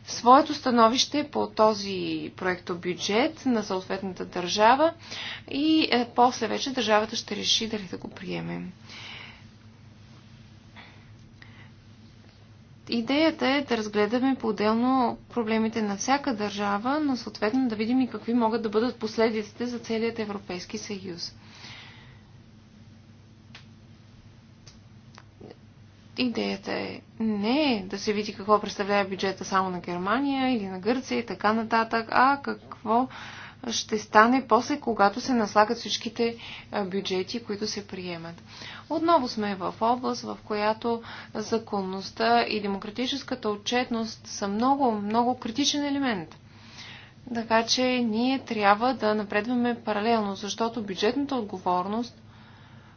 своето становище по този проекто бюджет на съответната държава и е, после вече държавата ще реши дали да го приеме. Идеята е да разгледаме по-отделно проблемите на всяка държава, но съответно да видим и какви могат да бъдат последиците за целият Европейски съюз. Идеята е не да се види какво представлява бюджета само на Германия или на Гърция и така нататък, а какво ще стане после, когато се наслагат всичките е, бюджети, които се приемат. Отново сме в област, в която законността и демократическата отчетност са много, много критичен елемент. Така че ние трябва да напредваме паралелно, защото бюджетната отговорност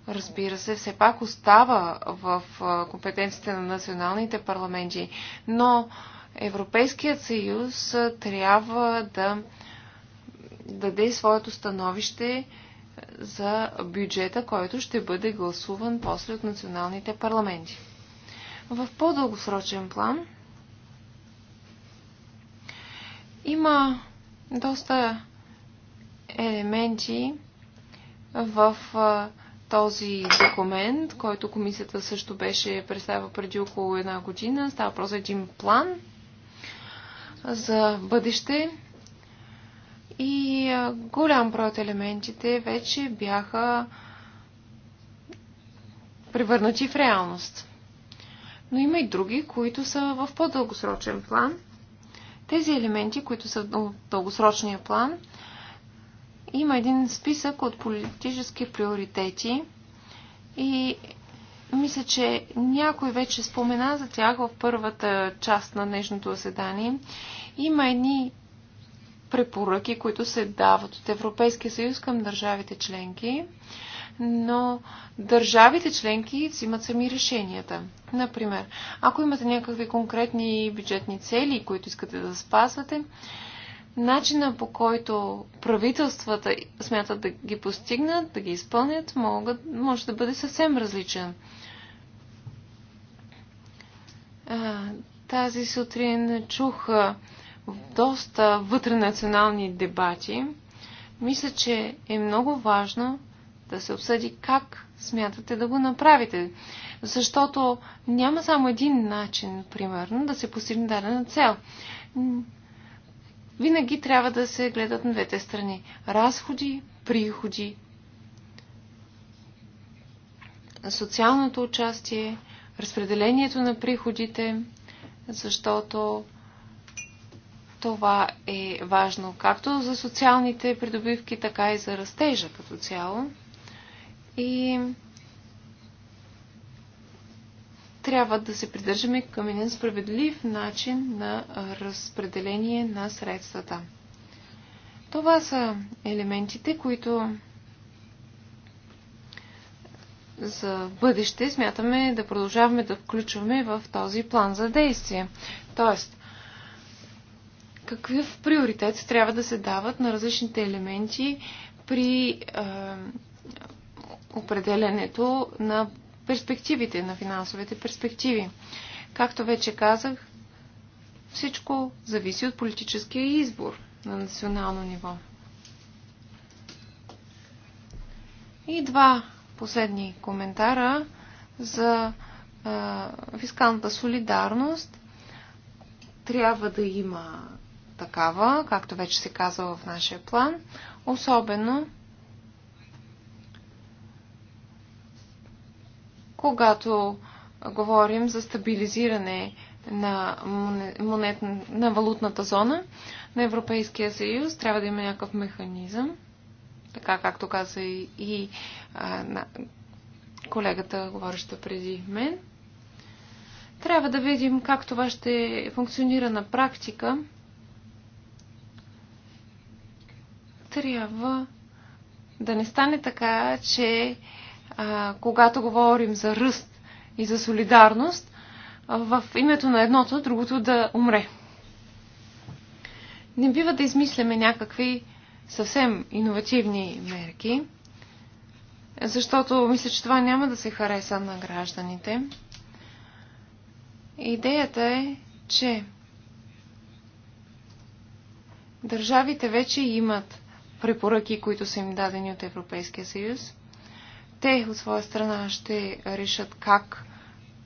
разбира се, все пак остава в е, компетенциите на националните парламенти, но Европейският съюз е, трябва да даде своето становище е, за бюджета, който ще бъде гласуван после от националните парламенти. В по-дългосрочен план има доста елементи в този документ, който комисията също беше представила преди около една година. Става просто един план за бъдеще и голям брой от елементите вече бяха превърнати в реалност. Но има и други, които са в по-дългосрочен план. Тези елементи, които са в дългосрочния план, има един списък от политически приоритети и мисля, че някой вече спомена за тях в първата част на днешното заседание. Има едни препоръки, които се дават от Европейския съюз към държавите членки, но държавите членки взимат сами решенията. Например, ако имате някакви конкретни бюджетни цели, които искате да спазвате, начина по който правителствата смятат да ги постигнат, да ги изпълнят, могат, може да бъде съвсем различен. А, тази сутрин чух доста вътренационални дебати, мисля, че е много важно да се обсъди как смятате да го направите. Защото няма само един начин, примерно, да се постигне дадена цел. Винаги трябва да се гледат на двете страни. Разходи, приходи, социалното участие, разпределението на приходите, защото това е важно както за социалните придобивки, така и за растежа като цяло. И трябва да се придържаме към един справедлив начин на разпределение на средствата. Това са елементите, които за бъдеще смятаме да продължаваме да включваме в този план за действие. Тоест, какъв приоритет трябва да се дават на различните елементи при е, определенето на перспективите, на финансовите перспективи. Както вече казах, всичко зависи от политическия избор на национално ниво. И два последни коментара за е, фискалната солидарност. Трябва да има такава, както вече се казва в нашия план, особено когато говорим за стабилизиране на, монет, на валутната зона на Европейския съюз, трябва да има някакъв механизъм, така както каза и, и а, на колегата, говореща преди мен. Трябва да видим как това ще функционира на практика, трябва да не стане така, че а, когато говорим за ръст и за солидарност, в името на едното, другото да умре. Не бива да измисляме някакви съвсем иновативни мерки, защото мисля, че това няма да се хареса на гражданите. Идеята е, че държавите вече имат препоръки, които са им дадени от Европейския съюз. Те от своя страна ще решат как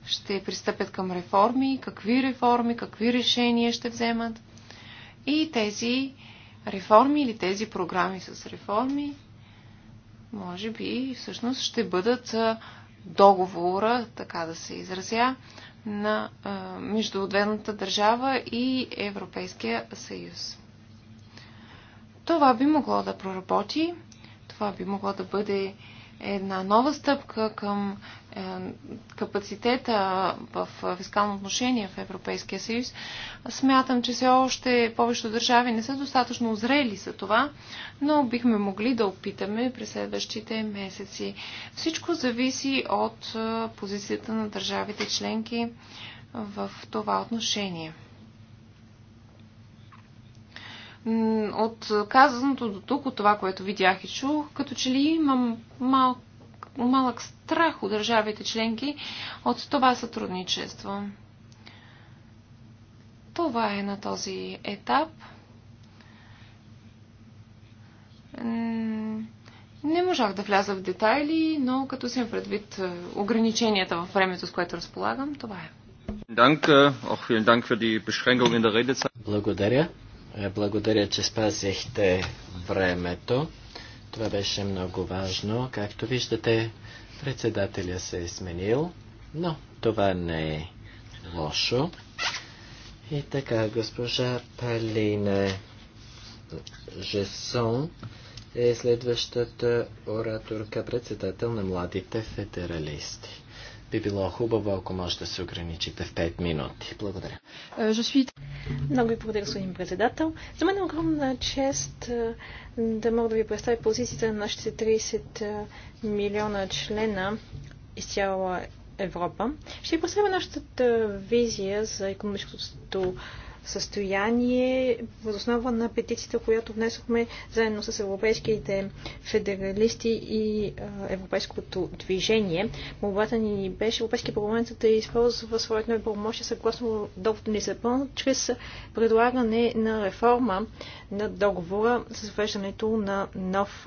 ще пристъпят към реформи, какви реформи, какви решения ще вземат. И тези реформи или тези програми с реформи, може би всъщност ще бъдат договора, така да се изразя, на, между отведната държава и Европейския съюз. Това би могло да проработи, това би могло да бъде една нова стъпка към е, капацитета в фискално отношение в Европейския съюз. Смятам, че все още повечето държави не са достатъчно зрели за това, но бихме могли да опитаме през следващите месеци. Всичко зависи от е, позицията на държавите членки в това отношение от казаното до тук, от това, което видях и чух, като че ли имам мал, малък страх от държавите членки от това сътрудничество. Това е на този етап. Не можах да вляза в детайли, но като съм предвид е, ограниченията във времето, с което разполагам, това е. Благодаря. Е, благодаря, че спазихте времето. Това беше много важно. Както виждате, председателя се е сменил, но това не е лошо. И така, госпожа Палина Жесон е следващата ораторка, председател на младите федералисти би било хубаво, ако може да се ограничите в 5 минути. Благодаря. Е, Много ви благодаря, господин председател. За мен е огромна чест е, да мога да ви представя позицията на нашите 30 е, милиона члена из цяла Европа. Ще ви представя нашата визия за економическото състояние, възоснова на петицията, която внесохме заедно с европейските федералисти и европейското движение. Молбата ни беше Европейски парламент да използва своето правомощие съгласно договор ни запълно, чрез предлагане на реформа на договора с въвеждането на нов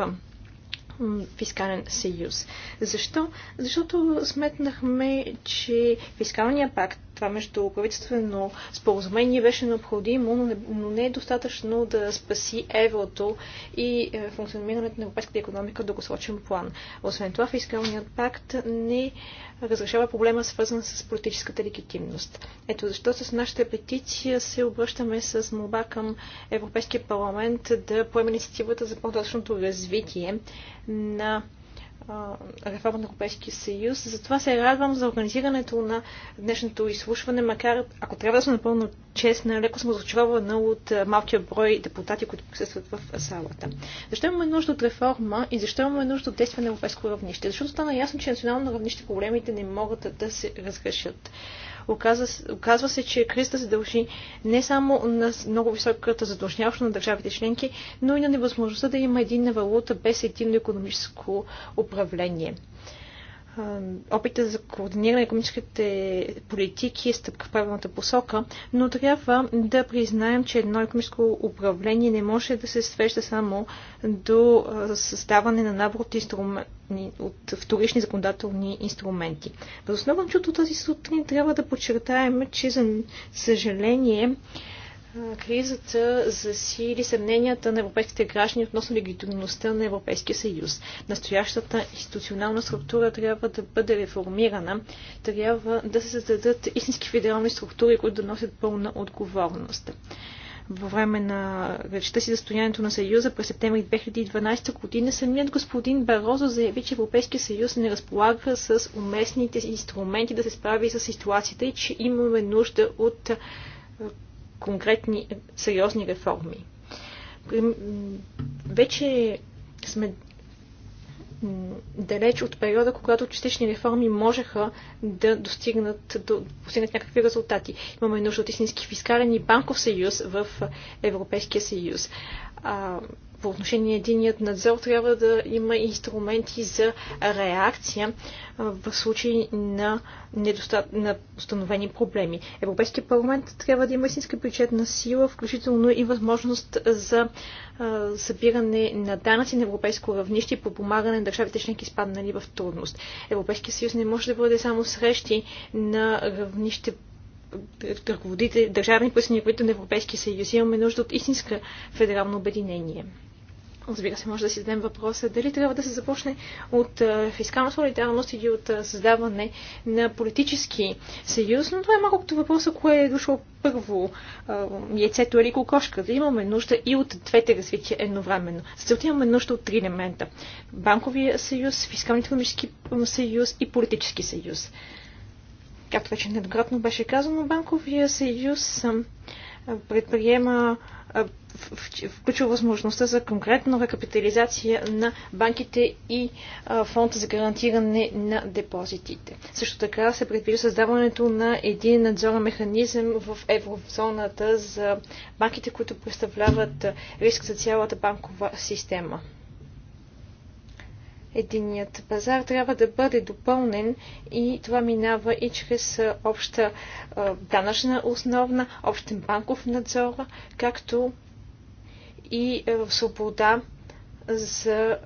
фискален съюз. Защо? Защото сметнахме, че фискалният пакт това между правителствено споразумение беше необходимо, но не, но не е достатъчно да спаси еврото и е, функционирането на европейската економика в дългосрочен план. Освен това, фискалният пакт не разрешава проблема, свързан с политическата легитимност. Ето защо с нашата петиция се обръщаме с молба към Европейския парламент да поеме инициативата за по-точното развитие на реформа на Европейския съюз. Затова се радвам за организирането на днешното изслушване, макар, ако трябва да съм напълно честна, леко съм разочарована от малкия брой депутати, които присъстват в залата. Защо имаме нужда от реформа и защо имаме нужда от действие на европейско равнище? Защото стана ясно, че национално равнище проблемите не могат да се разрешат. Оказва, оказва се, че кризата се дължи не само на много високата задължняващо на държавите членки, но и на невъзможността да има единна валута без единно економическо управление опита за координиране на економическите политики е стъпка в правилната посока, но трябва да признаем, че едно економическо управление не може да се свежда само до създаване на набор от, от вторични законодателни инструменти. Въз чуто тази сутрин трябва да подчертаем, че за съжаление Кризата засили съмненията на европейските граждани относно легитимността на Европейския съюз. Настоящата институционална структура трябва да бъде реформирана. Трябва да се създадат истински федерални структури, които да носят пълна отговорност. Във време на речта си за стоянието на Съюза през септември 2012 година самият господин Барозо заяви, че Европейския съюз не разполага с уместните инструменти да се справи с ситуацията и че имаме нужда от конкретни сериозни реформи. Вече сме далеч от периода, когато частични реформи можеха да достигнат, да постигнат някакви резултати. Имаме нужда от истински фискален и банков съюз в Европейския съюз. А, по отношение на единият надзор трябва да има инструменти за реакция в случай на, недоста... на установени проблеми. Европейския парламент трябва да има истинска бюджетна сила, включително и възможност за а, събиране на данъци на европейско равнище и подпомагане на държавите членки изпаднали в трудност. Европейския съюз не може да бъде само срещи на равнище ръководители, държавни пресени, които на Европейския съюз. Имаме нужда от истинска федерално обединение. Разбира се, може да си зададем въпроса дали трябва да се започне от фискална солидарност или от създаване на политически съюз, но това е малко като въпроса, кое е дошло първо яйцето или Да Имаме нужда и от двете развития едновременно. За целта имаме нужда от три елемента. Банковия съюз, фискално-економически съюз и политически съюз. Както вече неоднократно беше казано, банковия съюз предприема включва възможността за конкретна рекапитализация на банките и фонда за гарантиране на депозитите. Също така се предвижда създаването на един надзорен механизъм в еврозоната за банките, които представляват риск за цялата банкова система единият пазар трябва да бъде допълнен и това минава и чрез обща данъчна основна, общен банков надзор, както и в свобода за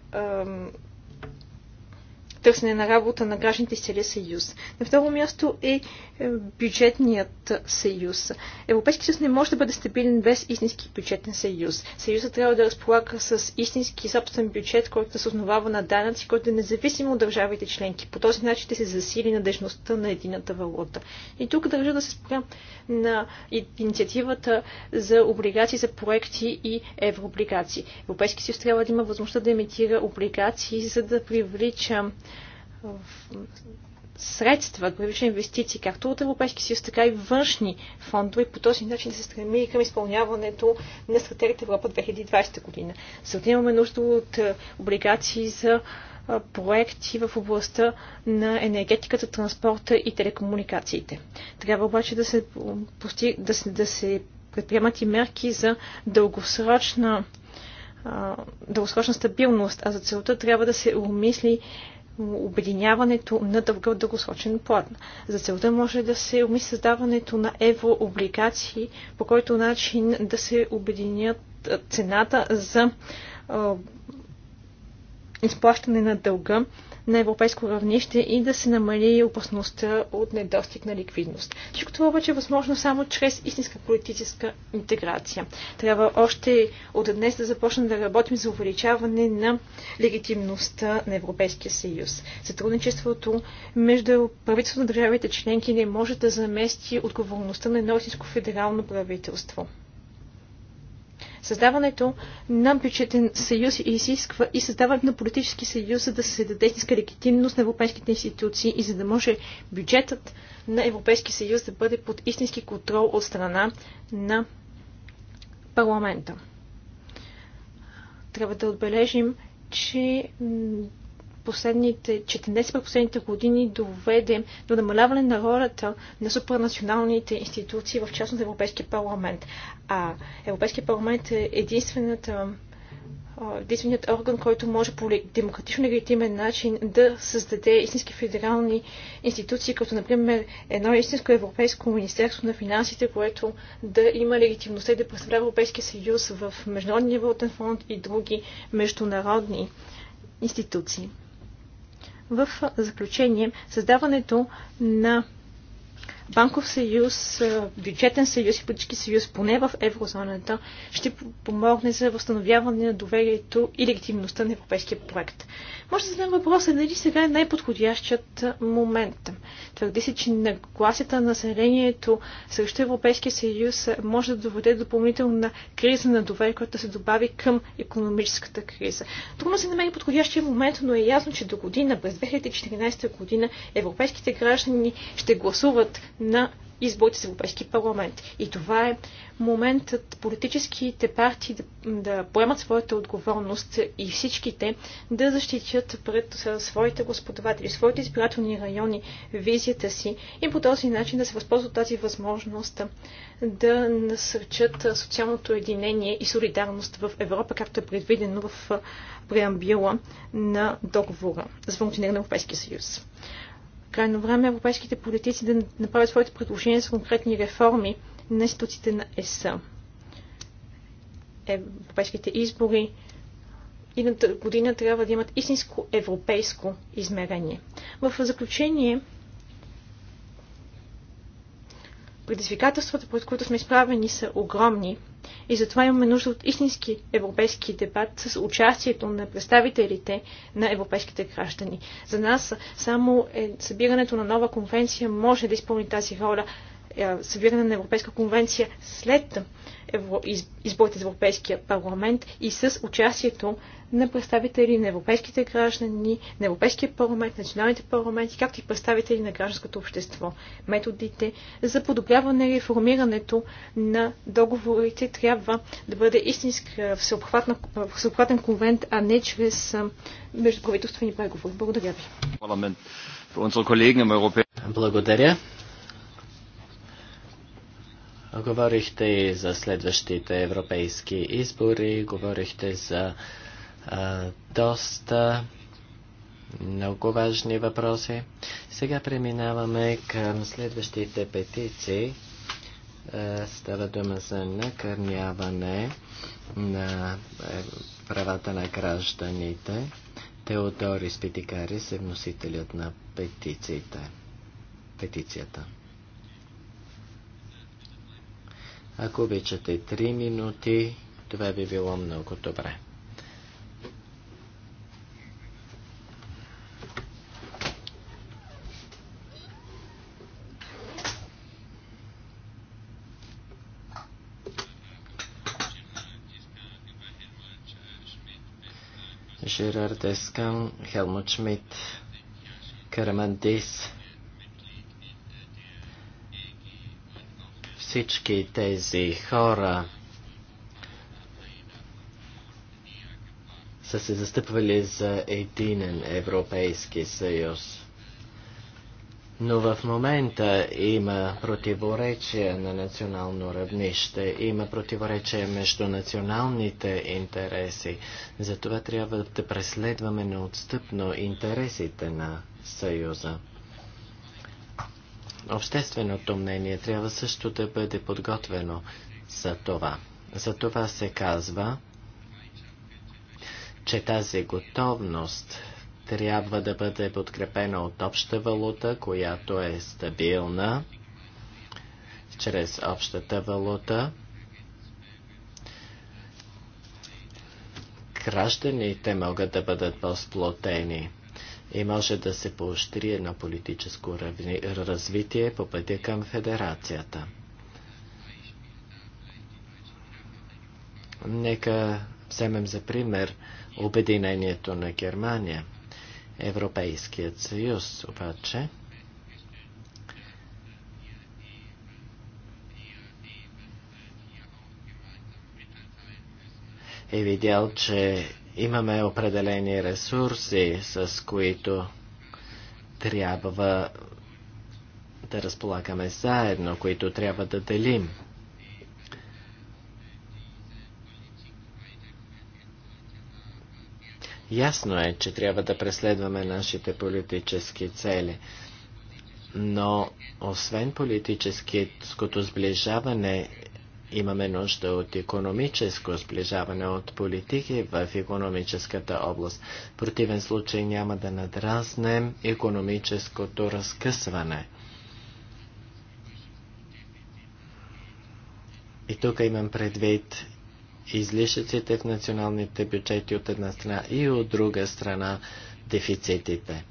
търсене на работа на гражданите с целия съюз. На второ място е, е бюджетният съюз. Европейски съюз не може да бъде стабилен без истински бюджетен съюз. Съюзът трябва да разполага с истински собствен бюджет, който да се основава на данъци, който е независим от държавите членки. По този начин ще се засили надежността на едината валута. И тук държа да се спрям на инициативата за облигации за проекти и еврооблигации. Европейски съюз трябва да има възможността да емитира облигации, за да привлича средства, първични инвестиции, както от Европейски съюз, така и външни фондове по този начин се стреми към изпълняването на стратегията Европа 2020 година. Също имаме нужда от облигации за проекти в областта на енергетиката, транспорта и телекомуникациите. Трябва обаче да се, пости... да се, да се предприемат и мерки за дългосрочна дългосрочна стабилност, а за целта трябва да се умисли обединяването на дълга в дългосрочен план. За целта може да се уми създаването на еврооблигации, по който начин да се обединят цената за изплащане на дълга на европейско равнище и да се намали опасността от недостиг на ликвидност. Всичко това обаче е възможно само чрез истинска политическа интеграция. Трябва още от днес да започнем да работим за увеличаване на легитимността на Европейския съюз. Сътрудничеството между правителството на държавите членки не може да замести отговорността на едно истинско федерално правителство. Създаването на бюджетен съюз изисква и създаването на политически съюз, за да се даде истинска легитимност на европейските институции и за да може бюджетът на Европейски съюз да бъде под истински контрол от страна на парламента. Трябва да отбележим, че последните, че тенденция през последните години доведе до намаляване на ролята на супранационалните институции, в частност Европейския парламент. А Европейския парламент е единствената единственият орган, който може по демократично легитимен начин да създаде истински федерални институции, като например едно истинско европейско министерство на финансите, което да има легитимността и да представлява Европейския съюз в Международния валутен фонд и други международни институции. В заключение, създаването на банков съюз, бюджетен съюз и политически съюз, поне в еврозоната, ще помогне за възстановяване на доверието и легитимността на европейския проект. Може да задам въпроса дали сега е най-подходящият момент. Твърди се, че нагласията на населението срещу Европейския съюз може да доведе до допълнителна криза на доверие, която да се добави към економическата криза. Трудно се намери подходящия момент, но е ясно, че до година, през 2014 година, европейските граждани ще гласуват на изборите с Европейски парламент. И това е моментът политическите партии да, да поемат своята отговорност и всичките да защитят пред своите господаватели, своите избирателни райони, визията си и по този начин да се възползват тази възможност да насърчат социалното единение и солидарност в Европа, както е предвидено в преамбила на договора за функциониране на Европейския съюз. Крайно време европейските политици да направят своите предложения с конкретни реформи на институциите на ЕС. Европейските избори идната година трябва да имат истинско европейско измерение. В заключение, предизвикателствата, пред които сме изправени, са огромни и затова имаме нужда от истински европейски дебат с участието на представителите на европейските граждани. За нас само е, събирането на нова конвенция може да изпълни тази роля е, събиране на Европейска конвенция след изборите за Европейския парламент и с участието на представители на европейските граждани, на Европейския парламент, националните парламенти, както и представители на гражданското общество. Методите за подобряване и реформирането на договорите трябва да бъде истинска всеобхватен конвент, а не чрез междуправителствени преговори. Благодаря ви. Благодаря. Говорихте и за следващите европейски избори, говорихте за а, доста много важни въпроси. Сега преминаваме към следващите петиции. Става дума за накърняване на е, правата на гражданите. Теодор Спитикарис е вносителят на петициите. петицията. Ако обичате три минути, това би било много добре. Жерар Дескан, Хелмут Шмидт, Карамандис. всички тези хора са се застъпвали за единен Европейски съюз. Но в момента има противоречия на национално равнище, има противоречия между националните интереси. Затова трябва да преследваме неотстъпно интересите на Съюза общественото мнение трябва също да бъде подготвено за това. За това се казва, че тази готовност трябва да бъде подкрепена от обща валута, която е стабилна, чрез общата валута. Гражданите могат да бъдат по-сплотени и може да се поощри едно политическо развитие по пътя към федерацията. Нека вземем за пример обединението на Германия. Европейският съюз обаче е видял, че Имаме определени ресурси, с които трябва да разполагаме заедно, които трябва да делим. Ясно е, че трябва да преследваме нашите политически цели, но освен политическото сближаване Имаме нужда от економическо сближаване, от политики в економическата област. В противен случай няма да надразнем економическото разкъсване. И тук имам предвид излишъците в националните бюджети от една страна и от друга страна дефицитите.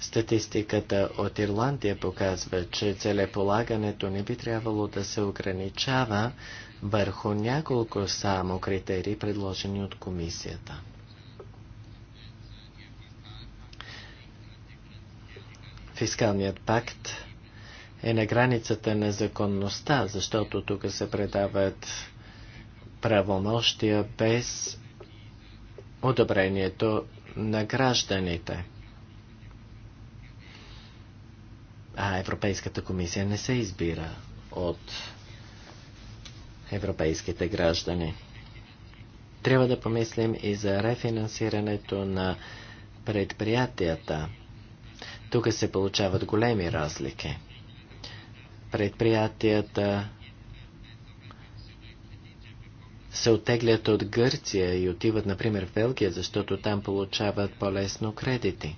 Статистиката от Ирландия показва, че целеполагането не би трябвало да се ограничава върху няколко само критерии, предложени от комисията. Фискалният пакт е на границата на законността, защото тук се предават правомощия без одобрението на гражданите. А Европейската комисия не се избира от европейските граждани. Трябва да помислим и за рефинансирането на предприятията. Тук се получават големи разлики. Предприятията се оттеглят от Гърция и отиват, например, в Белгия, защото там получават по-лесно кредити.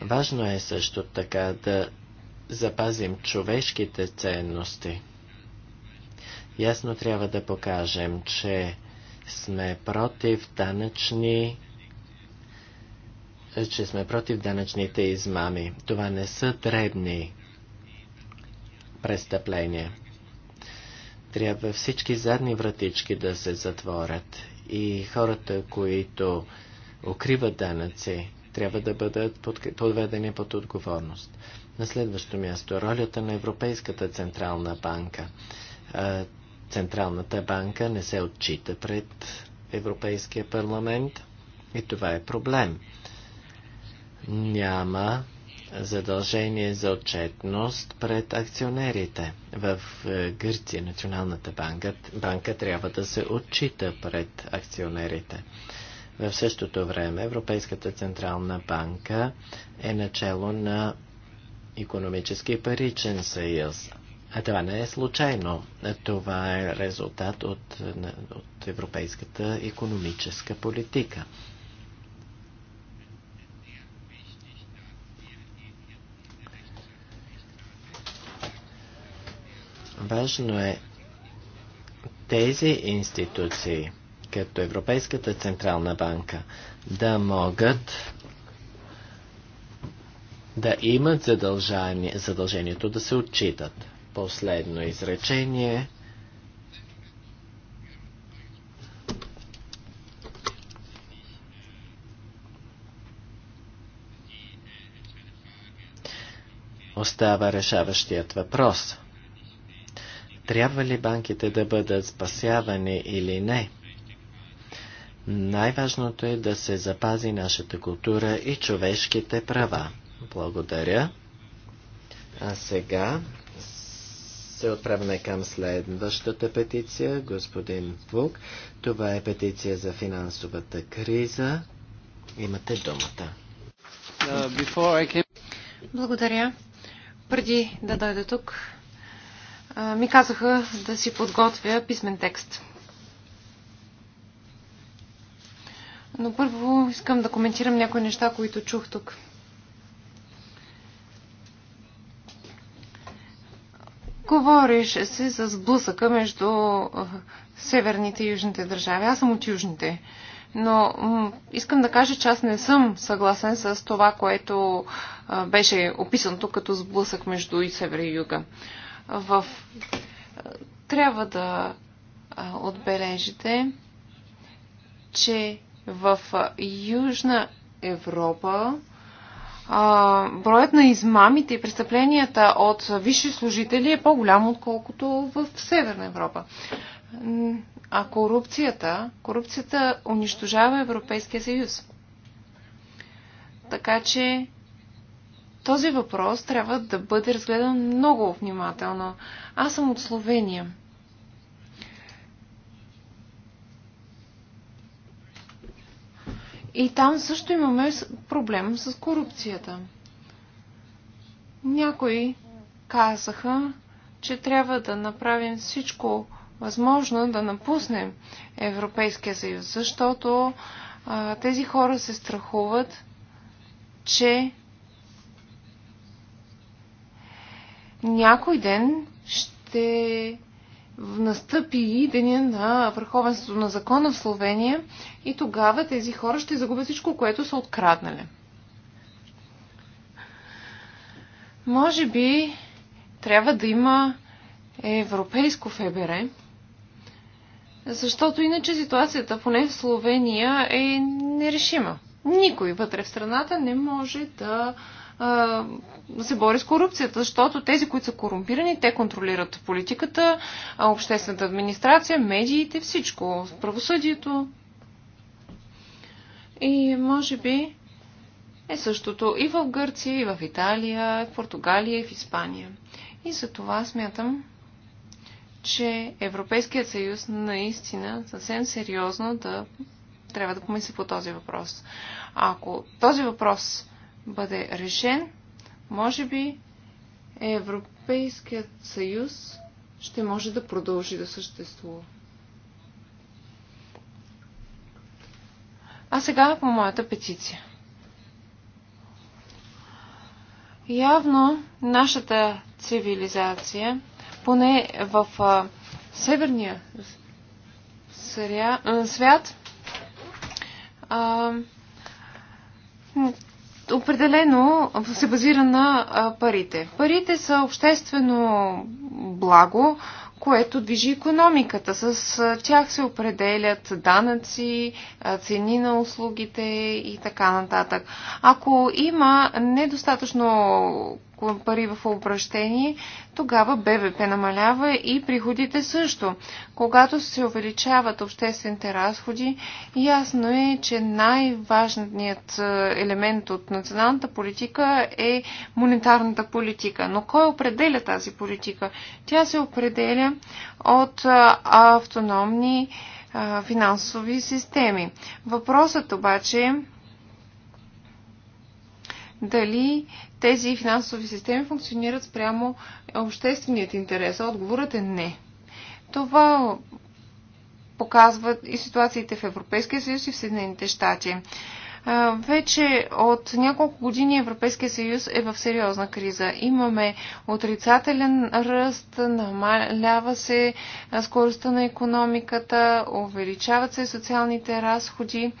Важно е също така да запазим човешките ценности. Ясно трябва да покажем, че сме против данъчни че сме против данъчните измами. Това не са дребни престъпления. Трябва всички задни вратички да се затворят и хората, които укриват данъци, трябва да бъдат подведени под отговорност. На следващо място, ролята на Европейската Централна банка. Централната банка не се отчита пред Европейския парламент и това е проблем. Няма задължение за отчетност пред акционерите. В е, Гърция Националната банка, банка трябва да се отчита пред акционерите. В същото време Европейската централна банка е начало на економически и паричен съюз. А това не е случайно. Това е резултат от, от европейската економическа политика. Важно е тези институции като Европейската Централна банка да могат да имат задължението да се отчитат. Последно изречение. Остава решаващият въпрос. Трябва ли банките да бъдат спасявани или не? Най-важното е да се запази нашата култура и човешките права. Благодаря. А сега се отправяме към следващата петиция, господин Пук. Това е петиция за финансовата криза. Имате думата. Благодаря. Преди да дойда тук, ми казаха да си подготвя писмен текст. Но първо искам да коментирам някои неща, които чух тук. Говореше се за сблъсъка между северните и южните държави. Аз съм от южните. Но искам да кажа, че аз не съм съгласен с това, което а, беше описано тук като сблъсък между и север и юга. В... Трябва да отбележите, че в Южна Европа а, броят на измамите и престъпленията от висши служители е по-голям, отколкото в Северна Европа. А корупцията, корупцията унищожава Европейския съюз. Така че този въпрос трябва да бъде разгледан много внимателно. Аз съм от Словения. И там също имаме проблем с корупцията. Някои казаха, че трябва да направим всичко възможно да напуснем Европейския съюз, защото а, тези хора се страхуват, че някой ден ще настъпи и деня на върховенството на закона в Словения и тогава тези хора ще загубят всичко, което са откраднали. Може би трябва да има европейско ФБР, защото иначе ситуацията, поне в Словения, е нерешима. Никой вътре в страната не може да да се бори с корупцията, защото тези, които са корумпирани, те контролират политиката, обществената администрация, медиите, всичко, правосъдието. И може би е същото и в Гърция, и в Италия, и в Португалия, и в Испания. И за това смятам, че Европейският съюз наистина съвсем сериозно да трябва да помисли по този въпрос. Ако този въпрос бъде решен, може би Европейският съюз ще може да продължи да съществува. А сега по моята петиция. Явно нашата цивилизация, поне в а, северния сря, а, свят, а, определено се базира на парите. Парите са обществено благо, което движи економиката. С тях се определят данъци, цени на услугите и така нататък. Ако има недостатъчно пари в обращение, тогава БВП намалява и приходите също. Когато се увеличават обществените разходи, ясно е, че най-важният е, елемент от националната политика е монетарната политика. Но кой определя тази политика? Тя се определя от е, автономни е, финансови системи. Въпросът обаче е, дали тези финансови системи функционират спрямо общественият интерес. Отговорът е не. Това показват и ситуациите в Европейския съюз и в Съединените щати. Вече от няколко години Европейския съюз е в сериозна криза. Имаме отрицателен ръст, намалява се скоростта на економиката, увеличават се социалните разходи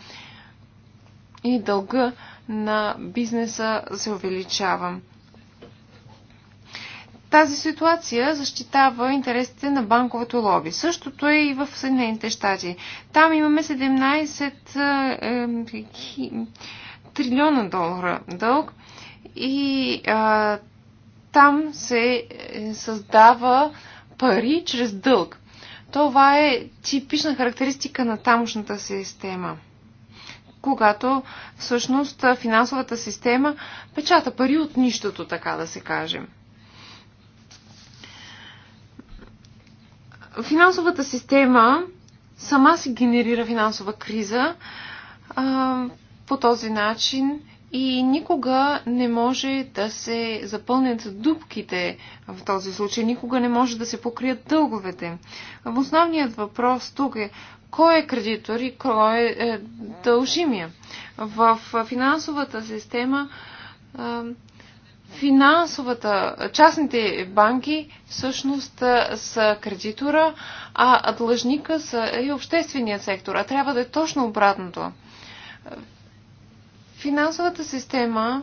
и дълга на бизнеса се увеличава. Тази ситуация защитава интересите на банковото лоби. Същото е и в Съединените щати. Там имаме 17 е, е, трилиона долара дълг и а, там се е, създава пари чрез дълг. Това е типична характеристика на тамошната система когато всъщност финансовата система печата пари от нищото, така да се каже. Финансовата система сама си генерира финансова криза а, по този начин и никога не може да се запълнят дупките в този случай, никога не може да се покрият дълговете. Основният въпрос тук е кой е кредитор и кой е, е дължимия. В финансовата система е, финансовата, частните банки всъщност е, са кредитора, а длъжника са и обществения сектор. А трябва да е точно обратното. Финансовата система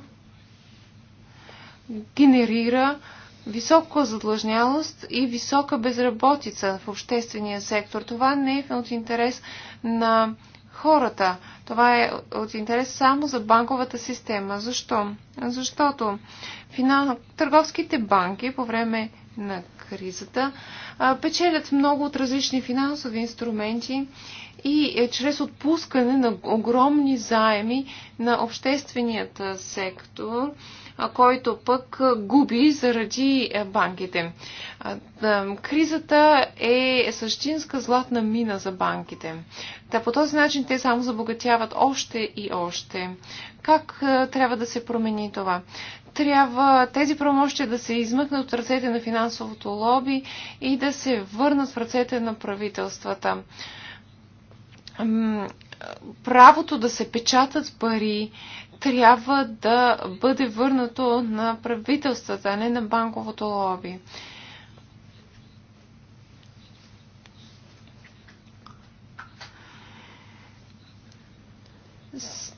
генерира висока задлъжнялост и висока безработица в обществения сектор. Това не е от интерес на хората. Това е от интерес само за банковата система. Защо? Защото финал... търговските банки по време на кризата печелят много от различни финансови инструменти и е, чрез отпускане на огромни заеми на общественият сектор, който пък губи заради е, банките. Кризата е същинска златна мина за банките. Та по този начин те само забогатяват още и още. Как е, трябва да се промени това? Трябва тези промощи да се измъкнат от ръцете на финансовото лоби и да се върнат в ръцете на правителствата. Правото да се печатат пари трябва да бъде върнато на правителствата, а не на банковото лоби.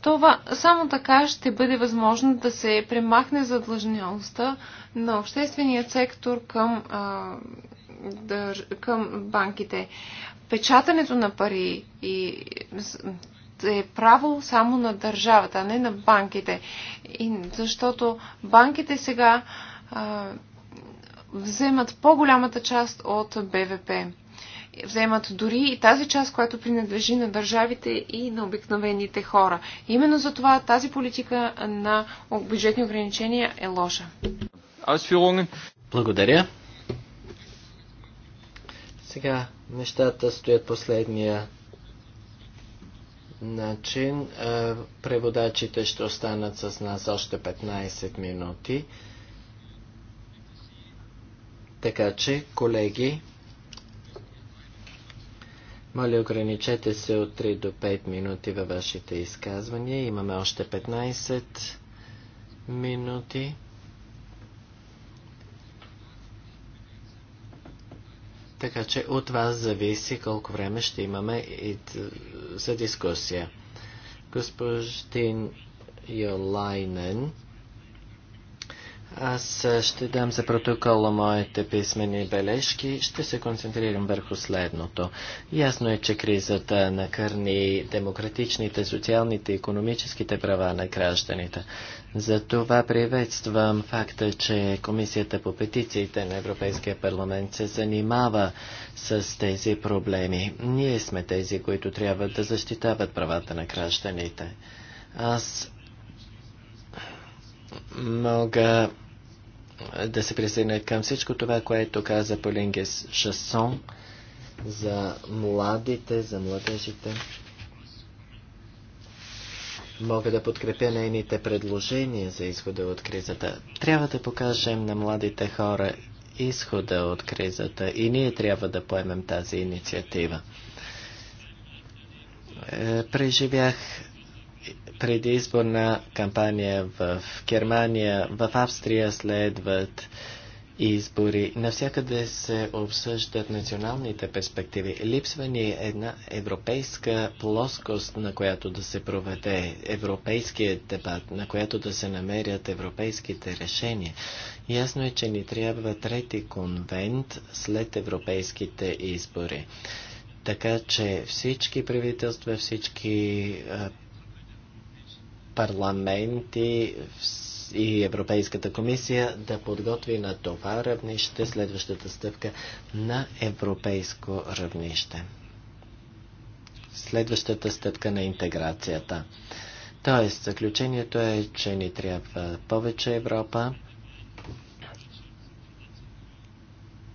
Това само така ще бъде възможно да се премахне задлъжнялостта на обществения сектор към дър... към банките. Печатането на пари и е право само на държавата, а не на банките. И защото банките сега а, вземат по-голямата част от БВП. Вземат дори и тази част, която принадлежи на държавите и на обикновените хора. Именно за това тази политика на бюджетни ограничения е лоша. Благодаря. Сега нещата стоят последния начин. Преводачите ще останат с нас още 15 минути. Така че, колеги, моля, ограничете се от 3 до 5 минути във вашите изказвания. Имаме още 15 минути. Така че от вас зависи колко време ще имаме и за дискусия. Господин Йолайнен аз ще дам за протокола моите писмени бележки. Ще се концентрирам върху следното. Ясно е, че кризата накърни демократичните, социалните и економическите права на гражданите. Затова приветствам факта, че Комисията по петициите на Европейския парламент се занимава с тези проблеми. Ние сме тези, които трябва да защитават правата на гражданите. Аз мога да се присъединят към всичко това, което каза Полингес Шасон за младите, за младежите. Мога да подкрепя нейните предложения за изхода от кризата. Трябва да покажем на младите хора изхода от кризата и ние трябва да поемем тази инициатива. Е, преживях предизборна кампания в Германия, в Австрия следват избори. Навсякъде се обсъждат националните перспективи. Липсва ни една европейска плоскост, на която да се проведе европейският дебат, на която да се намерят европейските решения. Ясно е, че ни трябва трети конвент след европейските избори. Така че всички правителства, всички парламенти и Европейската комисия да подготви на това равнище следващата стъпка на европейско равнище. Следващата стъпка на интеграцията. Тоест, заключението е, че ни трябва повече Европа.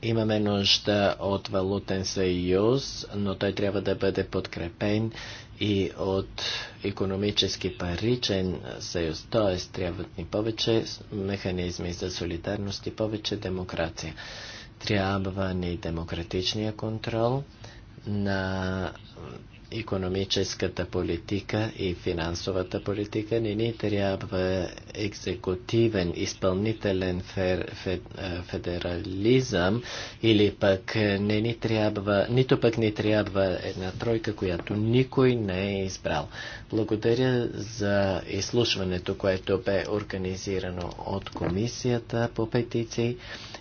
Имаме нужда от валутен съюз, но той трябва да бъде подкрепен и от економически паричен съюз. Т.е. трябват ни повече механизми за солидарност и повече демокрация. Трябва ни демократичния контрол на економическата политика и финансовата политика не ни трябва екзекутивен, изпълнителен фер, фед, федерализъм или пък не ни трябва, нито пък ни трябва една тройка, която никой не е избрал. Благодаря за изслушването, което бе организирано от комисията по петиции.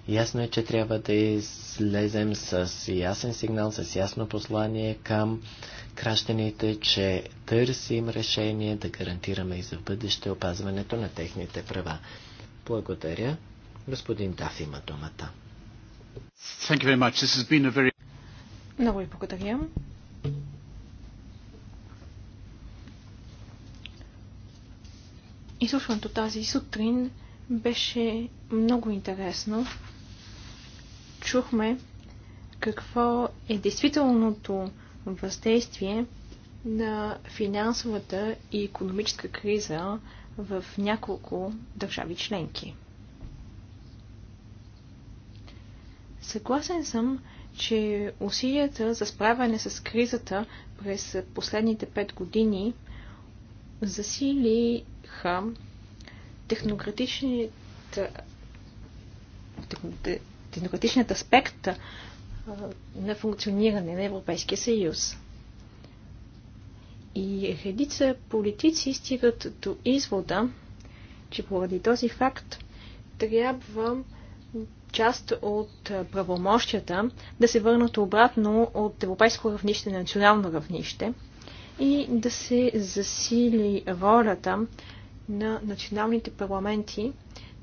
Ясно е, че трябва да излезем с ясен сигнал, с ясно послание към гражданите, че търсим решение да гарантираме и за бъдеще опазването на техните права. Благодаря. Господин Даф има думата. Very... Много ви благодаря. Изслушването тази сутрин беше много интересно. Чухме какво е действителното въздействие на финансовата и економическа криза в няколко държави членки. Съгласен съм, че усилията за справяне с кризата през последните пет години засилиха технократичният, технократичният аспект на функциониране на Европейския съюз. И редица политици стигат до извода, че поради този факт трябва част от правомощията да се върнат обратно от европейско равнище на национално равнище и да се засили ролята на националните парламенти,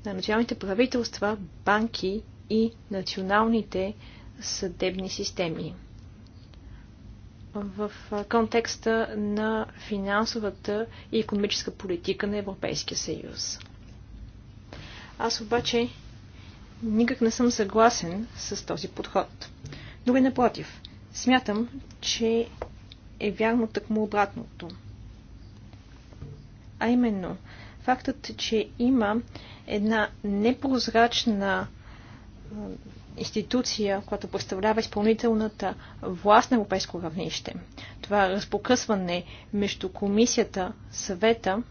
на националните правителства, банки и националните съдебни системи. В контекста на финансовата и економическа политика на Европейския съюз. Аз обаче никак не съм съгласен с този подход. Дори напротив, смятам, че е вярно тъкмо обратното. А именно, фактът, че има една непрозрачна институция, която представлява изпълнителната власт на европейско равнище. Това разпокъсване между комисията, съвета,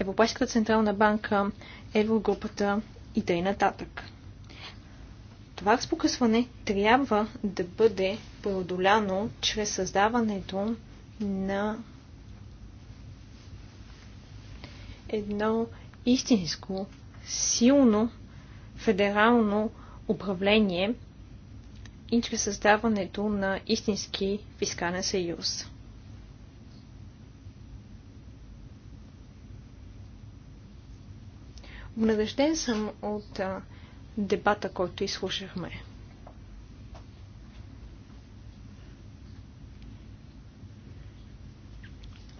Европейската централна банка, Еврогрупата и т.н. нататък. Това разпокъсване трябва да бъде преодоляно чрез създаването на едно истинско, силно федерално управление и чрез създаването на истински фискален съюз. Обнадежден съм от а, дебата, който изслушахме.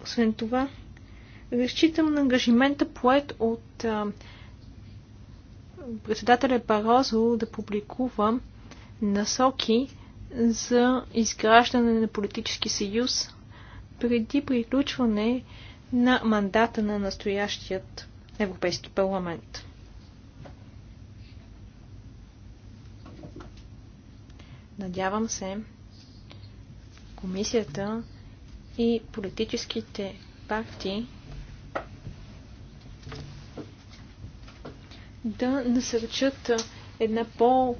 Освен това, разчитам на ангажимента поет от а, председателя Барозо да публикува насоки за изграждане на политически съюз преди приключване на мандата на настоящият Европейски парламент. Надявам се комисията и политическите партии да насърчат една по,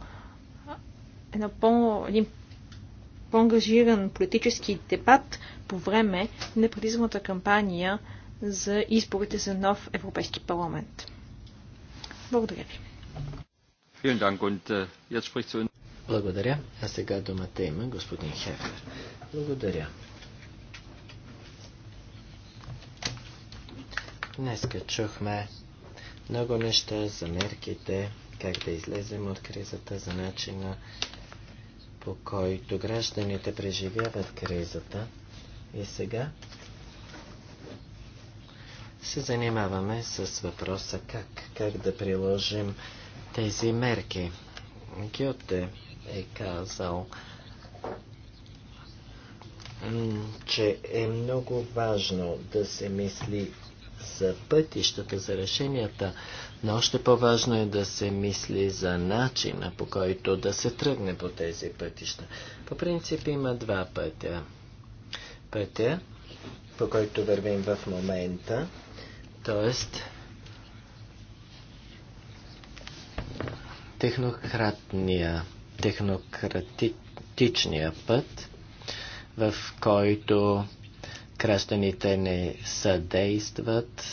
една по, един по-ангажиран политически дебат по време на предизборната кампания за изборите за нов Европейски парламент. Благодаря ви. Äh, Благодаря. А сега думата има господин Хефер. Благодаря. Днеска чухме много неща за мерките, как да излезем от кризата, за начина по който гражданите преживяват кризата. И сега се занимаваме с въпроса как, как да приложим тези мерки. Гьоте е казал, че е много важно да се мисли за пътищата, за решенията, но още по-важно е да се мисли за начина по който да се тръгне по тези пътища. По принцип има два пътя. Пътя, по който вървим в момента, т.е. технократния, технократичния път, в който гражданите не съдействат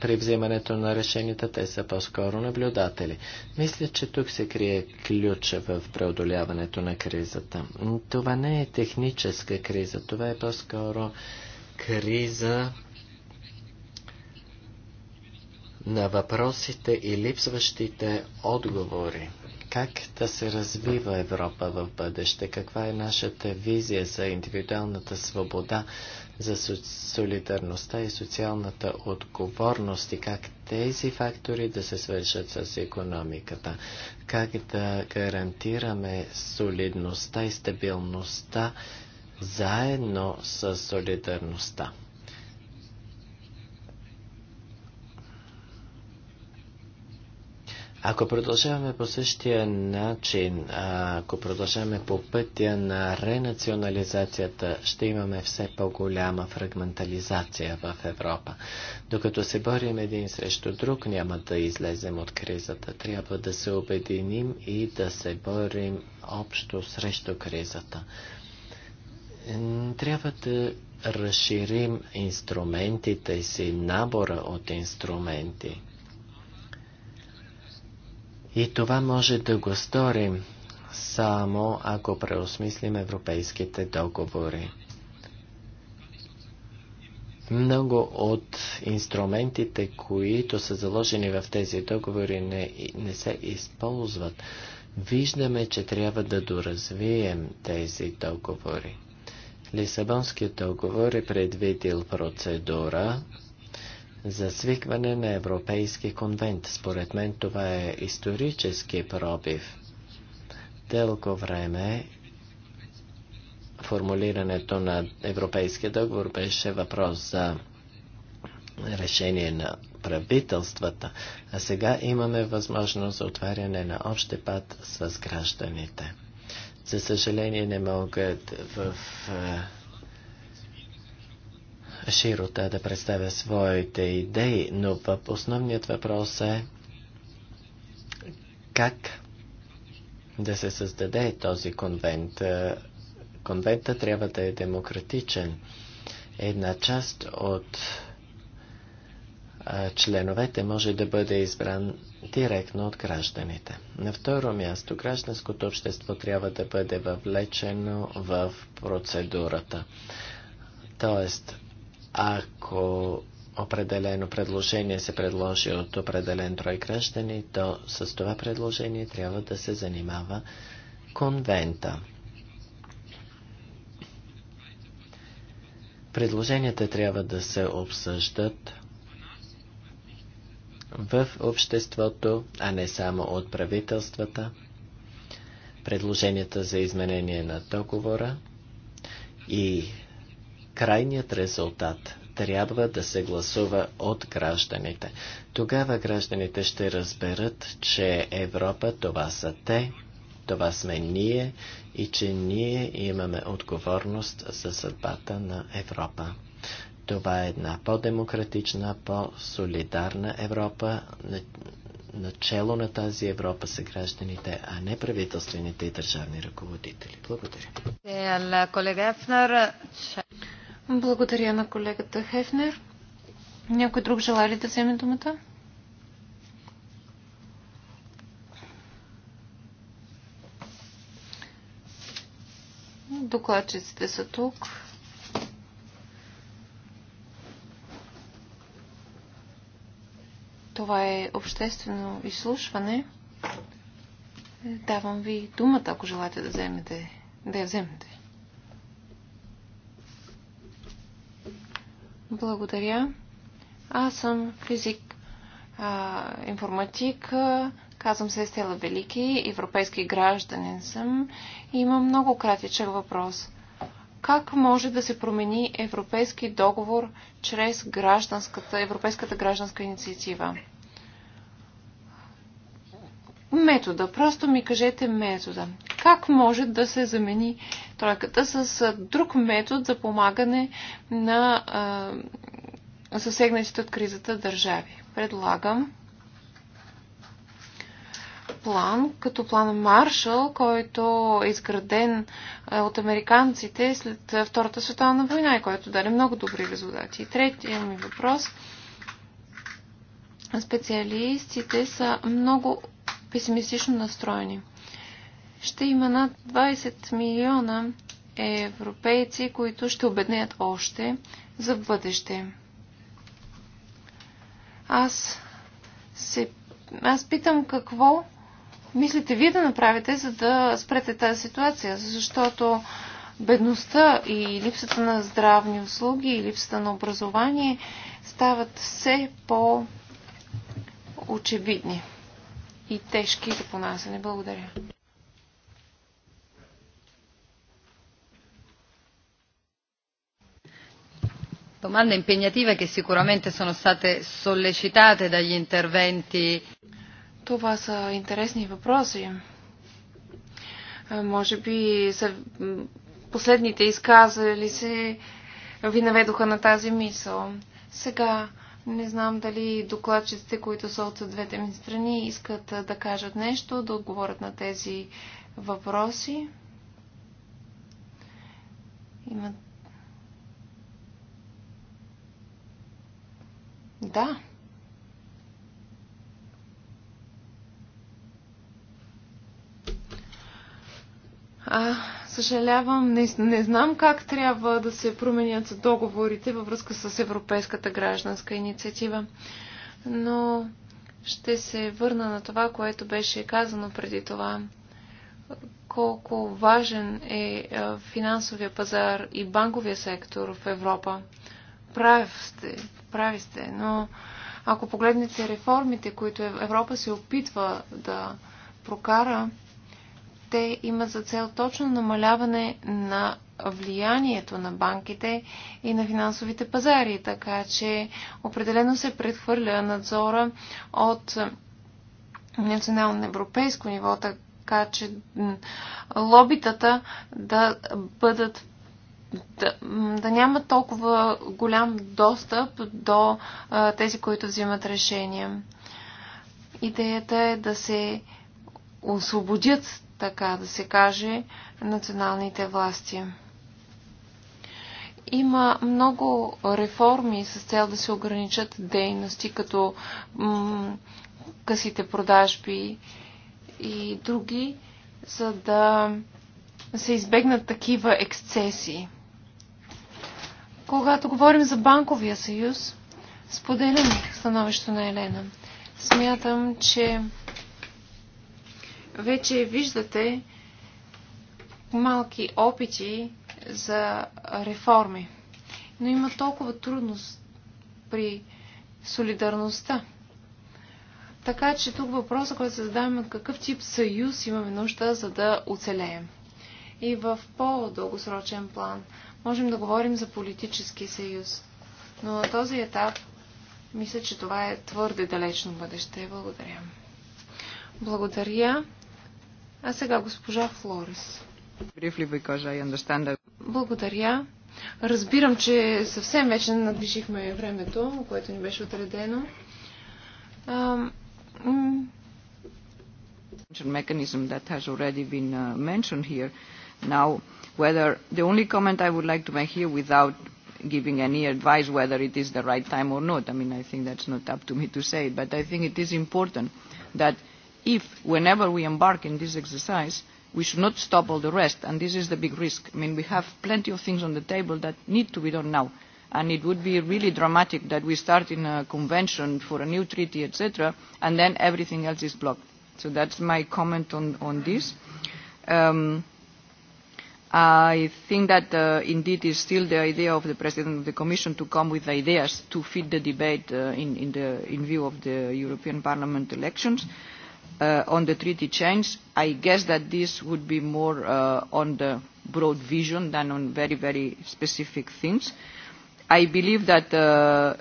при взимането на решенията, те са по-скоро наблюдатели. Мисля, че тук се крие ключа в преодоляването на кризата. Това не е техническа криза, това е по-скоро криза на въпросите и липсващите отговори. Как да се развива Европа в бъдеще? Каква е нашата визия за индивидуалната свобода? за солидарността и социалната отговорност и как тези фактори да се свършат с економиката, как да гарантираме солидността и стабилността заедно с солидарността. Ако продължаваме по същия начин, ако продължаваме по пътя на ренационализацията, ще имаме все по-голяма фрагментализация в Европа. Докато се борим един срещу друг, няма да излезем от кризата. Трябва да се обединим и да се борим общо срещу кризата. Трябва да разширим инструментите си, набора от инструменти – и това може да го сторим само ако преосмислим европейските договори. Много от инструментите, които са заложени в тези договори, не, не се използват. Виждаме, че трябва да доразвием тези договори. Лисабонският договор е предвидил процедура за свикване на Европейски конвент. Според мен това е исторически пробив. Дълго време формулирането на Европейския договор беше въпрос за решение на правителствата, а сега имаме възможност за отваряне на общи път с гражданите. За съжаление не могат в е, Широта да представя своите идеи, но основният въпрос е как да се създаде този конвент. Е, конвента трябва да е демократичен. Една част от е, членовете може да бъде избран директно от гражданите. На второ място, гражданското общество трябва да бъде въвлечено в процедурата. Тоест, ако определено предложение се предложи от определен брой граждани, то с това предложение трябва да се занимава конвента. Предложенията трябва да се обсъждат в обществото, а не само от правителствата. Предложенията за изменение на договора и крайният резултат трябва да се гласува от гражданите. Тогава гражданите ще разберат, че Европа това са те, това сме ние и че ние имаме отговорност за съдбата на Европа. Това е една по-демократична, по-солидарна Европа. Начало на тази Европа са гражданите, а не правителствените и държавни ръководители. Благодаря. Е, благодаря на колегата Хефнер. Някой друг желая ли да вземе думата? Докладчиците са тук. Това е обществено изслушване. Давам ви думата, ако желаете да вземете. Да я вземете. Благодаря. Аз съм физик, а, информатик, а, казвам се Стела Велики, европейски гражданин съм и имам много кратичък въпрос. Как може да се промени европейски договор чрез гражданската, европейската гражданска инициатива? Метода. Просто ми кажете метода. Как може да се замени тройката с друг метод за помагане на а, засегнатите от кризата държави? Предлагам план, като план Маршал, който е изграден от американците след Втората световна война и който даде много добри резултати. И третия ми въпрос. Специалистите са много песимистично настроени. Ще има над 20 милиона европейци, които ще обеднеят още за бъдеще. Аз се... Аз питам какво мислите вие да направите, за да спрете тази ситуация, защото бедността и липсата на здравни услуги и липсата на образование стават все по-очевидни и тежки за понасене. Благодаря. Domande impegnative che sicuramente sono state sollecitate dagli interventi. Това са интересни въпроси. Може би са последните изказали се ви наведоха на тази мисъл. Сега не знам дали докладчиците, които са от двете ми страни, искат да кажат нещо, да отговорят на тези въпроси. Имат. Да. А, съжалявам, не, не знам как трябва да се променят договорите във връзка с Европейската гражданска инициатива. Но ще се върна на това, което беше казано преди това. Колко важен е финансовия пазар и банковия сектор в Европа. Прави сте, прави сте, но ако погледнете реформите, които Европа се опитва да прокара, те имат за цел точно намаляване на влиянието на банките и на финансовите пазари, така че определено се предхвърля надзора от национално европейско ниво, така че лобитата да бъдат да, да няма толкова голям достъп до а, тези, които взимат решения. Идеята е да се освободят така да се каже, националните власти. Има много реформи с цел да се ограничат дейности, като късите продажби и други, за да се избегнат такива ексцесии. Когато говорим за банковия съюз, споделям становището на Елена. Смятам, че вече виждате малки опити за реформи. Но има толкова трудност при солидарността. Така че тук въпросът, който се задаваме, какъв тип съюз имаме нужда, за да оцелеем. И в по-дългосрочен план можем да говорим за политически съюз. Но на този етап мисля, че това е твърде далечно бъдеще. Благодаря. Благодаря. А сега госпожа Флорес. Благодаря. Разбирам, че съвсем вече надвижихме времето, което ни беше отредено. mechanism that has already been mentioned here. Now, whether the only comment I would like to make here without giving any advice whether it is the right time or not, I mean, I think that's not up to me to say, but I think it is important that if, whenever we embark in this exercise, we should not stop all the rest, and this is the big risk. I mean, we have plenty of things on the table that need to be done now, and it would be really dramatic that we start in a convention for a new treaty, etc., and then everything else is blocked. So that's my comment on, on this. Um, I think that uh, indeed is still the idea of the President of the Commission to come with ideas to feed the debate uh, in, in, the, in view of the European Parliament elections. Mm-hmm uh, on the treaty change, I guess that this would be more uh, on the broad vision than on very, very specific things. I believe that uh,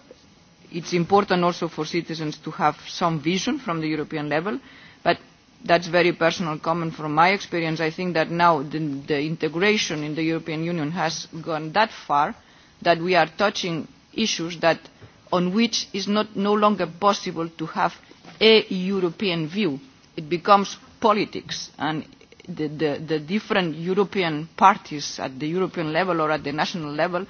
it's important also for citizens to have some vision from the European level, but that's very personal comment from my experience. I think that now the, the integration in the European Union has gone that far that we are touching issues that on which is not, no longer possible to have a European view. It becomes politics and the, the, the different European parties at the European level or at the national level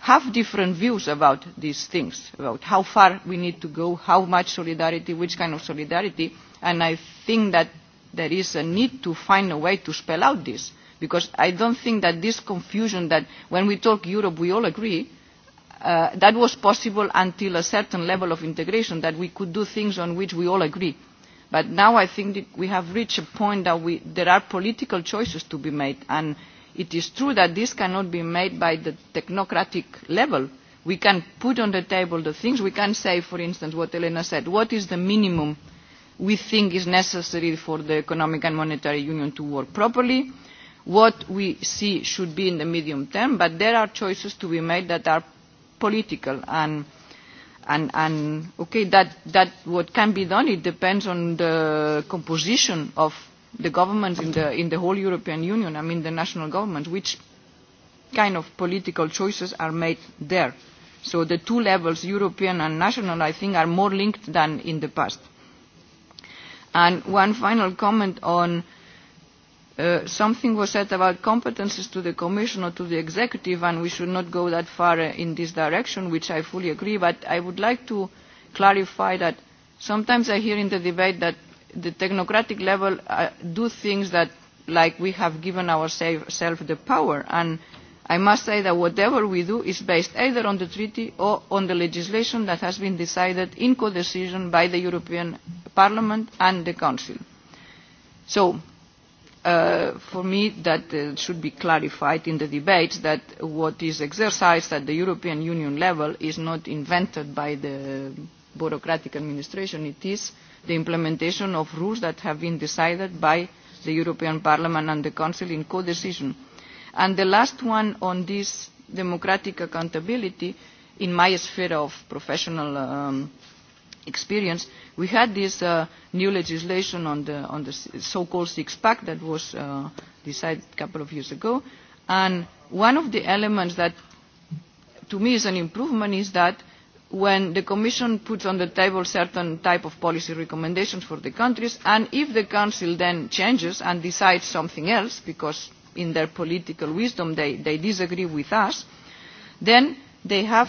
have different views about these things, about how far we need to go, how much solidarity, which kind of solidarity, and I think that there is a need to find a way to spell out this, because I don't think that this confusion that when we talk Europe we all agree, uh, that was possible until a certain level of integration, that we could do things on which we all agree. But now I think that we have reached a point that we, there are political choices to be made, and it is true that this cannot be made by the technocratic level. We can put on the table the things. We can say, for instance, what Elena said, what is the minimum we think is necessary for the economic and monetary union to work properly, what we see should be in the medium term, but there are choices to be made that are political and and and okay that that what can be done it depends on the composition of the governments in the in the whole European Union I mean the national governments which kind of political choices are made there so the two levels European and national I think are more linked than in the past and one final comment on something was said about competences to the Commission or to the Executive, and we should not go that far in this direction, which I fully agree. But I would like to clarify that sometimes I hear in the debate that the technocratic level uh, do things that, like, we have given ourselves the power. And I must say that whatever we do is based either on the treaty or on the legislation that has been decided in co-decision by the European Parliament and the Council. So uh, for me that uh, should be clarified in the debate that what is exercised at the European Union level is not invented by the bureaucratic administration, it is the implementation of rules that have been decided by the European Parliament and the Council in co-decision. And the last one on this democratic accountability, in my sphere of professional um, experience. We had this uh, new legislation on the, on the so-called six-pack that was uh, decided a couple of years ago. And one of the elements that to me is an improvement is that when the Commission puts on the table certain type of policy recommendations for the countries, and if the Council then changes and decides something else, because in their political wisdom they, they disagree with us, then they have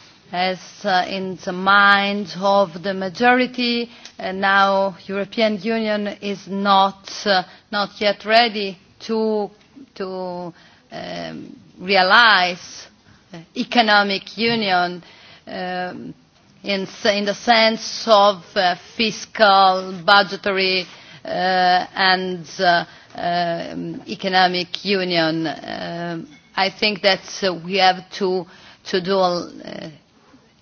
as uh, in the mind of the majority. And now European Union is not, uh, not yet ready to, to um, realize economic union um, in, in the sense of uh, fiscal, budgetary uh, and uh, uh, economic union. Uh, I think that uh, we have to, to do uh,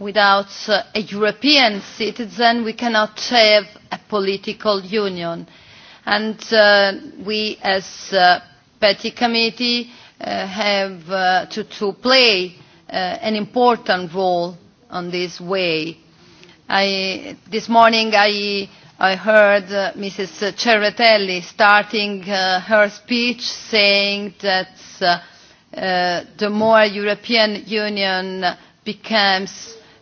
without a European citizen, we cannot have a political union. And uh, we, as a Petty Committee, uh, have uh, to, to play uh, an important role on this way. I, this morning I, I heard uh, Mrs. Cerretelli starting uh, her speech saying that uh, uh, the more European Union becomes